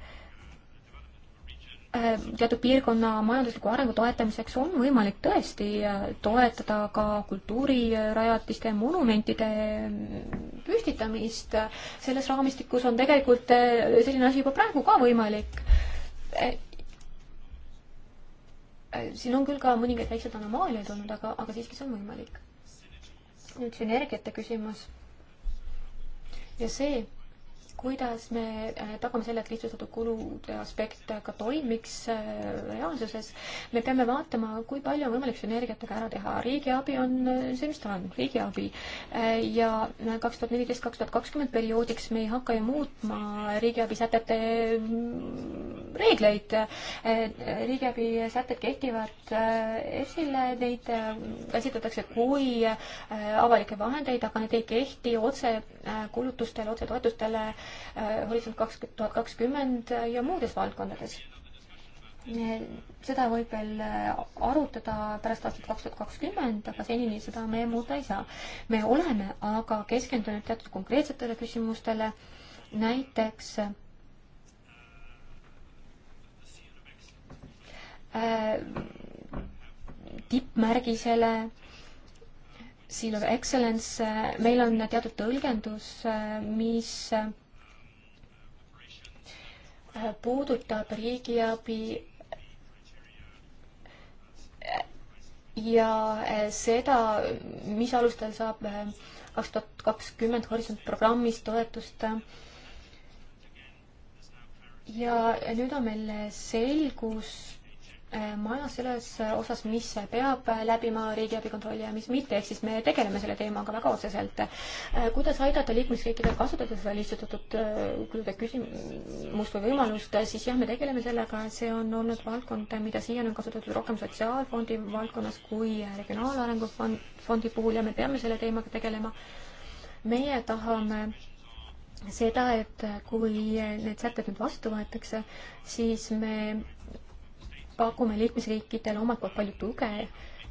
Äh, teatud piirkonna majandusliku arengu toetamiseks on võimalik tõesti äh, toetada ka kultuurirajatiste, monumentide mm, püstitamist. selles raamistikus on tegelikult äh, selline asi juba praegu ka võimalik. siin on küll ka mõningaid väikseid anomaaliaid olnud, aga, aga siiski see on võimalik. nüüd sünergiate küsimus. ja see kuidas me äh, tagame selle, et lihtsustatud kulude aspekt ka toimiks äh, reaalsuses. me peame vaatama, kui palju on võimalik sünergiatega ära teha. riigiabi on äh, see, mis ta on, riigiabi. ja kaks tuhat neliteist, kaks tuhat kakskümmend perioodiks me ei hakka ju muutma riigiabi sätete reegleid. Eh, riigiabi sätted kehtivad EFSile, eh, neid käsitletakse eh, kui avalikke vahendeid, aga need ei kehti otsekulutustele, otsetoetustele Horisont kaks tuhat kakskümmend ja muudes valdkondades seda võib veel arutada pärast aastat kaks tuhat kakskümmend, aga senini seda me muuta ei saa. me oleme aga keskendunud teatud konkreetsetele küsimustele, näiteks Äh, tippmärgisele, seal of excellence, äh, meil on teatud tõlgendus, äh, mis puudutab riigiabi ja seda, mis alustel saab kaks tuhat kakskümmend Horisont programmis toetust. ja nüüd on meil selgus Äh, majas selles äh, osas, mis äh, peab läbima riigiabi kontrolli ja mis mitte, ehk siis me tegeleme selle teemaga väga otseselt. kuidas aidata liikmesriikidel kasutada seda lihtsustatud kulude küsimust või võimalust, siis jah, me tegeleme sellega, see on olnud valdkond, mida siiani on kasutatud rohkem Sotsiaalfondi valdkonnas kui Regionaalarengu fondi puhul ja me peame selle teemaga tegelema. meie tahame seda, et kui need sätted nüüd vastu võetakse, siis me pakume liikmesriikidele omalt poolt palju tuge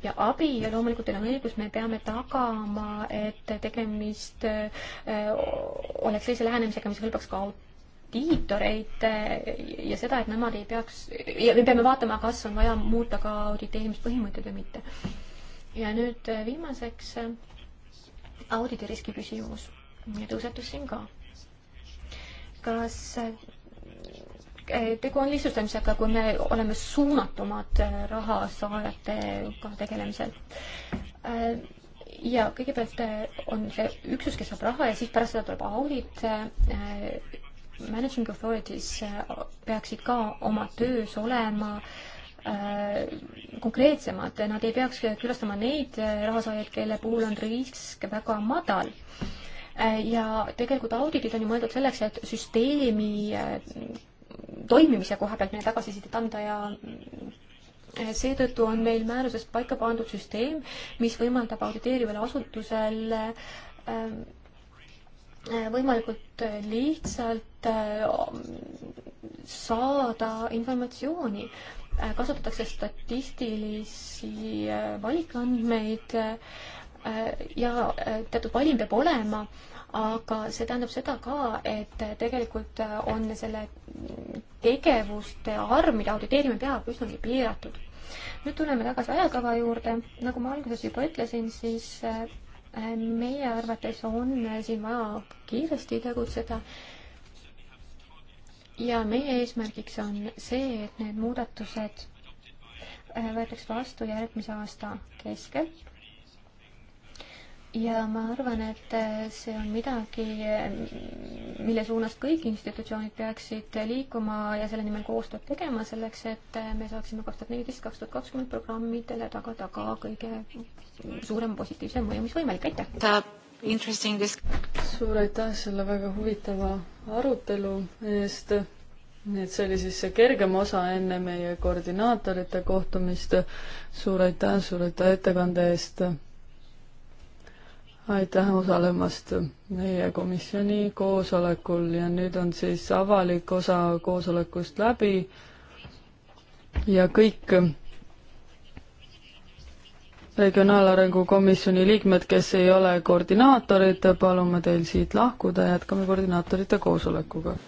ja abi ja loomulikult teil on õigus, me peame tagama, et tegemist äh, oleks sellise lähenemisega, mis hõlbaks ka audiitoreid äh, ja seda, et nemad ei peaks ja me peame vaatama, kas on vaja muuta ka auditeerimispõhimõtteid või mitte. ja nüüd äh, viimaseks auditiriski küsimus tõusetus siin ka. kas Eh, tegu on lihtsustamisega, kui me oleme suunatumad eh, rahasaajatega tegelemisel. Eh, ja kõigepealt on see üksus, kes saab raha ja siis pärast seda tuleb audit. Managing authorities peaksid ka oma töös olema konkreetsemad, nad ei peaks külastama neid rahasaajaid, kelle puhul on risk väga madal ja tegelikult auditid on ju mõeldud selleks, et süsteemi toimimise koha pealt meile tagasisidet anda ja eh, seetõttu on meil määruses paika pandud süsteem, mis võimaldab auditeerival asutusel eh, eh, võimalikult lihtsalt saada informatsiooni. kasutatakse statistilisi valikandmeid ja teatud valim peab olema aga see tähendab seda ka, et tegelikult on selle tegevuste arv, mida auditeerima peab, üsnagi piiratud. nüüd tuleme tagasi ajakava juurde, nagu ma alguses juba ütlesin, siis eh, meie arvates on siin vaja kiiresti tegutseda ja meie eesmärgiks on see, et need muudatused eh, võetakse vastu järgmise aasta keskel ja ma arvan, et äh, see on midagi, mm, mille suunas kõik institutsioonid peaksid liikuma ja selle nimel koostööd tegema, selleks et äh, me saaksime kaks tuhat neliteist, kaks tuhat kakskümmend programmidele tagada ka kõige suurem positiivse mõju, mis võimalik, aitäh! suur aitäh selle väga huvitava arutelu eest, nii et see oli siis see kergem osa enne meie koordinaatorite kohtumist, suur aitäh, suur aitäh ettekande eest! aitäh osalemast meie komisjoni koosolekul ja nüüd on siis avalik osa koosolekust läbi ja kõik regionaalarengu komisjoni liikmed, kes ei ole koordinaatorid, palume teil siit lahkuda, jätkame koordinaatorite koosolekuga